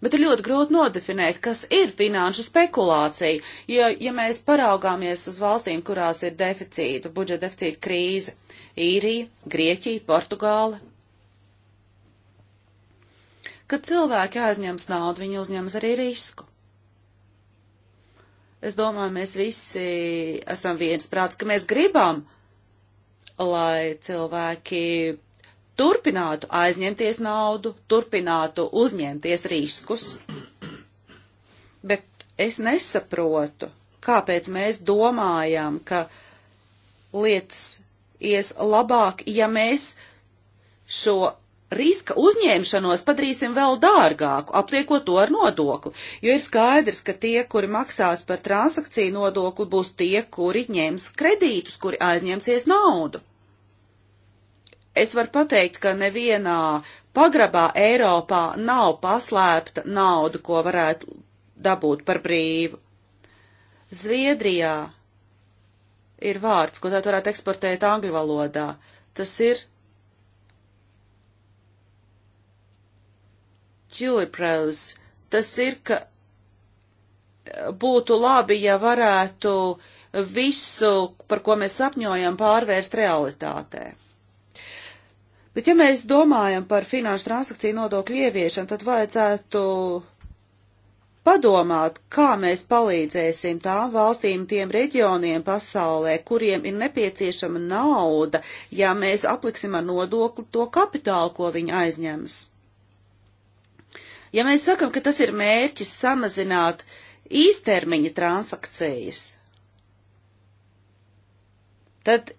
Bet ir ļoti grūti nodefinēt, kas ir finanšu spekulācija, jo, ja mēs paraugāmies uz valstīm, kurās ir deficīta, budžeta deficīta krīze - Īrija, Grieķija, Portugāla. Kad cilvēki aizņems naudu, viņi uzņems arī risku. Es domāju, mēs visi esam viens prāts, ka mēs gribam, lai cilvēki turpinātu aizņemties naudu, turpinātu uzņemties riskus. Bet es nesaprotu, kāpēc mēs domājam, ka lietas ies labāk, ja mēs šo riska uzņemšanos padarīsim vēl dārgāku, apliekot to ar nodokli, jo ir skaidrs, ka tie, kuri maksās par transakciju nodokli, būs tie, kuri ņems kredītus, kuri aizņemsies naudu. Es varu pateikt, ka nevienā pagrabā Eiropā nav paslēpta nauda, ko varētu dabūt par brīvu. Zviedrijā ir vārds, ko tātad varētu eksportēt angļu valodā. Tas ir Julipraus. Tas ir, ka būtu labi, ja varētu visu, par ko mēs sapņojam, pārvērst realitātē. Bet ja mēs domājam par finanšu transakciju nodokļu ieviešanu, tad vajadzētu padomāt, kā mēs palīdzēsim tām valstīm, tiem reģioniem pasaulē, kuriem ir nepieciešama nauda, ja mēs apliksim ar nodokli to kapitālu, ko viņi aizņems. Ja mēs sakam, ka tas ir mērķis samazināt īstermiņa transakcijas, tad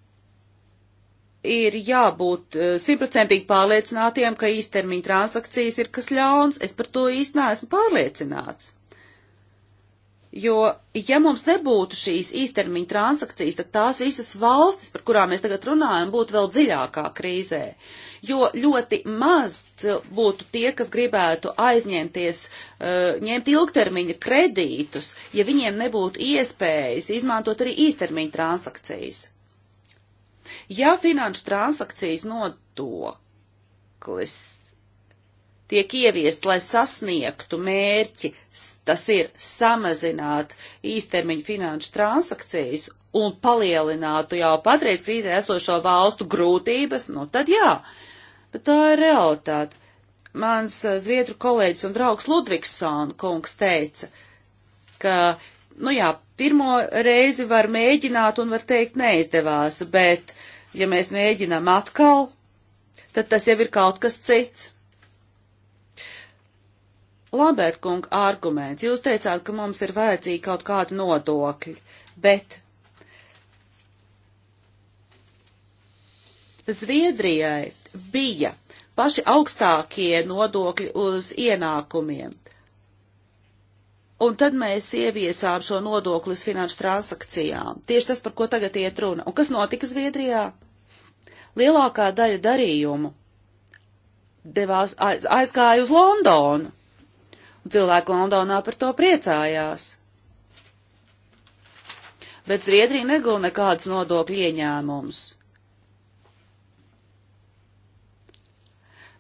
ir jābūt eh, simtprocentīgi pārliecinātiem, ka īstermiņa transakcijas ir kas ļauns. Es par to īsti neesmu pārliecināts. Jo, ja mums nebūtu šīs īstermiņa transakcijas, tad tās visas valstis, par kurām mēs tagad runājam, būtu vēl dziļākā krīzē. Jo ļoti maz būtu tie, kas gribētu aizņemties, eh, ņemt ilgtermiņa kredītus, ja viņiem nebūtu iespējas izmantot arī īstermiņa transakcijas. Ja finanšu transakcijas nodoklis tiek ieviests, lai sasniegtu mērķi, tas ir samazināt īstermiņu finanšu transakcijas un palielinātu jau patreiz krīzē esošo valstu grūtības, nu tad jā, bet tā ir realitāte. Mans eh, zviedru kolēģis un draugs Ludvigsson kungs teica, ka nu jā, pirmo reizi var mēģināt un var teikt neizdevās, bet ja mēs mēģinām atkal, tad tas jau ir kaut kas cits. Lambertkung arguments. Jūs teicāt, ka mums ir vajadzīgi kaut kādi nodokļi, bet Zviedrijai bija paši augstākie nodokļi uz ienākumiem. Un tad mēs ieviesām šo nodokli uz finanšu transakcijām. Tieši tas, par ko tagad iet runa. Un kas notika Zviedrijā? Lielākā daļa darījumu devās, aizgāja uz Londonu. Un cilvēki Londonā par to priecājās. Bet Zviedrija neguva nekādus nodokļu ieņēmumus.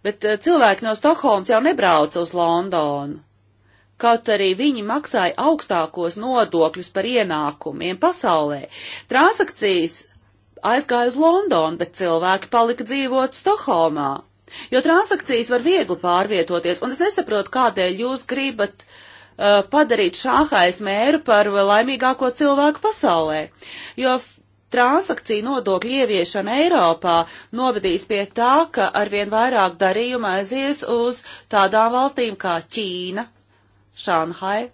Bet eh, cilvēki no Stokholmas jau nebrauca uz Londonu kaut arī viņi maksāja augstākos nodokļus par ienākumiem pasaulē. Transakcijas aizgāja uz Londonu, bet cilvēki palika dzīvot Stokholmā. Jo transakcijas var viegli pārvietoties, un es nesaprotu, kādēļ jūs gribat uh, padarīt Šāhais mēru par laimīgāko cilvēku pasaulē. Jo transakciju nodokļu ieviešana Eiropā novedīs pie tā, ka arvien vairāk darījuma aizies uz tādām valstīm kā Ķīna, Šanhai.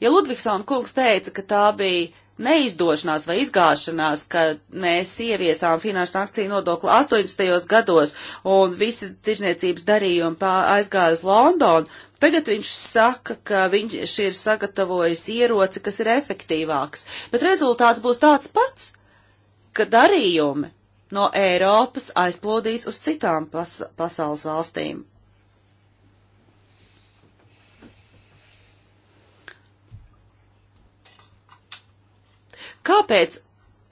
Ja Ludvigsona kungs teica, ka tā bija neizdošanās vai izgāšanās, ka mēs ieviesām finanšu akciju nodokli 80. gados un visi tirzniecības darījumi aizgāja uz Londonu, tagad viņš saka, ka viņš ir sagatavojis ieroci, kas ir efektīvāks, bet rezultāts būs tāds pats, ka darījumi no Eiropas aizplūdīs uz citām pas pasaules valstīm. Kāpēc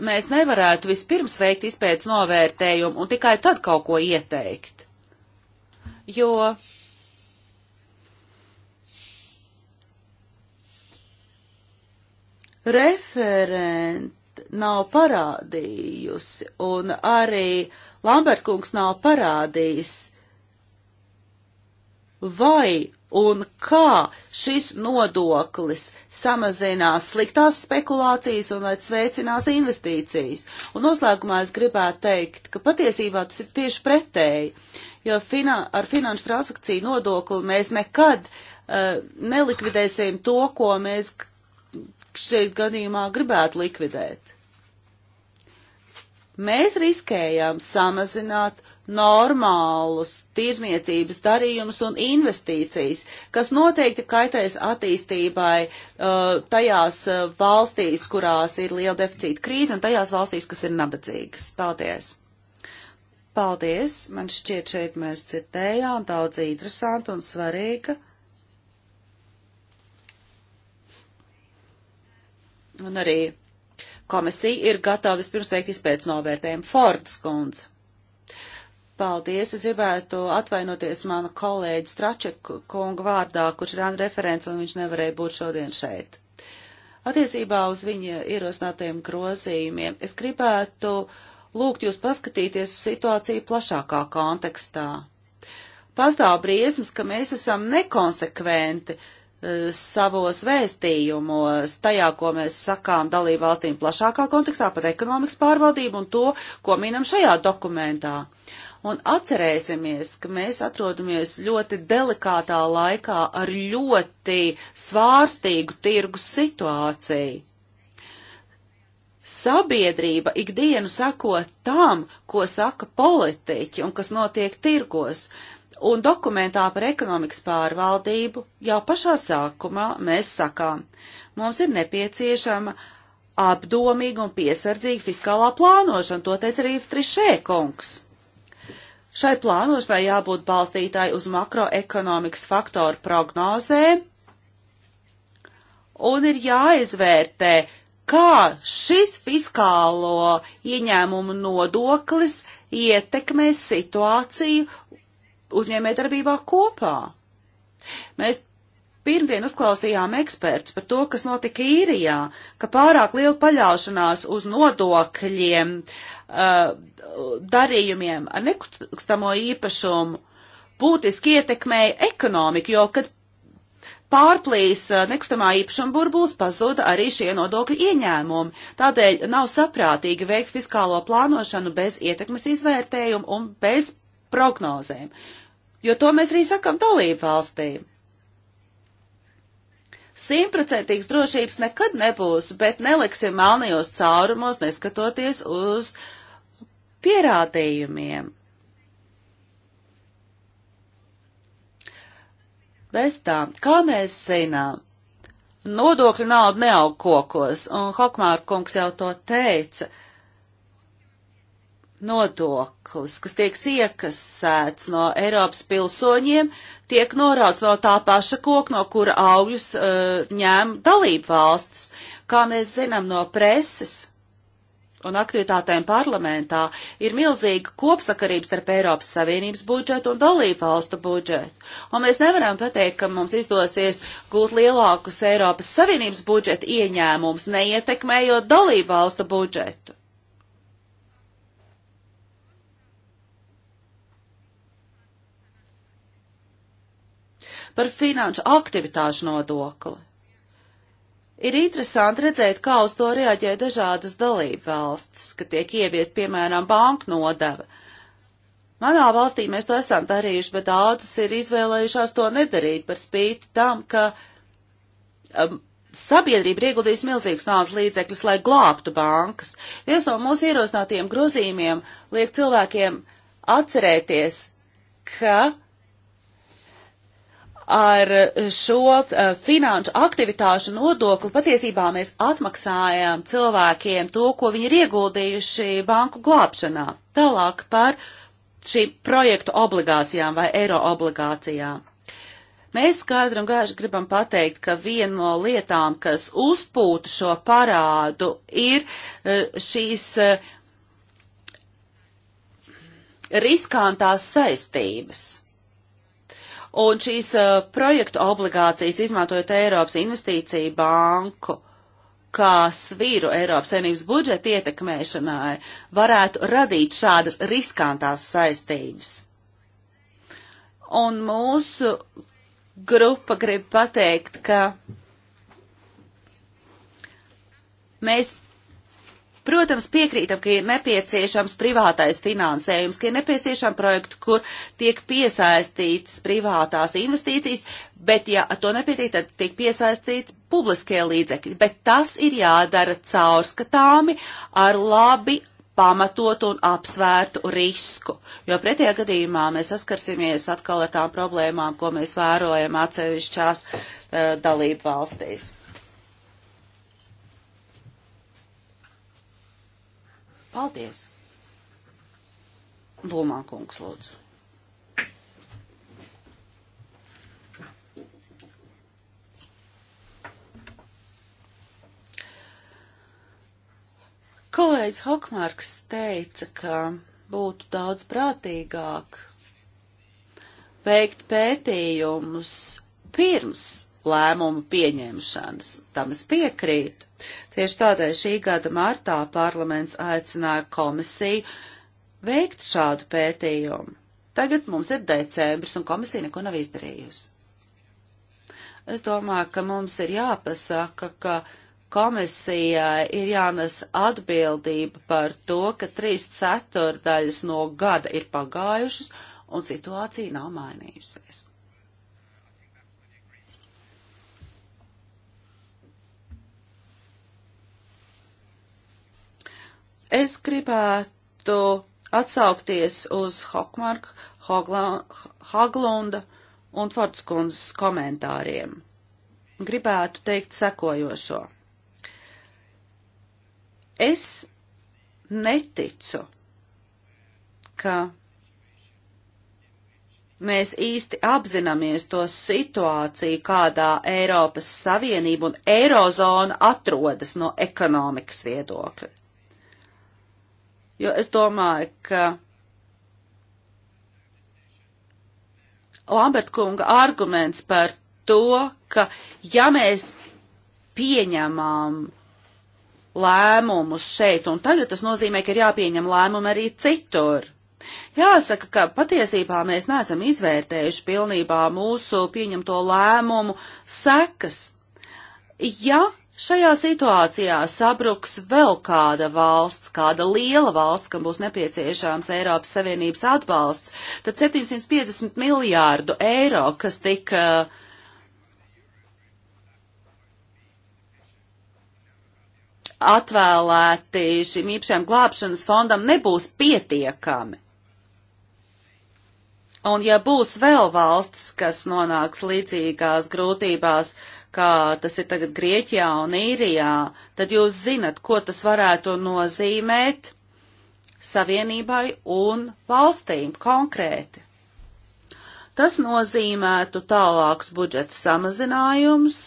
mēs nevarētu vispirms veikt izpētes novērtējumu un tikai tad kaut ko ieteikt? Jo referenta nav parādījusi un arī Lambertkungs nav parādījis, vai un kā šis nodoklis samazinās sliktās spekulācijas un vai sveicinās investīcijas. Un noslēgumā es gribētu teikt, ka patiesībā tas ir tieši pretēji, jo fina ar finanšu transakciju nodokli mēs nekad uh, nelikvidēsim to, ko mēs šeit gadījumā gribētu likvidēt. Mēs riskējām samazināt normālus tirzniecības darījumus un investīcijas, kas noteikti kaitēs attīstībai uh, tajās uh, valstīs, kurās ir liela deficīta krīze un tajās valstīs, kas ir nabadzīgas. Paldies! Paldies! Man šķiet šeit mēs citējām daudz interesantu un svarīgu. Un arī komisija ir gatava vispirms veikt izpēc novērtējumu Fordas kundze. Paldies! Es gribētu atvainoties manu kolēģi Stračeku kungu vārdā, kurš ir referents un viņš nevarēja būt šodien šeit. Attiecībā uz viņa ierosinātajiem grozījumiem es gribētu lūgt jūs paskatīties uz situāciju plašākā kontekstā. Pastāv briesmas, ka mēs esam nekonsekventi eh, savos vēstījumos, tajā, ko mēs sakām dalību valstīm plašākā kontekstā par ekonomikas pārvaldību un to, ko minam šajā dokumentā. Un atcerēsimies, ka mēs atrodamies ļoti delikātā laikā ar ļoti svārstīgu tirgus situāciju. Sabiedrība ikdienu sako tam, ko saka politiķi un kas notiek tirgos. Un dokumentā par ekonomikas pārvaldību jau pašā sākumā mēs sakām, mums ir nepieciešama apdomīga un piesardzīga fiskālā plānošana, to teica arī Trišē kungs. Šai plānošanai jābūt balstītāji uz makroekonomikas faktoru prognozēm un ir jāizvērtē, kā šis fiskālo ieņēmumu nodoklis ietekmēs situāciju uzņēmējdarbībā kopā. Mēs Pirmdien uzklausījām eksperts par to, kas notika īrijā, ka pārāk liela paļaušanās uz nodokļiem, uh, darījumiem ar nekustamo īpašumu būtiski ietekmēja ekonomiku, jo, kad pārplīs uh, nekustamā īpašuma burbulis, pazuda arī šie nodokļu ieņēmumi. Tādēļ nav saprātīgi veikt fiskālo plānošanu bez ietekmes izvērtējumu un bez prognozēm, jo to mēs arī sakam dalību valstīm. Simtprocentīgas drošības nekad nebūs, bet neliksim melnajos caurumos, neskatoties uz pierādījumiem. Bez tā, kā mēs zinām, nodokļu naudu neaug kokos, un Hokmāra kungs jau to teica – nodoklis, kas tiek iekasēts no Eiropas pilsoņiem, tiek norauts no tā paša koka, no kura augļus uh, ņēm dalību valstis. Kā mēs zinām no preses un aktivitātēm parlamentā, ir milzīga kopsakarības starp Eiropas Savienības budžetu un dalību valstu budžetu. Un mēs nevaram pateikt, ka mums izdosies gūt lielākus Eiropas Savienības budžeta ieņēmumus, neietekmējot dalību valstu budžetu. par finanšu aktivitāšu nodokli. Ir interesanti redzēt, kā uz to reaģē dažādas dalība valstis, ka tiek ieviest, piemēram, banku nodeva. Manā valstī mēs to esam darījuši, bet daudzas ir izvēlējušās to nedarīt par spīti tam, ka um, sabiedrība ir ieguldījusi milzīgus naudas līdzekļus, lai glābtu bankas. Viens no mūsu ierosinātiem grozījumiem liek cilvēkiem atcerēties, ka ar šo eh, finanšu aktivitāšu nodokli patiesībā mēs atmaksājam cilvēkiem to, ko viņi ir ieguldījuši banku glābšanā. Tālāk par šīm projektu obligācijām vai eiro obligācijām. Mēs skaidri un gaiši gribam pateikt, ka viena no lietām, kas uzpūta šo parādu, ir eh, šīs eh, riskantās saistības Un šīs uh, projektu obligācijas, izmantojot Eiropas investīciju banku, kā svīru Eiropas saimnības budžeta ietekmēšanai, varētu radīt šādas riskantās saistības. Un mūsu grupa grib pateikt, ka mēs Protams, piekrītam, ka ir nepieciešams privātais finansējums, ka ir nepieciešama projekta, kur tiek piesaistītas privātās investīcijas, bet ja ar to nepietiek, tad tiek piesaistīti publiskie līdzekļi. Bet tas ir jādara caurskatāmi ar labi pamatotu un apsvērtu risku, jo pretējā gadījumā mēs saskarsimies atkal ar tām problēmām, ko mēs vērojam atsevišķās uh, dalību valstīs. Paldies! Blumā kungs, lūdzu. Kolēģis Hokmārks teica, ka būtu daudz prātīgāk veikt pētījumus pirms lēmumu pieņemšanas. Tam es piekrītu. Tieši tādēļ šī gada martā parlaments aicināja komisiju veikt šādu pētījumu. Tagad mums ir decembris un komisija neko nav izdarījusi. Es domāju, ka mums ir jāpasaka, ka komisijai ir jānes atbildība par to, ka trīs ceturdaļas no gada ir pagājušas un situācija nav mainījusies. Es gribētu atsaukties uz Hokmarka, Haglunda un Fordskundzes komentāriem. Gribētu teikt sekojošo. Es neticu, ka mēs īsti apzināmies to situāciju, kādā Eiropas Savienība un Eirozona atrodas no ekonomikas viedokļa jo es domāju, ka Lamberta kunga arguments par to, ka ja mēs pieņemam lēmumus šeit un tagad, tas nozīmē, ka ir jāpieņem lēmumi arī citur. Jāsaka, ka patiesībā mēs neesam izvērtējuši pilnībā mūsu pieņemto lēmumu sekas. Ja Šajā situācijā sabruks vēl kāda valsts, kāda liela valsts, kam būs nepieciešams Eiropas Savienības atbalsts, tad 750 miljārdu eiro, kas tika uh, atvēlēti šim īpašajam glābšanas fondam, nebūs pietiekami. Un ja būs vēl valstis, kas nonāks līdzīgās grūtībās, kā tas ir tagad Grieķijā un Īrijā, tad jūs zinat, ko tas varētu nozīmēt savienībai un valstīm konkrēti. Tas nozīmētu tālāks budžeta samazinājums,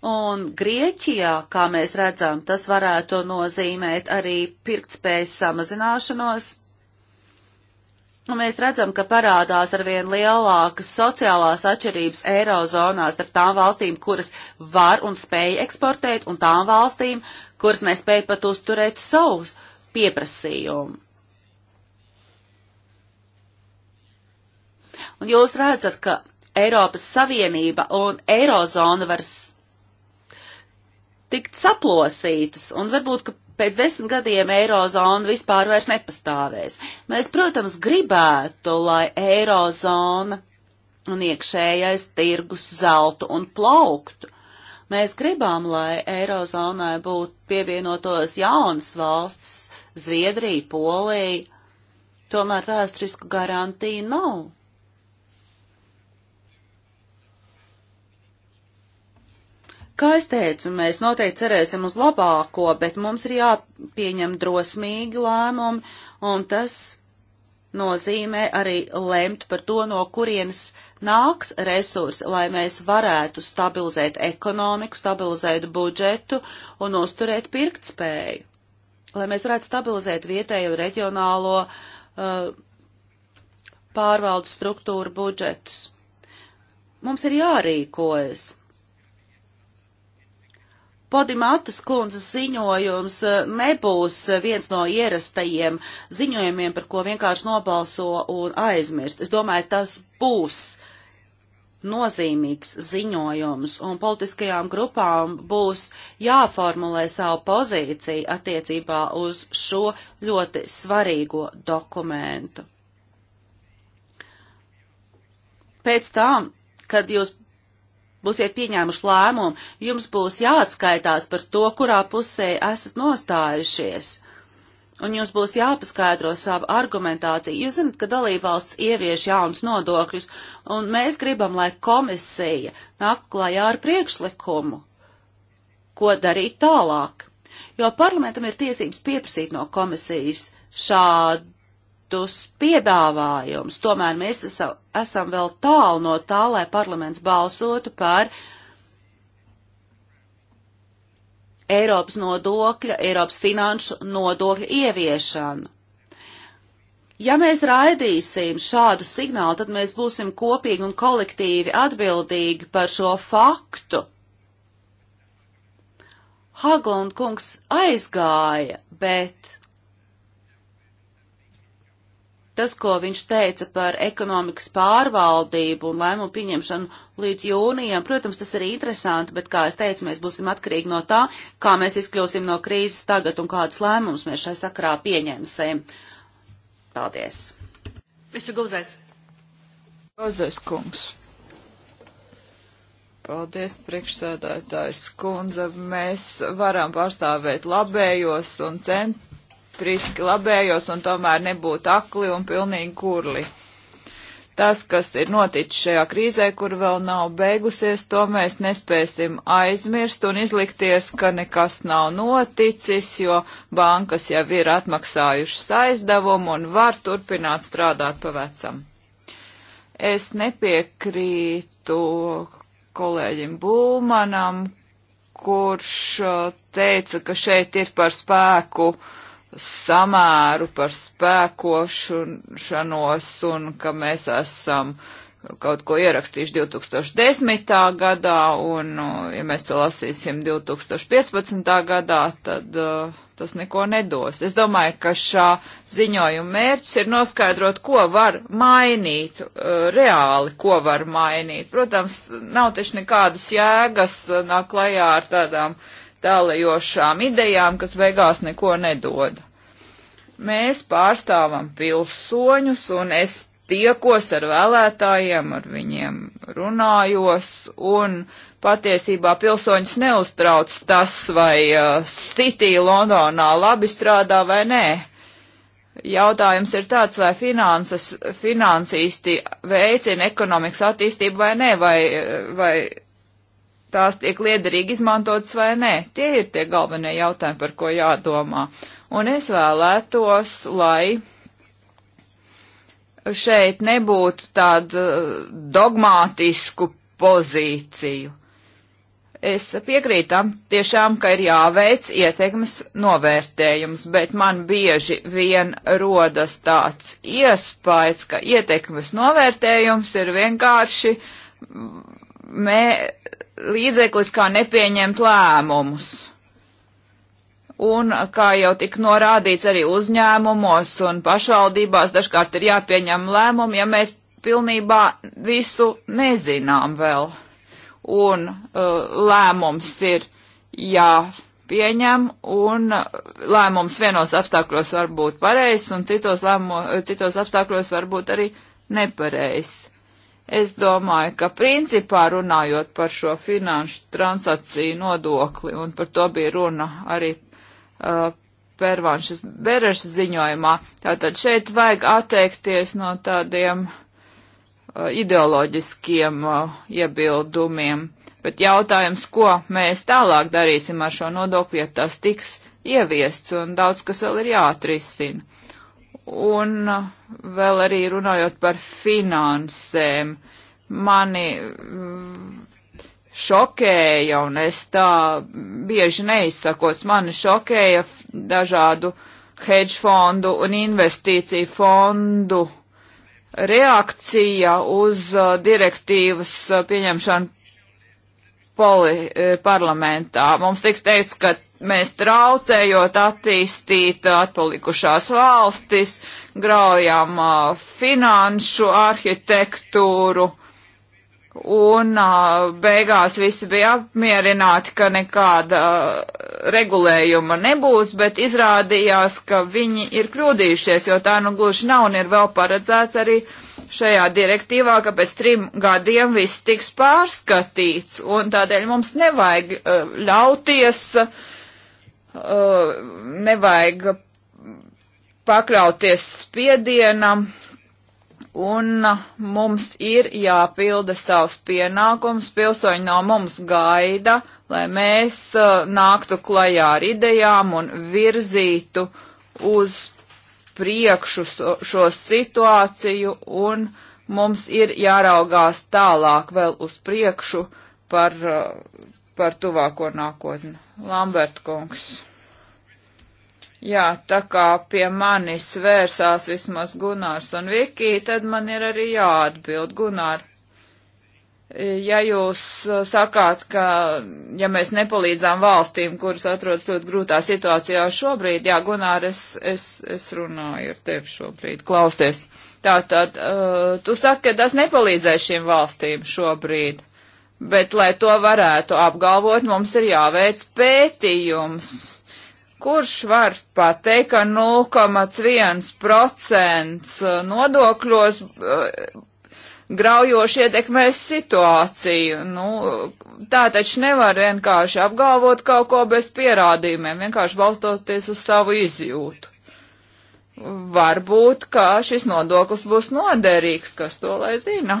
Un Grieķijā, kā mēs redzam, tas varētu nozīmēt arī pirktspējas samazināšanos. Un mēs redzam, ka parādās arvien lielākas sociālās atšķirības Eirozonā starp tām valstīm, kuras var un spēj eksportēt, un tām valstīm, kuras nespēja pat uzturēt savu pieprasījumu. Un jūs redzat, ka Eiropas Savienība un Eirozona var tikt saplosītas, un varbūt, ka pēc desmit gadiem eirozona vispār vairs nepastāvēs. Mēs, protams, gribētu, lai eirozona un iekšējais tirgus zeltu un plauktu. Mēs gribam, lai eirozonai būtu pievienotos jaunas valsts - Zviedrija, Polija. Tomēr vēsturisku garantiju nav. Kā es teicu, mēs noteikti cerēsim uz labāko, bet mums ir jāpieņem drosmīgi lēmumi, un tas nozīmē arī lemt par to, no kurienes nāks resursi, lai mēs varētu stabilizēt ekonomiku, stabilizēt budžetu un uzturēt pirktspēju, lai mēs varētu stabilizēt vietējo reģionālo uh, pārvaldes struktūru budžetus. Mums ir jārīkojas Podimatas kundzes ziņojums eh, nebūs eh, viens no ierastajiem ziņojumiem, par ko vienkārši nobalso un aizmirst. Es domāju, tas būs nozīmīgs ziņojums, un politiskajām grupām būs jāformulē savu pozīciju attiecībā uz šo ļoti svarīgo dokumentu. Pēc tam, kad jūs būsiet pieņēmuši lēmumu, jums būs jāatskaitās par to, kurā pusē esat nostājušies. Un jums būs jāpaskaidro savu argumentāciju. Jūs zināt, ka dalībvalsts ievieš jaunus nodokļus, un mēs gribam, lai komisija nāk klajā ar priekšlikumu, ko darīt tālāk. Jo parlamentam ir tiesības pieprasīt no komisijas šādu citus piedāvājumus. Tomēr mēs esam, esam vēl tālu no tā, lai parlaments balsotu par Eiropas nodokļa, Eiropas finanšu nodokļa ieviešanu. Ja mēs raidīsim šādu signālu, tad mēs būsim kopīgi un kolektīvi atbildīgi par šo faktu. Haglund kungs aizgāja, bet tas, ko viņš teica par ekonomikas pārvaldību un lēmumu pieņemšanu līdz jūnijam, protams, tas ir interesanti, bet, kā es teicu, mēs būsim atkarīgi no tā, kā mēs izkļūsim no krīzes tagad un kādus lēmumus mēs šai sakrā pieņemsim. Paldies! Mr. Gozais. Gozais kungs. Paldies, priekšsēdētājs kundze. Mēs varam pārstāvēt labējos un cent elektriski labējos un tomēr nebūtu akli un pilnīgi kurli. Tas, kas ir noticis šajā krīzē, kur vēl nav beigusies, to mēs nespēsim aizmirst un izlikties, ka nekas nav noticis, jo bankas jau ir atmaksājušas aizdevumu un var turpināt strādāt pa vecam. Es nepiekrītu kolēģim Bulmanam, kurš uh, teica, ka šeit ir par spēku uh, samēru par spēkošanos un ka mēs esam kaut ko ierakstījuši 2010. gadā un, nu, ja mēs to lasīsim 2015. gadā, tad uh, tas neko nedos. Es domāju, ka šā ziņojuma mērķis ir noskaidrot, ko var mainīt, uh, reāli, ko var mainīt. Protams, nav taču nekādas jēgas uh, nāk klajā ar tādām tālajošām idejām, kas beigās neko nedod. Mēs pārstāvam pilsoņus, un es tiekos ar vēlētājiem, ar viņiem runājos, un patiesībā pilsoņus neuztrauc tas, vai uh, City Londonā labi strādā vai nē. Jautājums ir tāds, vai finanses, finansisti veicina ekonomikas attīstību vai nē, vai, uh, vai tās tiek liederīgi izmantotas vai nē. Tie ir tie galvenie jautājumi, par ko jādomā. Uh, Un es vēlētos, lai šeit nebūtu tādu dogmātisku pozīciju. Es piekrītu tam tiešām, ka ir jāveic ietekmes novērtējums, bet man bieži vien rodas tāds iespējas, ka ietekmes novērtējums ir vienkārši mē, līdzeklis, kā nepieņemt lēmumus. Un, kā jau tika norādīts, arī uzņēmumos un pašvaldībās dažkārt ir jāpieņem lēmumi, ja mēs pilnībā visu nezinām vēl. Un uh, lēmums ir jāpieņem, un uh, lēmums vienos apstākļos var būt pareizs, un citos, lēmo, citos apstākļos var būt arī nepareizs. Es domāju, ka principā runājot par šo finanšu transakciju nodokli, un par to bija runa arī uh, Pervanšas Berešas ziņojumā. Tātad šeit vajag atteikties no tādiem uh, ideoloģiskiem uh, iebildumiem. Bet jautājums, ko mēs tālāk darīsim ar šo nodokli, ja tas tiks ieviests un daudz kas vēl ir jāatrisina. Un uh, vēl arī runājot par finansēm, mani mm, šokēja, un es tā bieži neizsakos, mani šokēja dažādu hedge fondu un investīciju fondu reakcija uz uh, direktīvas uh, pieņemšanu poli, uh, parlamentā. Mums tika teikts, ka mēs traucējot attīstīt atpalikušās valstis, graujām finanšu arhitektūru, uh, un beigās visi bija apmierināti, ka nekāda regulējuma nebūs, bet izrādījās, ka viņi ir kļūdījušies, jo tā nu gluži nav un ir vēl paredzēts arī šajā direktīvā, ka pēc trim gadiem viss tiks pārskatīts, un tādēļ mums nevajag ļauties, nevajag pakļauties spiedienam, un uh, mums ir jāpilda savs pienākums. Pilsoņi no mums gaida, lai mēs uh, nāktu klajā ar idejām un virzītu uz priekšu šo situāciju, un mums ir jāraugās tālāk vēl uz priekšu par, uh, par tuvāko nākotni. Lambert kungs. Jā, tā kā pie manis vērsās vismaz Gunārs un Viki, tad man ir arī jāatbild Gunār. Ja jūs uh, sakāt, ka ja mēs nepalīdzām valstīm, kuras atrodas ļoti grūtā situācijā šobrīd, jā, Gunār, es, es, es runāju ar tevi šobrīd, klausties. Tātad, uh, tu saki, ka tas nepalīdzēs šīm valstīm šobrīd, bet, lai to varētu apgalvot, mums ir jāveic pētījums Kurš var pateikt, ka 0,1% uh, nodokļos uh, graujoši ietekmēs situāciju. Nu, tā taču nevar vienkārši apgalvot kaut ko bez pierādījumiem, vienkārši balstoties uz savu izjūtu. Varbūt, ka šis nodoklis būs noderīgs, kas to lai zina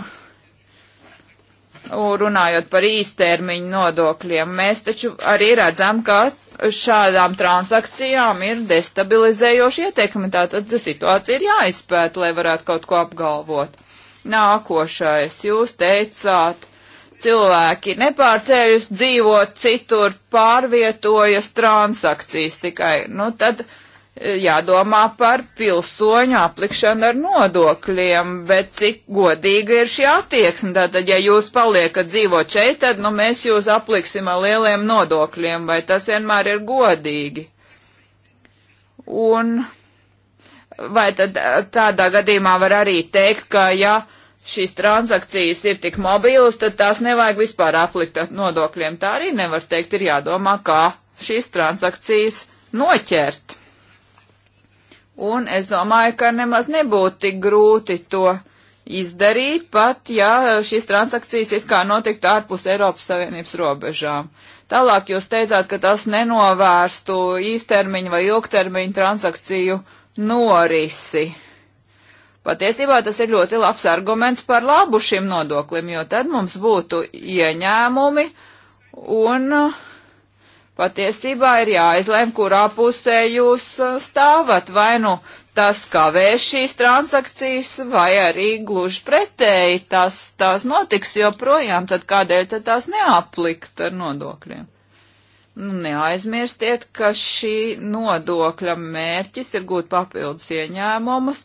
runājot par īstermiņu nodokļiem, mēs taču arī redzam, ka šādām transakcijām ir destabilizējoši ieteikumi, tātad situācija ir jāizpēta, lai varētu kaut ko apgalvot. Nākošais, jūs teicāt, cilvēki nepārcēļas dzīvot citur, pārvietojas transakcijas tikai, nu tad Eh, jādomā par pilsoņu aplikšanu ar nodokļiem, bet cik godīga ir šī attieksme. Tātad, ja jūs paliekat dzīvot šeit, tad nu, mēs jūs apliksim ar lieliem nodokļiem, vai tas vienmēr ir godīgi. Un vai tad eh, tādā gadījumā var arī teikt, ka ja šīs transakcijas ir tik mobilas, tad tās nevajag vispār aplikt ar nodokļiem. Tā arī nevar teikt, ir jādomā, kā šīs transakcijas noķert. Un es domāju, ka nemaz nebūtu tik grūti to izdarīt, pat ja šīs transakcijas it kā notiktu ārpus Eiropas Savienības robežām. Tālāk jūs teicāt, ka tas nenovērstu īstermiņu vai ilgtermiņu transakciju norisi. Patiesībā tas ir ļoti labs arguments par labu šim nodoklim, jo tad mums būtu ieņēmumi un uh, Patiesībā ir jāizlem, kurā pusē jūs uh, stāvat, vai nu tas kavē šīs transakcijas, vai arī gluži pretēji tas, tās notiks joprojām, tad kādēļ tad tās neaplikt ar nodokļiem? Nu, neaizmirstiet, ka šī nodokļa mērķis ir gūt papildus ieņēmumus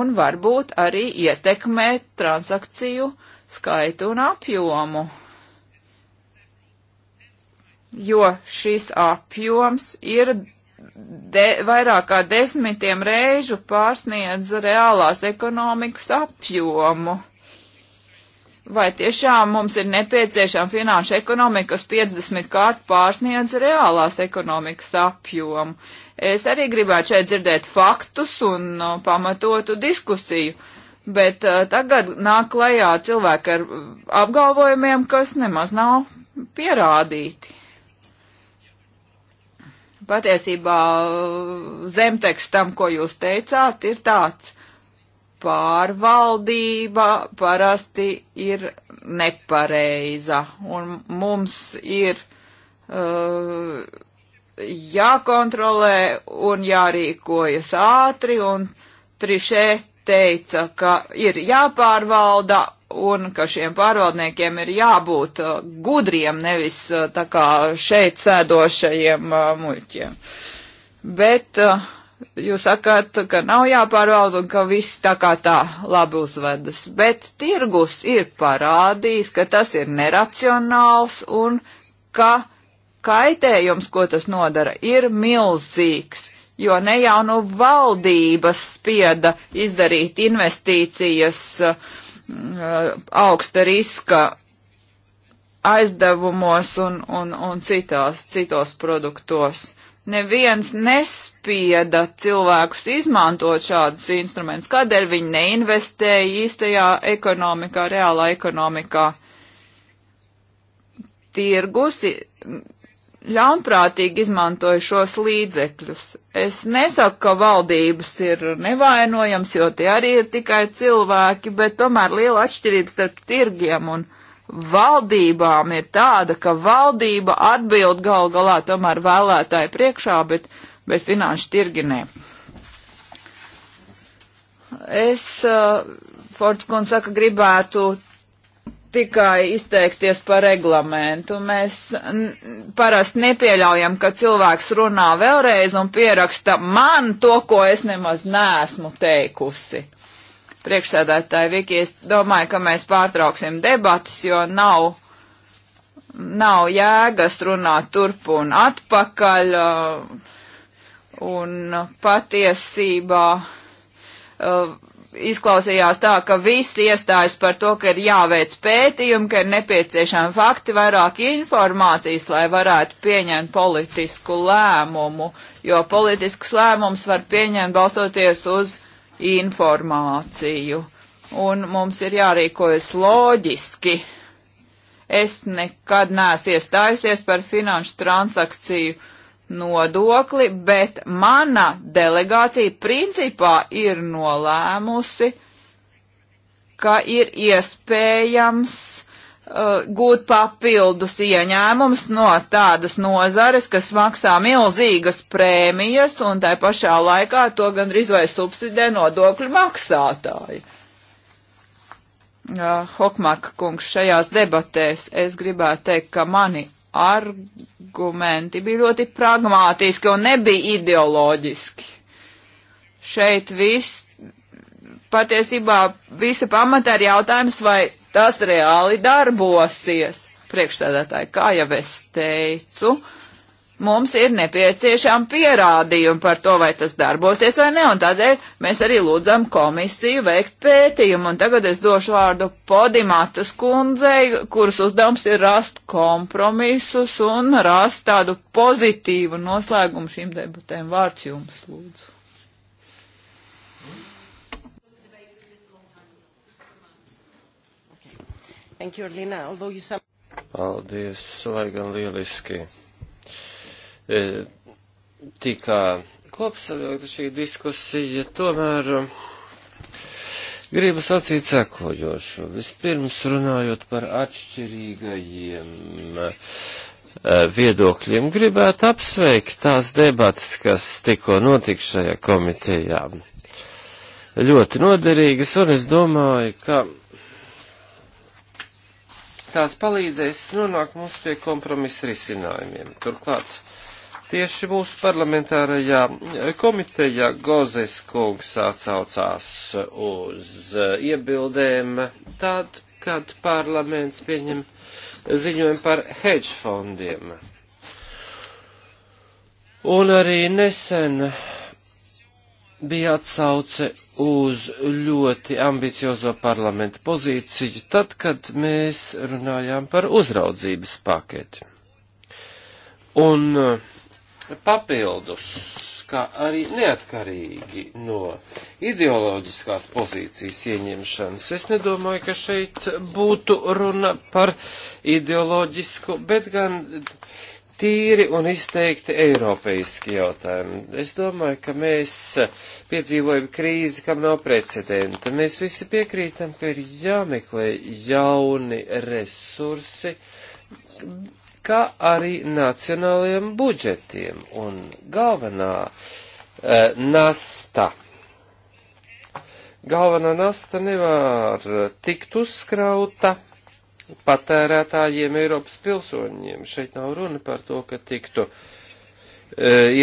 un varbūt arī ietekmēt transakciju skaitu un apjomu jo šis apjoms ir de, vairāk kā desmitiem reižu pārsniedz reālās ekonomikas apjomu. Vai tiešām mums ir nepieciešama finanšu ekonomika, kas 50 kārt pārsniedz reālās ekonomikas apjomu? Es arī gribētu šeit dzirdēt faktus un no, uh, pamatotu diskusiju, bet uh, tagad nāk klajā cilvēki ar apgalvojumiem, kas nemaz nav pierādīti. Patiesībā zemtekstam, ko jūs teicāt, ir tāds pārvaldība parasti ir nepareiza, un mums ir uh, jākontrolē un jārīkojas ātri, un Trišē teica, ka ir jāpārvalda un ka šiem pārvaldniekiem ir jābūt uh, gudriem, nevis uh, tā kā šeit sēdošajiem uh, muļķiem. Bet jūs sakāt, ka nav jāpārvalda un ka viss tā kā tā labi uzvedas. Bet tirgus ir parādījis, ka tas ir neracionāls un ka kaitējums, ko tas nodara, ir milzīgs jo ne jau nu valdības spieda izdarīt investīcijas uh, Uh, augsta riska aizdevumos un, un, un citās, citos produktos. Neviens nespieda cilvēkus izmantot šādus instrumentus, kādēļ viņi neinvestēja īstajā ekonomikā, reālā ekonomikā. Tirgus ļaunprātīgi izmantoja šos līdzekļus. Es nesaku, ka valdības ir nevainojams, jo tie arī ir tikai cilvēki, bet tomēr liela atšķirība starp tirgiem un valdībām ir tāda, ka valdība atbild gal galā tomēr vēlētāju priekšā, bet, bet finanšu tirginē. Es, uh, Fords kundze saka, gribētu tikai izteikties par reglamentu. Mēs parasti nepieļaujam, ka cilvēks runā vēlreiz un pieraksta man to, ko es nemaz neesmu teikusi. Priekšsēdētāji, Viki, es domāju, ka mēs pārtrauksim debatas, jo nav, nav jēgas runāt turp un atpakaļ. Uh, un patiesībā. Uh, izklausījās tā, ka viss iestājas par to, ka ir jāveic pētījumi, ka ir nepieciešami fakti, vairāk informācijas, lai varētu pieņemt politisku lēmumu, jo politisks lēmums var pieņemt balstoties uz informāciju. Un mums ir jārīkojas loģiski. Es nekad neesmu iestājusies par finanšu transakciju nodokli, bet mana delegācija principā ir nolēmusi, ka ir iespējams uh, gūt papildus ieņēmums no tādas nozares, kas maksā milzīgas prēmijas un tai pašā laikā to gandrīz vai subsidē nodokļu maksātāji. Uh, Hokmarka kungs šajās debatēs es gribētu teikt, ka mani argumenti bija ļoti pragmātiski un nebija ideoloģiski. Šeit viss, patiesībā visa pamata ir jautājums, vai tas reāli darbosies. Priekšsēdētāji, kā jau es teicu, uh, mums ir nepieciešām pierādījumi par to, vai tas darbosies vai ne, un tādēļ mēs arī lūdzam komisiju veikt pētījumu, un tagad es došu vārdu Podimātas kundzei, kuras uzdevums ir rast kompromisus un rast tādu pozitīvu noslēgumu šīm debatēm. Vārds jums, lūdzu. Thank you, Lina. Although you some... Paldies, lai gan lieliski E, tika kopsavilkta šī diskusija, tomēr um, gribu sacīt sekojošu. Vispirms runājot par atšķirīgajiem e, viedokļiem, gribētu apsveikt tās debatas, kas tikko notika šajā komitejā. Ļoti noderīgas, un es domāju, ka tās palīdzēs nonākt mums pie kompromisa risinājumiem. Turklāt, uh, Tieši mūsu parlamentārajā komitejā Gozes kungs atsaucās uz iebildēm tad, kad parlaments pieņem ziņojumu par hedge fondiem. Un arī nesen bija atsauce uz ļoti ambiciozo parlamenta pozīciju, tad, kad mēs runājām par uzraudzības paketi. Un uh, papildus, kā arī neatkarīgi no ideoloģiskās pozīcijas ieņemšanas. Es nedomāju, ka šeit būtu runa par ideoloģisku, bet gan tīri un izteikti eiropeiski jautājumi. Es domāju, ka mēs piedzīvojam krīzi, kam nav precedenta. Mēs visi piekrītam, ka ir jāmeklē jauni resursi, kā arī nacionālajiem budžetiem. Un galvenā e, nasta, galvenā nasta nevar tikt uzkrauta patērētājiem, Eiropas pilsoņiem. Šeit nav runa par to, ka tiktu e,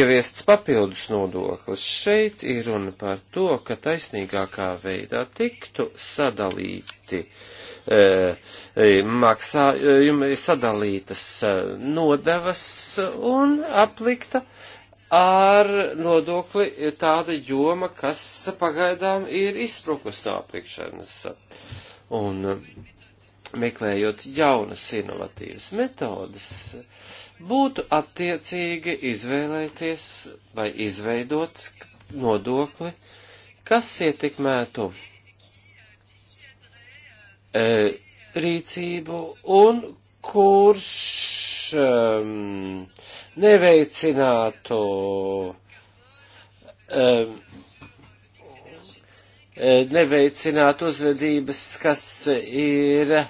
ieviests papildus nodoklis. Šeit ir runa par to, ka taisnīgākā veidā tiktu sadalīti uh, Eh, eh, maksājumi sadalītas eh, nodevas un aplikta ar nodokli tāda joma, kas pagaidām ir izsprukus no aplikšanas. Un meklējot jaunas inovatīvas metodas, būtu attiecīgi izvēlēties vai izveidot nodokli, kas ietekmētu E, rīcību un kurš um, neveicinātu um, e, neveicināt uzvedības, kas ir uh,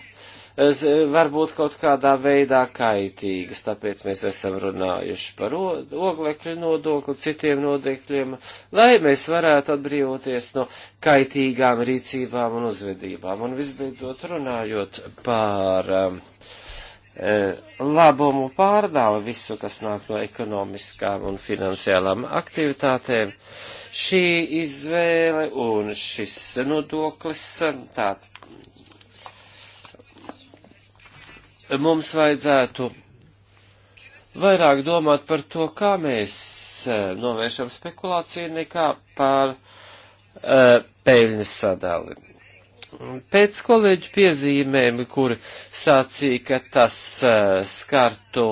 Eh, varbūt kaut kādā veidā kaitīgas, tāpēc mēs esam runājuši par oglekļu nodokli, citiem nodokļiem, lai mēs varētu atbrīvoties no kaitīgām rīcībām un uzvedībām. Un visbeidzot runājot par um, eh, labumu pārdāva visu, kas nāk no ekonomiskām un finansiālām aktivitātēm. Šī izvēle un šis nodoklis, tā mums vajadzētu vairāk domāt par to, kā mēs eh, novēršam spekulāciju, nekā par uh, peļņas sadali. Pēc kolēģu piezīmēm, kuri sacīja, ka tas eh, skartu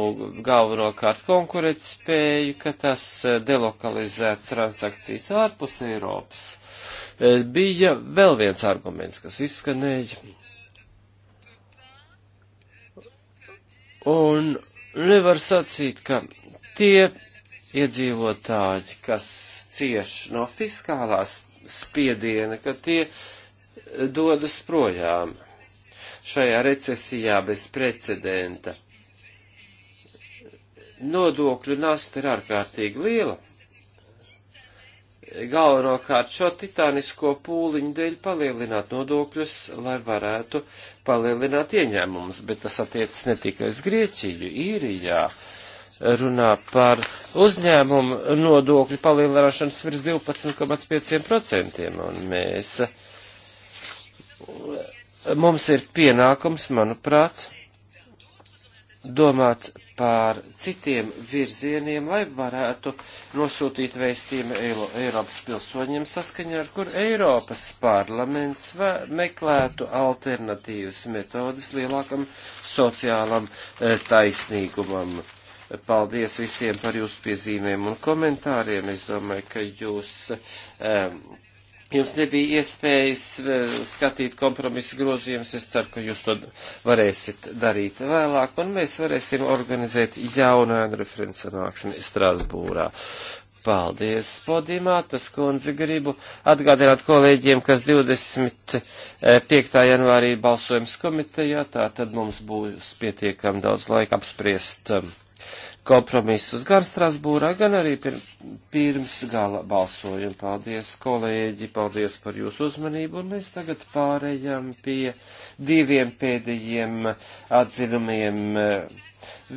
galvenokārt konkurētspēju, ka tas delokalizētu transakcijas ārpus Eiropas, bija vēl viens arguments, kas izskanēja. Un nevar sacīt, ka tie iedzīvotāji, kas cieš no fiskālās spiediena, ka tie eh, dodas projām šajā recesijā bez precedenta. Nodokļu nasta ir ārkārtīgi liela galvenokārt šo titānisko pūliņu dēļ palielināt nodokļus, lai varētu palielināt ieņēmumus, bet tas attiecas ne tikai uz Grieķiju, īrijā. Runā par uzņēmumu nodokļu palielināšanas virs 12,5%, un mēs, mums ir pienākums, manuprāt, domāt par citiem virzieniem, lai varētu nosūtīt vēstījumu Eiropas pilsoņiem saskaņā ar kur Eiropas parlaments meklētu alternatīvas metodas lielākam sociālam e, taisnīgumam. Paldies visiem par jūsu piezīmēm un komentāriem. Es domāju, ka jūs. Um, Jums nebija iespējas eh, skatīt kompromisu grozījumus. Es ceru, ka jūs to varēsiet darīt vēlāk, un mēs varēsim organizēt jaunu referents sanāksmi Strasbūrā. Paldies, Podimātas kundze. Gribu atgādināt kolēģiem, kas 25. janvārī balsojums komitejā, tā tad mums būs pietiekami daudz laika apspriest um, kompromisus gan Strasbūrā, gan arī pirms gala balsojuma. Paldies, kolēģi, paldies par jūsu uzmanību, un mēs tagad pārējām pie diviem pēdējiem atzinumiem.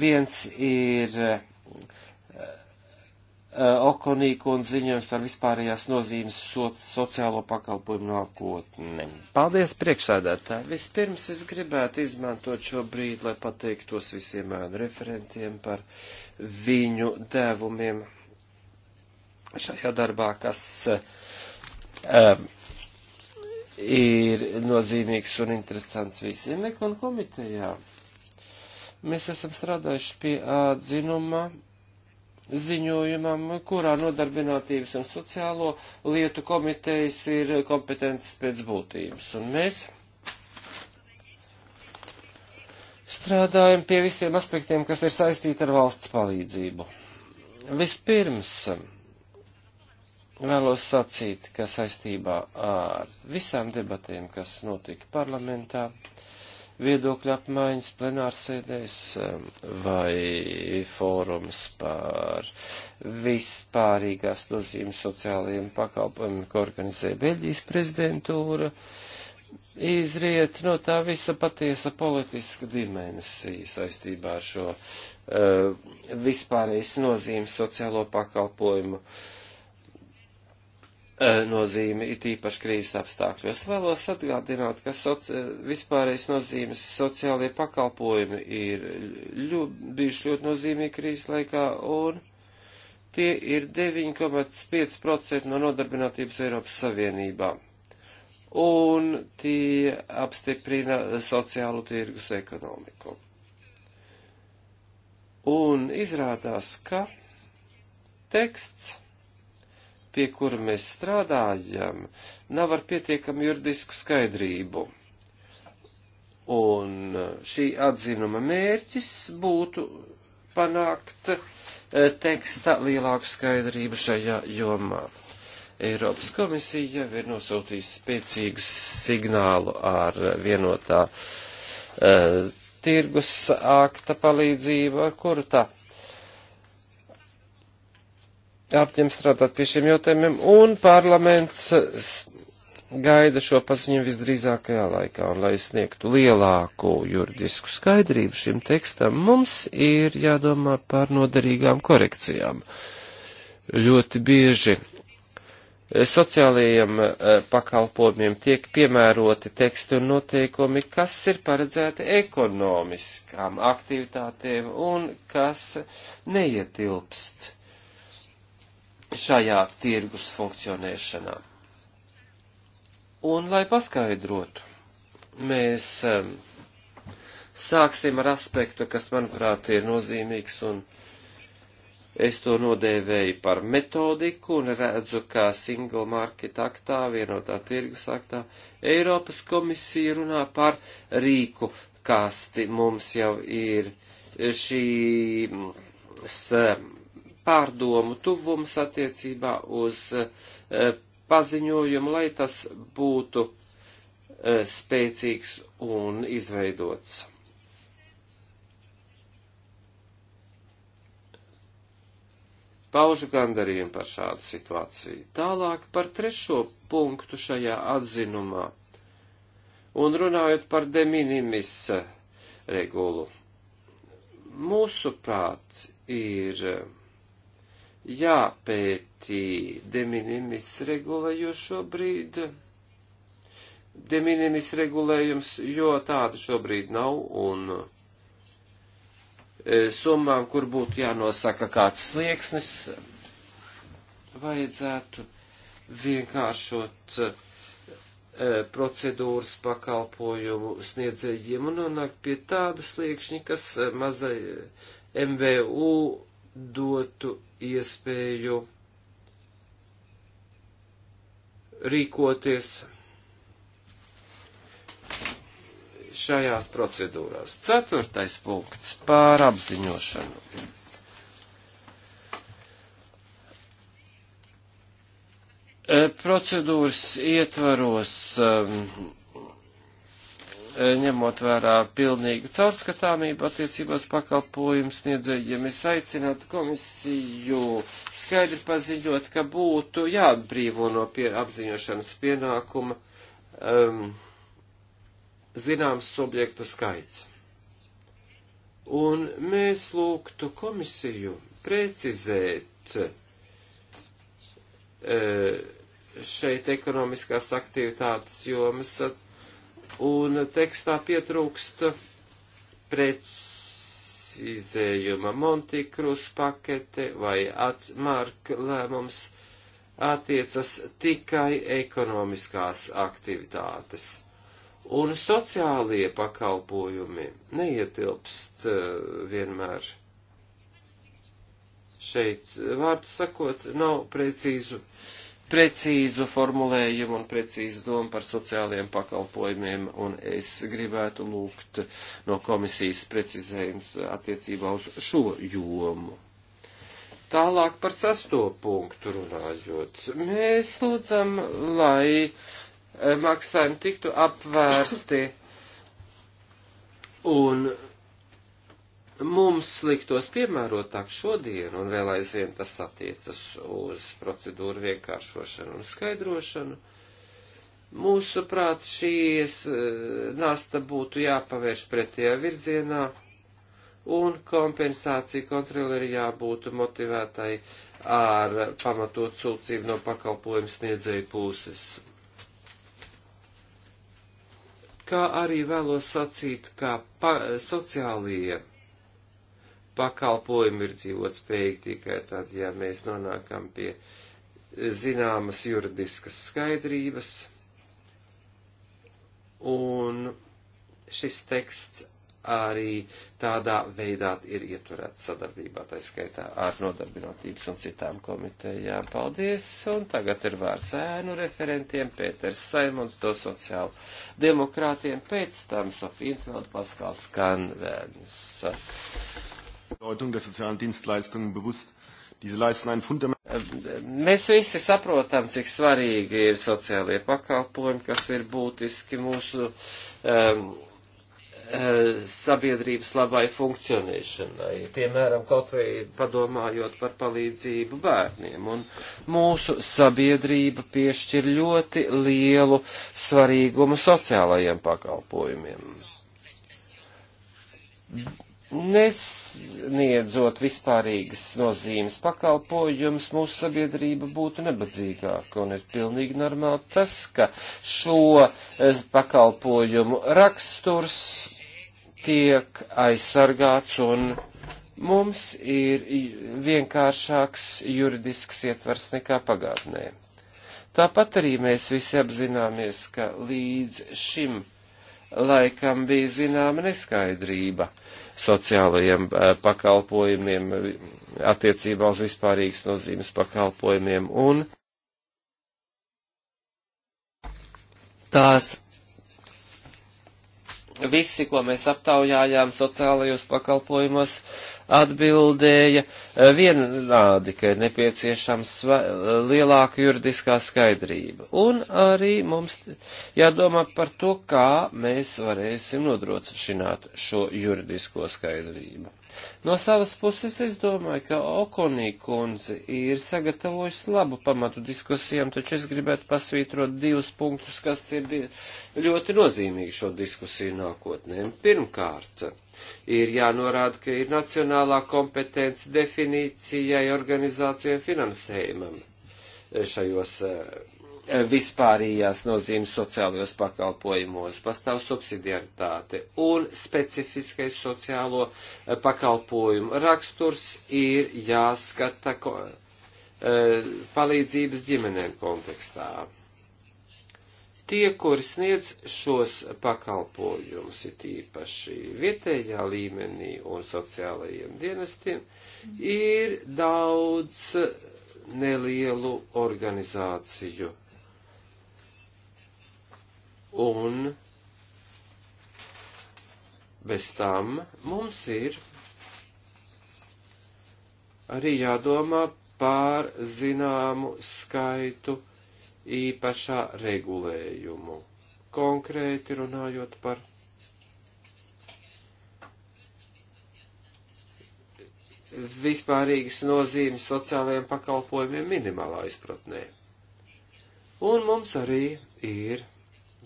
Viens ir Eh, okonīku un ziņojums par vispārējās nozīmes so, sociālo pakalpojumu nākotni. Paldies, priekšsēdētāji! Vispirms es gribētu izmantot šo brīdi, lai pateiktos visiem ēnu referentiem par viņu devumiem šajā darbā, kas um, ir nozīmīgs un interesants visiem ekon komitejā. Mēs esam strādājuši pie atzinuma. Uh, ziņojumam, kurā nodarbinātības un sociālo lietu komitejas ir kompetences pēc būtības. Un mēs strādājam pie visiem aspektiem, kas ir saistīti ar valsts palīdzību. Vispirms vēlos sacīt, ka saistībā ar visām debatēm, kas notika parlamentā, uh, viedokļu apmaiņas plenārsēdēs um, vai fórums par vispārīgās nozīmes sociālajiem pakalpojumiem, ko organizē Beļģijas prezidentūra, izriet no tā visa patiesa politiska dimensija saistībā ar šo uh, vispārējais nozīmes sociālo pakalpojumu uh, E, nozīmi, it īpaši krīzes apstākļos. Vēlos atgādināt, ka soci, vispārējais nozīmes sociālie pakalpojumi ir ļu, bijuši ļoti nozīmīgi krīzes laikā, un tie ir 9,5% no nodarbinātības Eiropas Savienībā. Un tie apstiprina sociālu tirgus ekonomiku. Un izrādās, ka teksts pie kura mēs strādājam, nav ar pietiekamu juridisku skaidrību. Un šī atzinuma mērķis būtu panākt e, teksta lielāku skaidrību šajā jomā. Eiropas komisija ir nosūtījusi spēcīgu signālu ar vienotā uh, tirgus akta palīdzību, ar kuru tā uh, apņem strādāt pie šiem jautājumiem, un parlaments gaida šo paziņojumu visdrīzākajā laikā, un lai sniegtu lielāku juridisku skaidrību šim tekstam, mums ir jādomā par noderīgām korekcijām. Ļoti bieži sociālajiem eh, pakalpojumiem tiek piemēroti teksti un noteikumi, kas ir paredzēti ekonomiskām aktivitātēm un kas neietilpst šajā tirgus funkcionēšanā. Un, lai paskaidrotu, mēs sāksim ar aspektu, kas, manuprāt, ir nozīmīgs, un es to nodēvēju par metodiku, un redzu, kā Single Market aktā, vienotā tirgus aktā, Eiropas komisija runā par rīku kasti. Mums jau ir šī pārdomu tuvums attiecībā uz e, paziņojumu, lai tas būtu e, spēcīgs un izveidots. paužu gandarījumu par šādu situāciju. Tālāk par trešo punktu šajā atzinumā un runājot par de minimis regulu. Mūsu prāts ir jāpētī deminimis regula, jo šobrīd deminimis regulējums, jo tāda šobrīd nav, un e, summām, kur būtu jānosaka kāds slieksnis, vajadzētu vienkāršot e, procedūras pakalpojumu sniedzējiem un nonākt pie tāda sliekšņa, kas e, mazai MVU dotu iespēju rīkoties šajās procedūrās. Ceturtais punkts - pār apziņošanu. E, procedūras ietvaros um, E, ņemot vērā pilnīgu caurskatāmību attiecībās pakalpojumu sniedzējiem, es aicinātu komisiju skaidri paziņot, ka būtu jāatbrīvo no pie, apziņošanas pienākuma um, zināms subjektu skaits. Un mēs lūgtu komisiju precizēt uh, šeit ekonomiskās aktivitātes jomas un tekstā pietrūkst precizējuma Montikrus pakete vai atmark lēmums attiecas tikai ekonomiskās aktivitātes. Un sociālie pakalpojumi neietilpst eh, vienmēr. Šeit, vārdu sakot, nav precīzu uh, precīzu formulējumu un precīzu domu par sociālajiem pakalpojumiem, un es gribētu lūgt no komisijas precizējums attiecībā uz šo jomu. Tālāk par sesto punktu runājot. Mēs lūdzam, lai eh, maksājumi tiktu apvērsti un mums liktos piemērotāk šodien, un vēl aizvien tas attiecas uz procedūru vienkāršošanu un skaidrošanu, mūsuprāt, šīs e, nasta būtu jāpavērš pretējā virzienā, un kompensācija kontroleri jābūt motivētai ar pamatot sūdzību no pakalpojumu sniedzēju puses. Kā arī vēlos sacīt, ka pa, sociālie pakalpojumi ir dzīvot spējīgi tikai tad, ja mēs nonākam pie zināmas juridiskas skaidrības. Un šis teksts arī tādā veidā ir ieturēts sadarbībā, tā skaitā ar nodarbinātības un citām komitejām. Paldies! Un tagad ir vārds ēnu referentiem, Pēters Saimons, to sociālu demokrātiem, pēc tam Sofija Intveld, Paskals Kanvērns. Mēs visi saprotam, cik svarīgi ir sociālie pakalpojumi, kas ir būtiski mūsu um, uh, sabiedrības labai funkcionēšanai, piemēram, kaut vai padomājot par palīdzību bērniem. Un mūsu sabiedrība piešķir ļoti lielu svarīgumu sociālajiem pakalpojumiem. Nesniedzot vispārīgas nozīmes pakalpojumus, mūsu sabiedrība būtu nebadzīgāka, un ir pilnīgi normāli tas, ka šo eh, pakalpojumu raksturs tiek aizsargāts, un mums ir vienkāršāks juridisks ietvers nekā pagātnē. Tāpat arī mēs visi apzināmies, ka līdz šim laikam bija zināma neskaidrība sociālajiem eh, pakalpojumiem, attiecībā uz vispārīgas nozīmes pakalpojumiem un tās visi, ko mēs aptaujājām sociālajos pakalpojumos, uh, atbildēja eh, vienādi, ka ir nepieciešams lielāka juridiskā skaidrība. Un arī mums jādomā par to, kā mēs varēsim nodrošināt šo juridisko skaidrību. No savas puses es domāju, ka Okonī kundze ir sagatavojusi labu pamatu diskusijām, taču es gribētu pasvītrot divus punktus, kas ir ļoti nozīmīgi šo diskusiju nākotnē. Pirmkārt, ir jānorāda, ka ir nacionālā kompetence definīcijai, organizācijai un finansējumam šajos eh, vispārījās nozīmes sociālajos pakalpojumos, pastāv subsidiaritāte un specifiskais sociālo eh, pakalpojumu raksturs ir jāskata ko, eh, palīdzības ģimenēm kontekstā. Tie, kuri sniedz šos pakalpojumus, ir īpaši vietējā līmenī un sociālajiem dienestiem, ir daudz nelielu organizāciju Un bez tam mums ir arī jādomā pār zināmu skaitu īpašā regulējumu, konkrēti runājot par vispārīgas nozīmes sociālajiem pakalpojumiem minimālā izpratnē. Un mums arī ir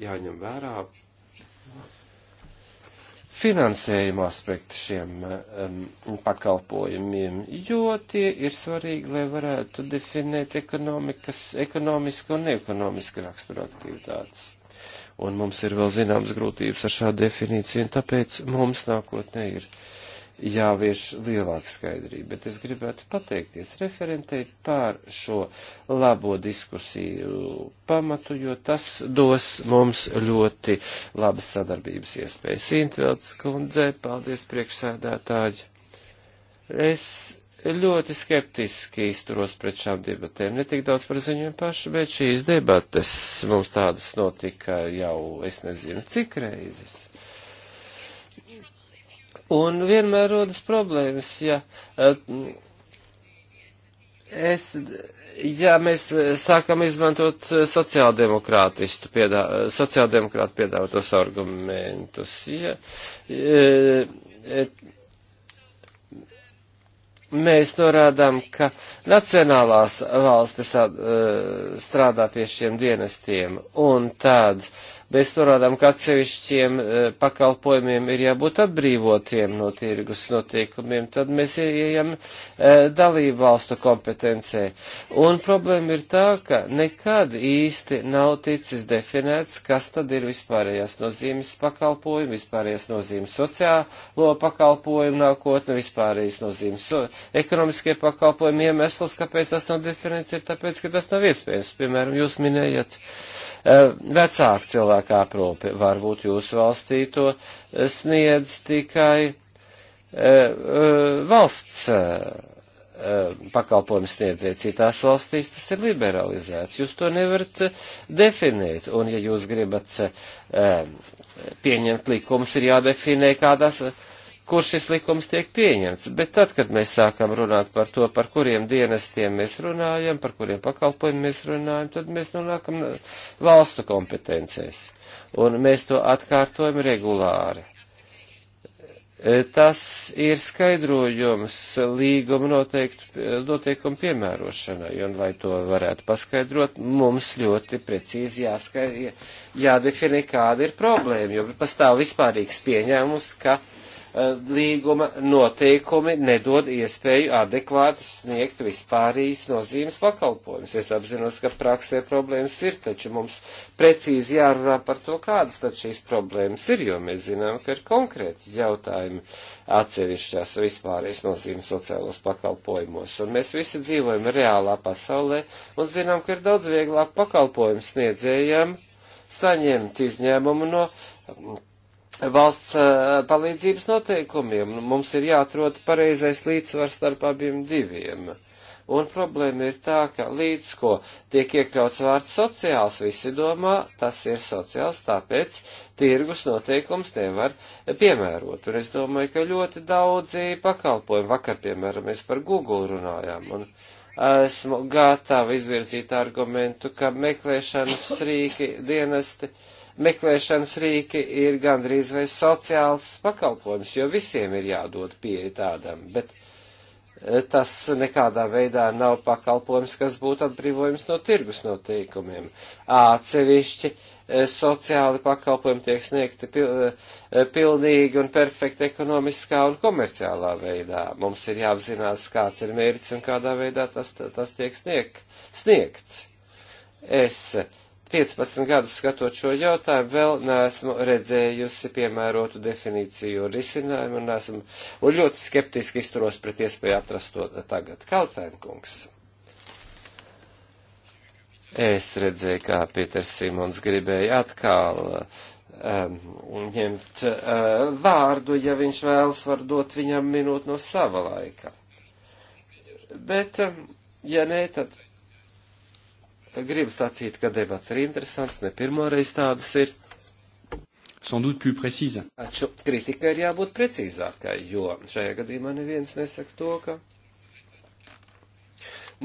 jāņem vērā finansējuma aspekti šiem um, pakalpojumiem, jo tie ir svarīgi, lai varētu definēt ekonomisko un neekonomisko raksturu aktivitātes. Un mums ir vēl zināmas grūtības ar šādu definīciju, un tāpēc mums nākotnē ir jāvieš lielāka skaidrība, bet es gribētu pateikties referentei pār šo labo diskusiju pamatu, jo tas dos mums ļoti labas sadarbības iespējas. Intvelds kundze, paldies priekšsēdētāji. Es ļoti skeptiski izturos pret šām debatēm, ne tik daudz par ziņojumu pašu, bet šīs debates mums tādas notika jau, es nezinu, cik reizes Un vienmēr rodas problēmas, ja, eh, es, ja mēs sākam izmantot sociāldemokrātistu piedā, sociāldemokrātu piedāvātos argumentus. Ja, et, eh, mēs norādām, ka nacionālās valstis eh, strādā pie šiem dienestiem, un tāds Mēs norādām, ka atsevišķiem e, pakalpojumiem ir jābūt atbrīvotiem no tirgus noteikumiem, tad mēs ieejam e, dalību valstu kompetencē. Un problēma ir tā, ka nekad īsti nav ticis definēts, kas tad ir vispārējās nozīmes pakalpojumi, vispārējās nozīmes sociālo pakalpojumu nākotne, vispārējās nozīmes so ekonomiskie pakalpojumi iemesls, kāpēc tas nav definēts, ir tāpēc, ka tas nav iespējams. Piemēram, jūs minējat Eh, vecāku cilvēku aprūpi. Varbūt jūsu valstī to sniedz tikai eh, eh, valsts pakalpojumu sniedzēji. Citās valstīs tas ir liberalizēts. Jūs to nevarat definēt. Un ja jūs gribat pieņemt likumus, ir jādefinē kādās kur šis likums tiek pieņemts. Bet tad, kad mēs sākam runāt par to, par kuriem dienestiem mēs runājam, par kuriem pakalpojumiem mēs runājam, tad mēs nonākam valstu kompetencēs. Un mēs to atkārtojam regulāri. E, tas ir skaidrojums līguma e, noteikumu piemērošanai, un lai to varētu paskaidrot, mums ļoti precīzi jāskaidr, jādefinē, kāda ir problēma, jo pastāv vispārīgs pieņēmums, ka uh, Eh, līguma noteikumi nedod iespēju adekvāti sniegt vispārīs nozīmes pakalpojumus. Es apzinos, ka praksē problēmas ir, taču mums precīzi jārunā par to, kādas tad šīs problēmas ir, jo mēs zinām, ka ir konkrēti jautājumi atsevišķās vispārīs nozīmes sociālos pakalpojumos. Un mēs visi dzīvojam reālā pasaulē un zinām, ka ir daudz vieglāk pakalpojumu sniedzējiem saņemt izņēmumu no valsts palīdzības noteikumiem. Nu, mums ir jāatrod pareizais līdzsvars starp abiem diviem. Un problēma ir tā, ka līdz ko tiek iekļauts vārds sociāls, visi domā, tas ir sociāls, tāpēc tirgus noteikums nevar piemērot. Un es domāju, ka ļoti daudzi pakalpojumi, vakar, piemēram, mēs par Google runājām, un esmu gatava izvirzīt argumentu, ka meklēšanas rīki dienesti meklēšanas rīki ir gandrīz vai sociāls pakalpojums, jo visiem ir jādod pieeja tādam, bet e, tas nekādā veidā nav pakalpojums, kas būtu atbrīvojums no tirgus noteikumiem. Atsevišķi e, sociāli pakalpojumi tiek sniegti e, pilnīgi un perfekti ekonomiskā un komerciālā veidā. Mums ir jāapzinās, kāds ir mērķis un kādā veidā tas, tas tiek sniegt, sniegts. Es 15 gadus skatot šo jautājumu, vēl neesmu redzējusi piemērotu definīciju un risinājumu, un, esmu, un ļoti skeptiski izturos pret iespēju atrast to tagad. Kalfēnkungs. Es redzēju, kā Pīters Simons gribēja atkal um, ņemt uh, vārdu, ja viņš vēlas, var dot viņam minūtu no sava laika. Bet, um, ja nē, tad gribu sacīt, ka debats ir interesants, ne pirmoreiz tādas ir. Sans doute plus précise. Taču kritika ir jābūt precīzākai, jo šajā gadījumā neviens nesaka to, ka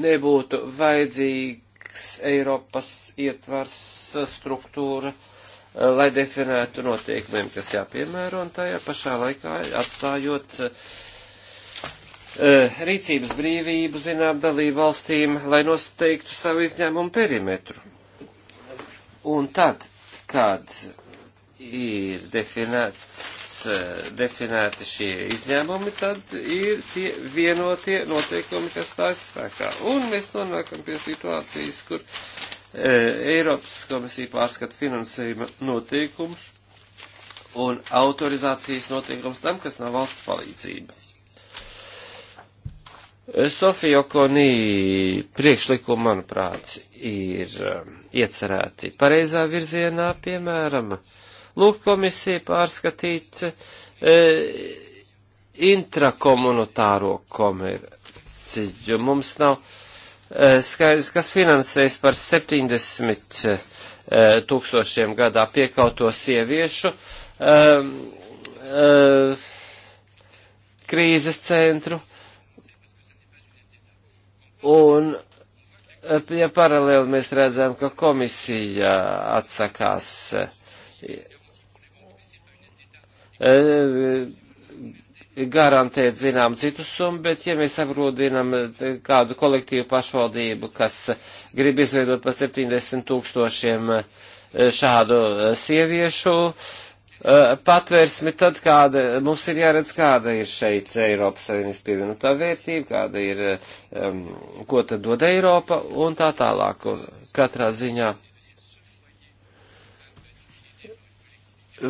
nebūtu vajadzīgs Eiropas ietvars eh, struktūra, eh, lai definētu noteikumiem, kas jāpiemēro, un tajā pašā laikā atstājot uh, Eh, rīcības brīvību zinām dalību valstīm, lai nosteiktu savu izņēmumu perimetru. Un tad, kad ir definēts, eh, definēti šie izņēmumi, tad ir tie vienotie noteikumi, kas stājas spēkā. Un mēs nonākam pie situācijas, kur e, Eiropas komisija pārskata finansējuma noteikumus un autorizācijas noteikums tam, kas nav valsts palīdzība. Sofija Okonī priekšlikumi, manuprāt, ir um, iecerēti pareizā virzienā, piemēram, lūk komisija pārskatīt e, intrakomunitāro komerciju. Mums nav e, skaidrs, kas finansēs par 70 e, tūkstošiem gadā piekauto sieviešu. E, e, krīzes centru. E, Un, ja paralēli mēs redzam, ka komisija atsakās e, garantēt zinām citu summu, bet ja mēs apgrūdinam e, kādu kolektīvu pašvaldību, kas grib izveidot pa 70 tūkstošiem e, šādu sieviešu, Eh, patvērsmi tad, kāda mums ir jāredz, kāda ir šeit Eiropas Savienības pievienotā vērtība, kāda ir, um, ko tad dod Eiropa un tā tālāk. Un katrā ziņā.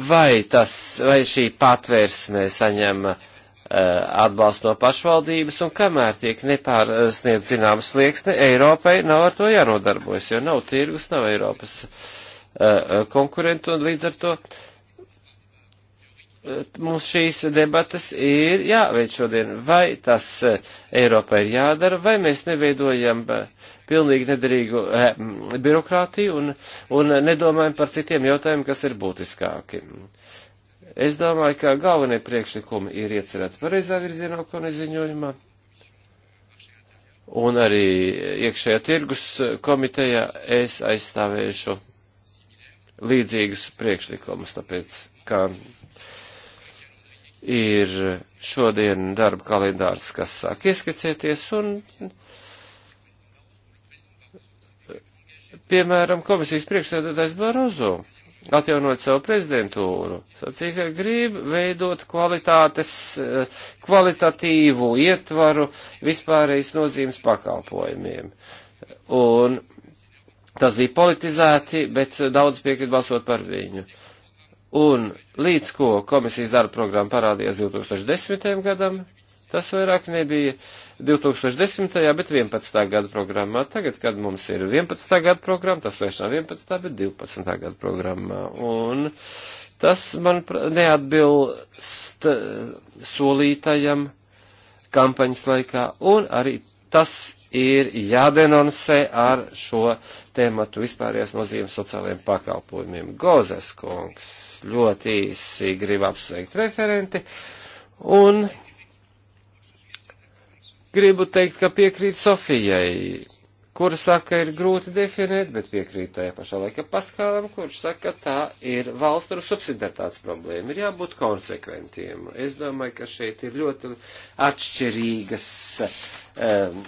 Vai, tas, vai šī patvērsme saņem uh, atbalstu no pašvaldības, un kamēr tiek nepārsniedz zināmas slieksne, Eiropai nav ar to jānodarbojas, jo nav tirgus, nav Eiropas uh, konkurentu, un līdz ar to uh, mums šīs debatas ir jāveic šodien. Vai tas eh, Eiropai ir jādara, vai mēs neveidojam eh, pilnīgi nederīgu eh, birokrātiju un, un nedomājam par citiem jautājumiem, kas ir būtiskāki. Es domāju, ka galvenie priekšlikumi ir iecerēti pareizā virzienā, ko neziņojumā. Un arī iekšējā tirgus komitejā es aizstāvēšu līdzīgus priekšlikumus, tāpēc, ka ir šodien darba kalendārs, kas sāk ieskicēties, un, piemēram, komisijas priekšsēdētājs Barozo, atjaunot savu prezidentūru, sacīja, ka grib veidot kvalitātes, kvalitatīvu ietvaru vispārējais nozīmes pakalpojumiem. Un tas bija politizēti, bet daudz piekrīt balsot par viņu. Uh, Un līdz ko komisijas darba programma parādījās 2010. gadam, tas vairāk nebija 2010. bet 11. gada programmā. Tagad, kad mums ir 11. gada programma, tas vairs nav 11. bet 12. gada programmā. Un tas, man neatbilst solītajam kampaņas laikā un arī tas ir jādenoncē ar šo tēmatu vispārējās nozīmes sociālajiem pakalpojumiem. Gozes kungs ļoti īsi grib apsveikt referenti un gribu teikt, ka piekrīt Sofijai kura saka, ir grūti definēt, bet piekrīt tajā pašā laikā Paskālam, kurš saka, ka tā ir valsts un subsidiartāts problēma. Ir jābūt konsekventiem. Es domāju, ka šeit ir ļoti atšķirīgas, um,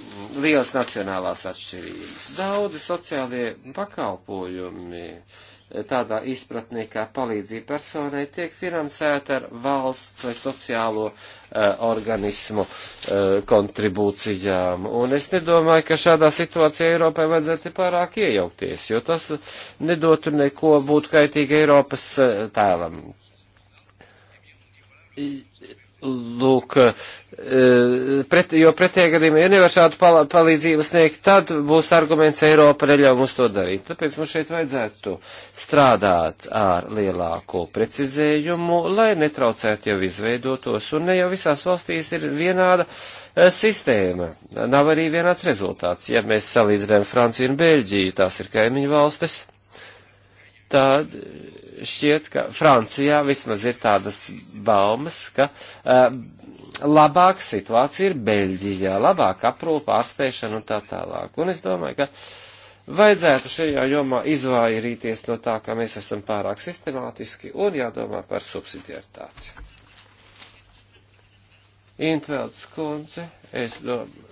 lielas nacionālās atšķirības. Daudzi sociālie pakalpojumi. Uh, tādā izpratnē, kā palīdzība personai tiek finansēta ar valsts vai sociālo uh, organismu uh, kontribūcijām. Un es nedomāju, ka šādā situācijā Eiropai vajadzētu pārāk iejaukties, jo tas nedotu neko būt kaitīgi Eiropas uh, tēlam. I, lūk, e, pret, jo pretējā gadījumā, ja nevar šādu pal palīdzību sniegt, tad būs arguments Eiropa neļauj mums to darīt. Tāpēc mums šeit vajadzētu strādāt ar lielāko precizējumu, lai netraucētu jau izveidotos, un ne jau visās valstīs ir vienāda e, sistēma. Nav arī vienāds rezultāts. Ja mēs salīdzinām Franciju un Beļģiju, tās ir kaimiņu valstis, tad šķiet, ka Francijā vismaz ir tādas baumas, ka uh, labāka situācija ir Beļģijā, labāka aprūpa, ārstēšana un tā tālāk. Un es domāju, ka vajadzētu šajā jomā izvairīties no tā, ka mēs esam pārāk sistemātiski un jādomā par subsidiaritāti. Intvelds kundze, es domāju.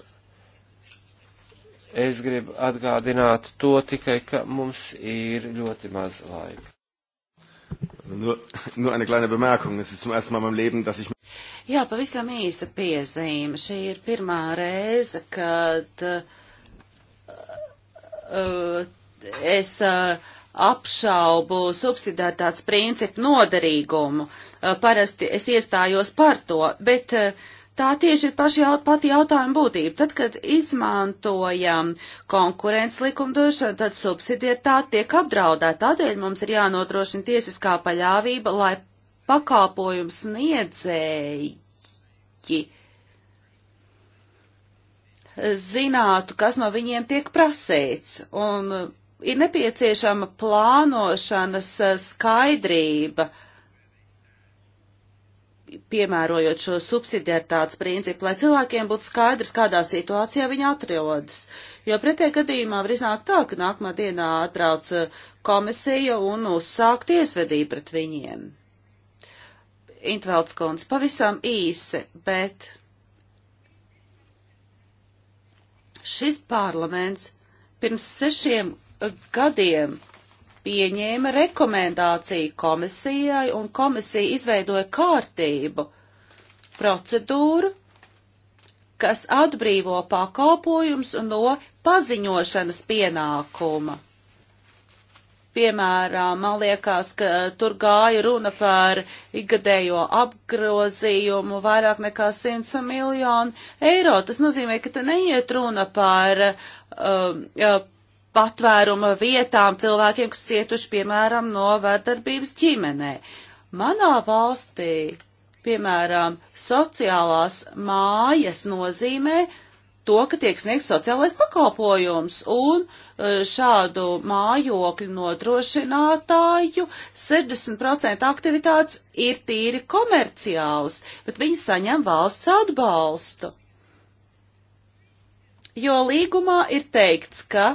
Es gribu atgādināt to tikai, ka mums ir ļoti maz laika. Nur, nur eine kleine Bemerkung. Es ist zum ersten Mal in meinem Leben, dass ich. Jā, pavisam īsa piezīme. Šī ir pirmā reize, kad uh, es uh, apšaubu subsidiaritātes principu noderīgumu. Uh, parasti es iestājos par to, bet uh, Tā tieši ir paši jaut, pati jautājuma būtība. Tad, kad izmantojam konkurences likumdošanu, tad subsidiertāte tiek apdraudēta. Tādēļ mums ir jānodrošina tiesiskā paļāvība, lai pakalpojums sniedzēji zinātu, kas no viņiem tiek prasīts. Un ir nepieciešama plānošanas skaidrība piemērojot šo subsidiaritātes principu, lai cilvēkiem būtu skaidrs, kādā situācijā viņi atrodas. Jo pretējā gadījumā var iznākt tā, ka nākamā dienā atbrauc eh, komisija un uzsāk tiesvedību pret viņiem. Intvelds kundze, pavisam īsi, bet šis parlaments pirms sešiem gadiem pieņēma rekomendāciju komisijai, un komisija izveidoja kārtību, procedūru, kas atbrīvo pakalpojums no paziņošanas pienākuma. Piemēram, man liekas, ka tur gāja runa par ikgadējo apgrozījumu vairāk nekā 100 miljonu eiro. Tas nozīmē, ka te neiet runa par um, patvēruma vietām cilvēkiem, kas cietuši, piemēram, no vardarbības ģimenē. Manā valstī, piemēram, sociālās mājas nozīmē to, ka tiek sniegts sociālais pakalpojums un e, šādu mājokļu nodrošinātāju 60% aktivitātes ir tīri komerciāls, bet viņi saņem valsts atbalstu. Jo līgumā ir teikts, ka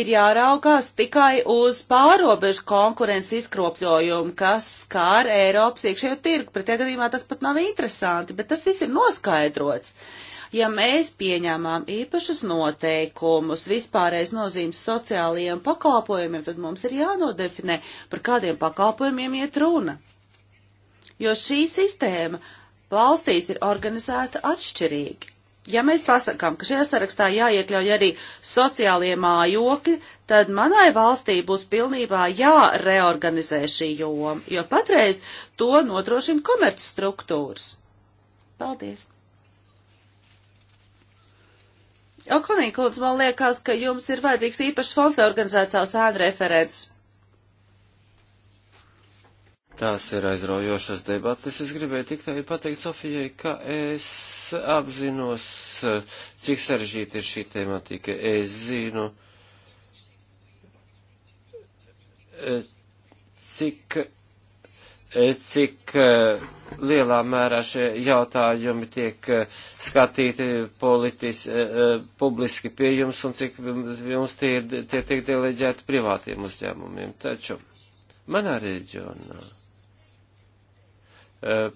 ir jāraugās tikai uz pārobežu konkurences izkropļojumu, kas skār Eiropas iekšējo tirgu. Pretējā gadījumā tas pat nav interesanti, bet tas viss ir noskaidrots. Ja mēs pieņēmām īpašus noteikumus vispārreiz nozīmes sociālajiem pakalpojumiem, tad mums ir jānodefinē, par kādiem pakalpojumiem iet runa. Jo šī sistēma valstīs ir organizēta atšķirīgi. Ja mēs pasakām, ka šajā sarakstā jāiekļauj arī sociālie mājokļi, tad manai valstī būs pilnībā jāreorganizē šī joma, jo patreiz to nodrošina komerces struktūras. Paldies! Okonīkūns, man liekas, ka jums ir vajadzīgs īpašs fonds, lai organizētu savus ēnu referentus. Tās ir aizraujošas debatas. Es gribēju tikai pateikt Sofijai, ka es apzinos, cik sarežģīta ir šī tematika. Es zinu, cik, cik lielā mērā šie jautājumi tiek skatīti politis, publiski pie jums un cik jums tie, ir, tie tiek deleģēti privātiem uzņēmumiem. Taču manā reģionā Eh,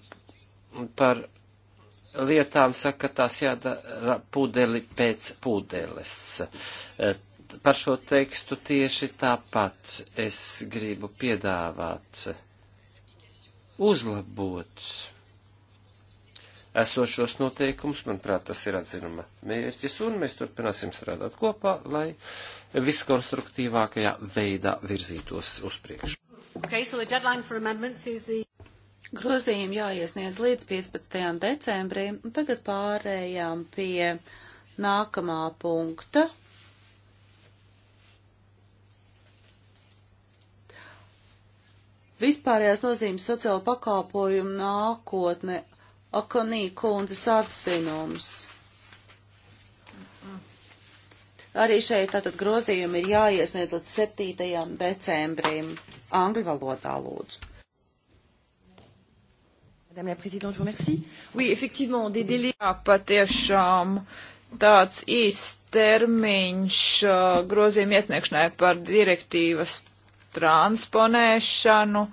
par lietām saka, ka tās jādara pudeli pēc pudeles. Eh, par šo tekstu tieši tāpat es gribu piedāvāt uzlabot esošos noteikumus, manuprāt, tas ir atzinuma mērķis, un mēs turpināsim strādāt kopā, lai viskonstruktīvākajā veidā virzītos uz priekšu. Okay, so the... Grozījumi jāiesniedz līdz 15. decembrim, un tagad pārējām pie nākamā punkta. Vispārējās nozīmes sociāla pakalpojuma nākotne Akonī kundzes atzinums. Arī šeit tātad grozījumi ir jāiesniedz līdz 7. decembrim. Angļu valodā lūdzu. Madame la Présidente, je vous remercie. Oui, effectivement, des délais. Jā, patiešām tāds īsts termiņš uh, grozījuma iesniegšanai par direktīvas transponēšanu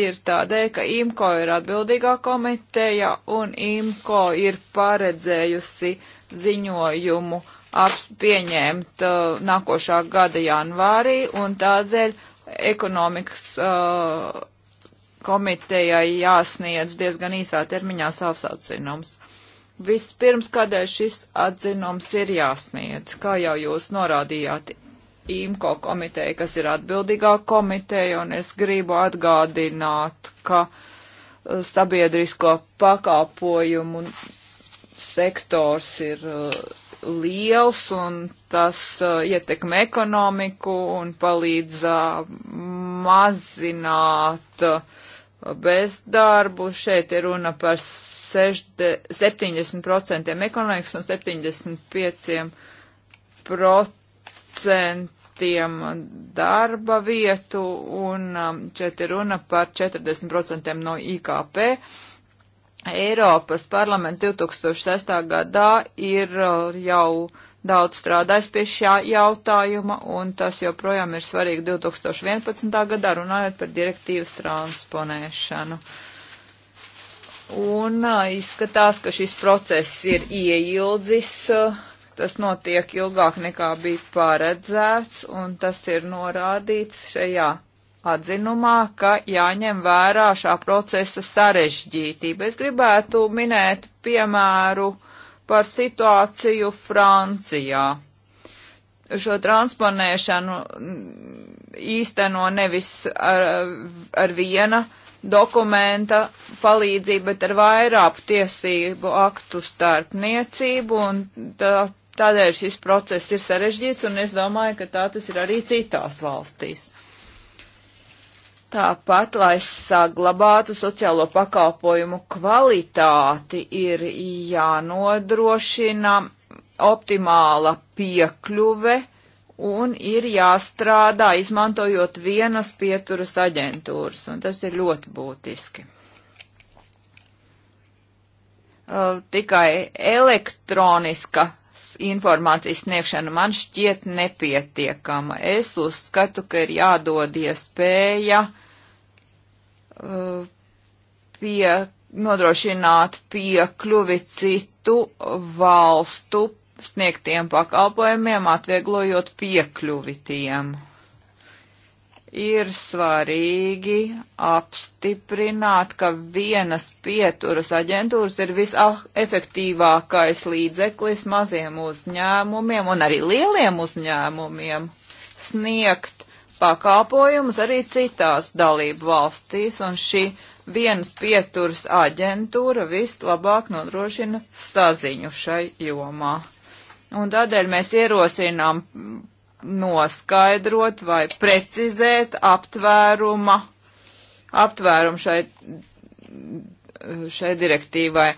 ir tādēļ, ka IMCO ir atbildīgā komiteja un IMCO ir paredzējusi ziņojumu pieņemt uh, nākošā gada janvārī un tādēļ ekonomikas uh, komitejai jāsniedz diezgan īsā termiņā savs atzinums. Vispirms, kādēļ šis atzinums ir jāsniedz, kā jau jūs norādījāt, IMCO komiteja, kas ir atbildīgā komiteja, un es gribu atgādināt, ka uh, sabiedrisko pakalpojumu sektors ir uh, liels un tas uh, ietekmē ekonomiku un palīdz uh, mazināt uh, bezdarbu. Šeit ir runa par 60, 70% ekonomikas un 75% darba vietu, un um, šeit ir runa par 40% no IKP. Eiropas parlaments 2006. gadā ir uh, jau daudz strādājis pie šā jautājuma, un tas joprojām ir svarīgi 2011. gadā runājot par direktīvas transponēšanu. Un izskatās, ka šis process ir ieildzis, tas notiek ilgāk nekā bija paredzēts, un tas ir norādīts šajā atzinumā, ka jāņem vērā šā procesa sarežģītība. Es gribētu minēt piemēru par situāciju Francijā. Šo transponēšanu īsteno nevis ar, ar viena dokumenta palīdzību, bet ar vairāku tiesību aktu starpniecību, un tā, tādēļ šis process ir sarežģīts, un es domāju, ka tā tas ir arī citās valstīs. Tāpat, lai saglabātu sociālo pakalpojumu kvalitāti, ir jānodrošina optimāla piekļuve un ir jāstrādā izmantojot vienas pieturas aģentūras, un tas ir ļoti būtiski. Uh, tikai elektroniska informācijas sniegšana man šķiet nepietiekama. Es uzskatu, ka ir jādod iespēja uh, Uh, pie, nodrošināt piekļuvi citu valstu sniegtiem pakalpojumiem, atvieglojot piekļuvi tiem. Ir svarīgi apstiprināt, ka vienas pieturas aģentūras ir visefektīvākais līdzeklis maziem uzņēmumiem un arī lieliem uzņēmumiem sniegt pakalpojumus arī citās dalību valstīs, un šī vienas pieturas aģentūra vislabāk nodrošina saziņu šai jomā. Un tādēļ mēs ierosinām noskaidrot vai precizēt aptvēruma, aptvērumu šai šai direktīvai.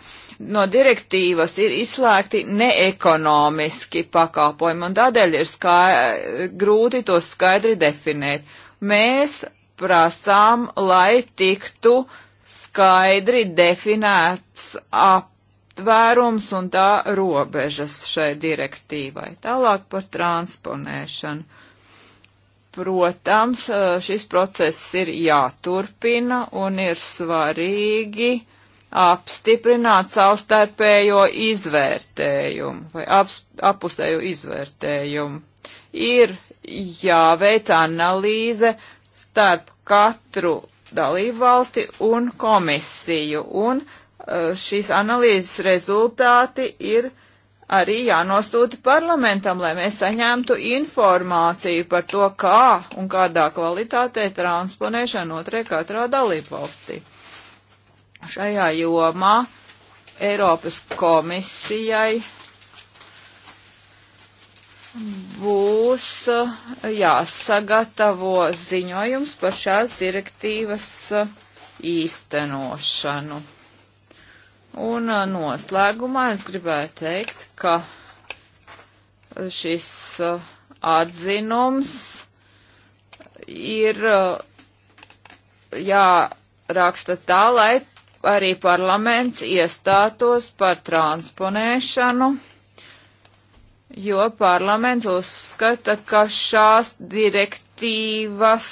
No direktīvas ir izslēgti neekonomiski pakalpojumi, un tādēļ ir skai, grūti to skaidri definēt. Mēs prasām, lai tiktu skaidri definēts aptvērums un tā robežas šai direktīvai. Tālāk par transponēšanu. Protams, šis process ir jāturpina un ir svarīgi apstiprināt savstarpējo izvērtējumu vai aps, apusējo izvērtējumu. Ir jāveic analīze starp katru dalībvalsti un komisiju, un eh, šīs analīzes rezultāti ir arī jānosūta parlamentam, lai mēs saņemtu informāciju par to, kā un kādā kvalitātē transponēšana notiek katrā dalībvalstī. valstī. Šajā jomā Eiropas komisijai būs eh, jāsagatavo ziņojums par šās direktīvas eh, īstenošanu. Un eh, noslēgumā es gribēju teikt, ka šis atzinums ir jāraksta tā, lai arī parlaments iestātos par transponēšanu, jo parlaments uzskata, ka šās direktīvas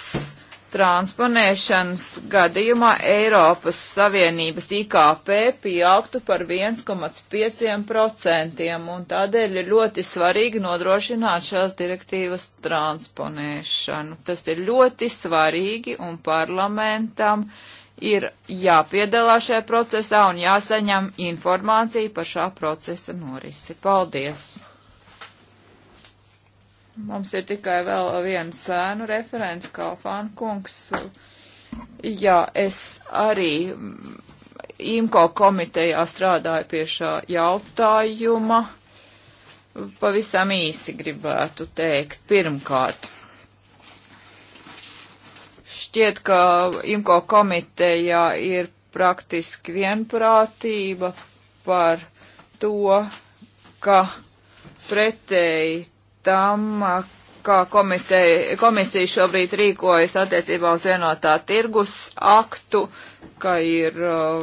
transponēšanas gadījumā Eiropas Savienības IKP pieaugtu par 1,5%, un tādēļ ir ļoti svarīgi nodrošināt šās direktīvas transponēšanu. Tas ir ļoti svarīgi, un parlamentam uh, ir jāpiedalās šajā procesā un jāsaņem informācija par šā procesa norisi. Paldies! Mums ir tikai vēl viens sēnu referents, Kalfāna kungs. Jā, es arī mm, IMKO komitejā strādāju pie šā jautājuma. Pavisam īsi gribētu teikt. Pirmkārt šķiet, ka IMCO komitejā ir praktiski vienprātība par to, ka pretēji tam, kā komiteja, komisija šobrīd rīkojas attiecībā uz vienotā tirgus aktu, ka ir uh,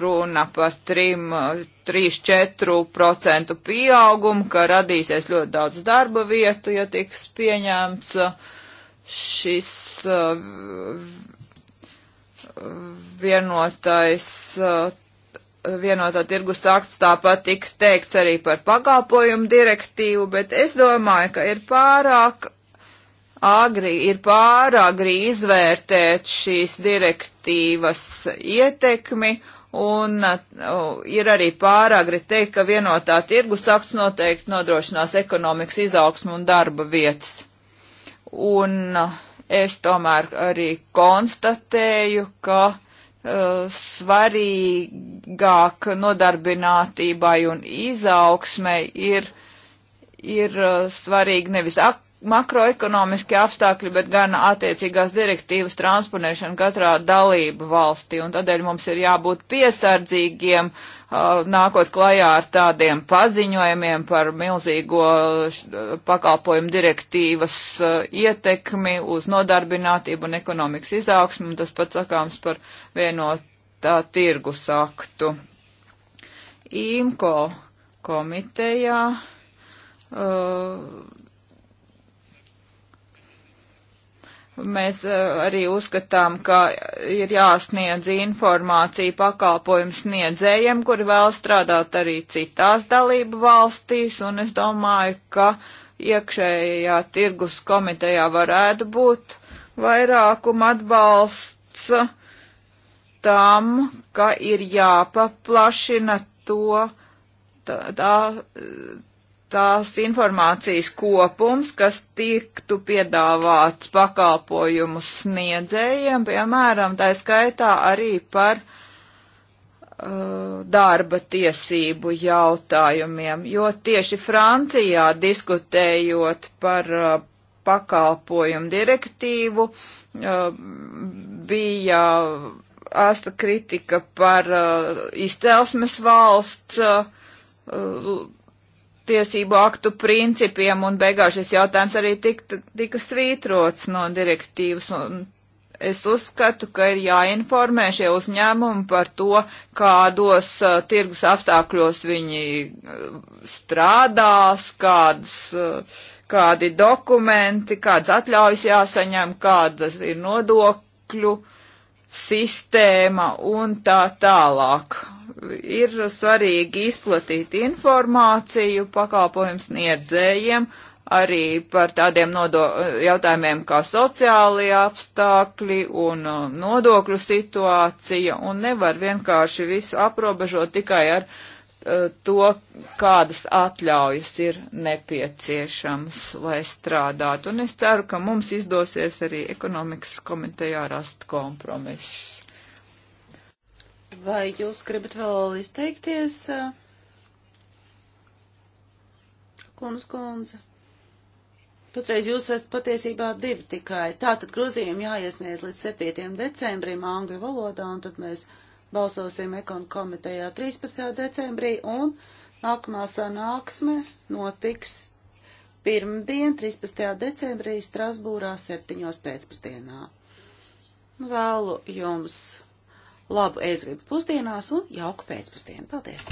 runa par 3-4% pieaugumu, ka radīsies ļoti daudz darba vietu, ja tiks pieņemts uh, šis uh, vienotais, uh, vienotā tirgus akts tāpat tika teikts arī par pakalpojumu direktīvu, bet es domāju, ka ir pārāk agri, ir pārāk agri izvērtēt šīs direktīvas ietekmi Un uh, ir arī pāragri teikt, ka vienotā tirgus akts noteikti nodrošinās ekonomikas izaugsmu un darba vietas un es tomēr arī konstatēju, ka uh, svarīgāk nodarbinātībai un izaugsmai ir, ir uh, svarīgi nevis ak makroekonomiskie apstākļi, bet gan attiecīgās direktīvas transponēšana katrā dalību valstī. Un tādēļ mums ir jābūt piesardzīgiem, uh, nākot klajā ar tādiem paziņojumiem par milzīgo uh, pakalpojumu direktīvas uh, ietekmi uz nodarbinātību un ekonomikas izaugsmu, un tas pats sakāms par vienotā tirgus aktu. IMCO komitejā. Uh, Mēs eh, arī uzskatām, ka ir jāsniedz informācija pakalpojumu sniedzējiem, kuri vēl strādāt arī citās dalību valstīs, un es domāju, ka iekšējā tirgus komitejā varētu būt vairākuma atbalsts tam, ka ir jāpaplašina to tā, tā tās informācijas kopums, kas tiktu piedāvāts pakalpojumu sniedzējiem, piemēram, tā skaitā arī par uh, darba tiesību jautājumiem, jo tieši Francijā diskutējot par uh, pakalpojumu direktīvu uh, bija asta kritika par uh, izcelsmes valsts uh, tiesību aktu principiem, un beigās šis jautājums arī tika, tika svītrots no direktīvas. Un es uzskatu, ka ir jāinformē šie uzņēmumi par to, kādos uh, tirgus apstākļos viņi uh, strādās, kādas. Uh, kādi dokumenti, kādas atļaujas jāsaņem, kādas ir nodokļu sistēma un tā tālāk ir svarīgi izplatīt informāciju pakalpojumu sniedzējiem arī par tādiem nodo, jautājumiem kā sociālie apstākļi un uh, nodokļu situācija, un nevar vienkārši visu aprobežot tikai ar uh, to, kādas atļaujas ir nepieciešams, lai strādātu. Un es ceru, ka mums izdosies arī ekonomikas komitejā rast kompromisu. Vai jūs gribat vēl izteikties, eh, Kunas kundze? Patreiz jūs esat patiesībā divi tikai. Tātad grozījumi jāiesniedz līdz 7. decembrim angļu valodā, un tad mēs balsosim ekonu komitejā 13. decembrī, un nākamā sanāksme notiks pirmdien, 13. decembrī, Strasbūrā 7. pēcpusdienā. Vēlu jums! labu ēzgribu pusdienās un jauku pēcpusdienu. Paldies!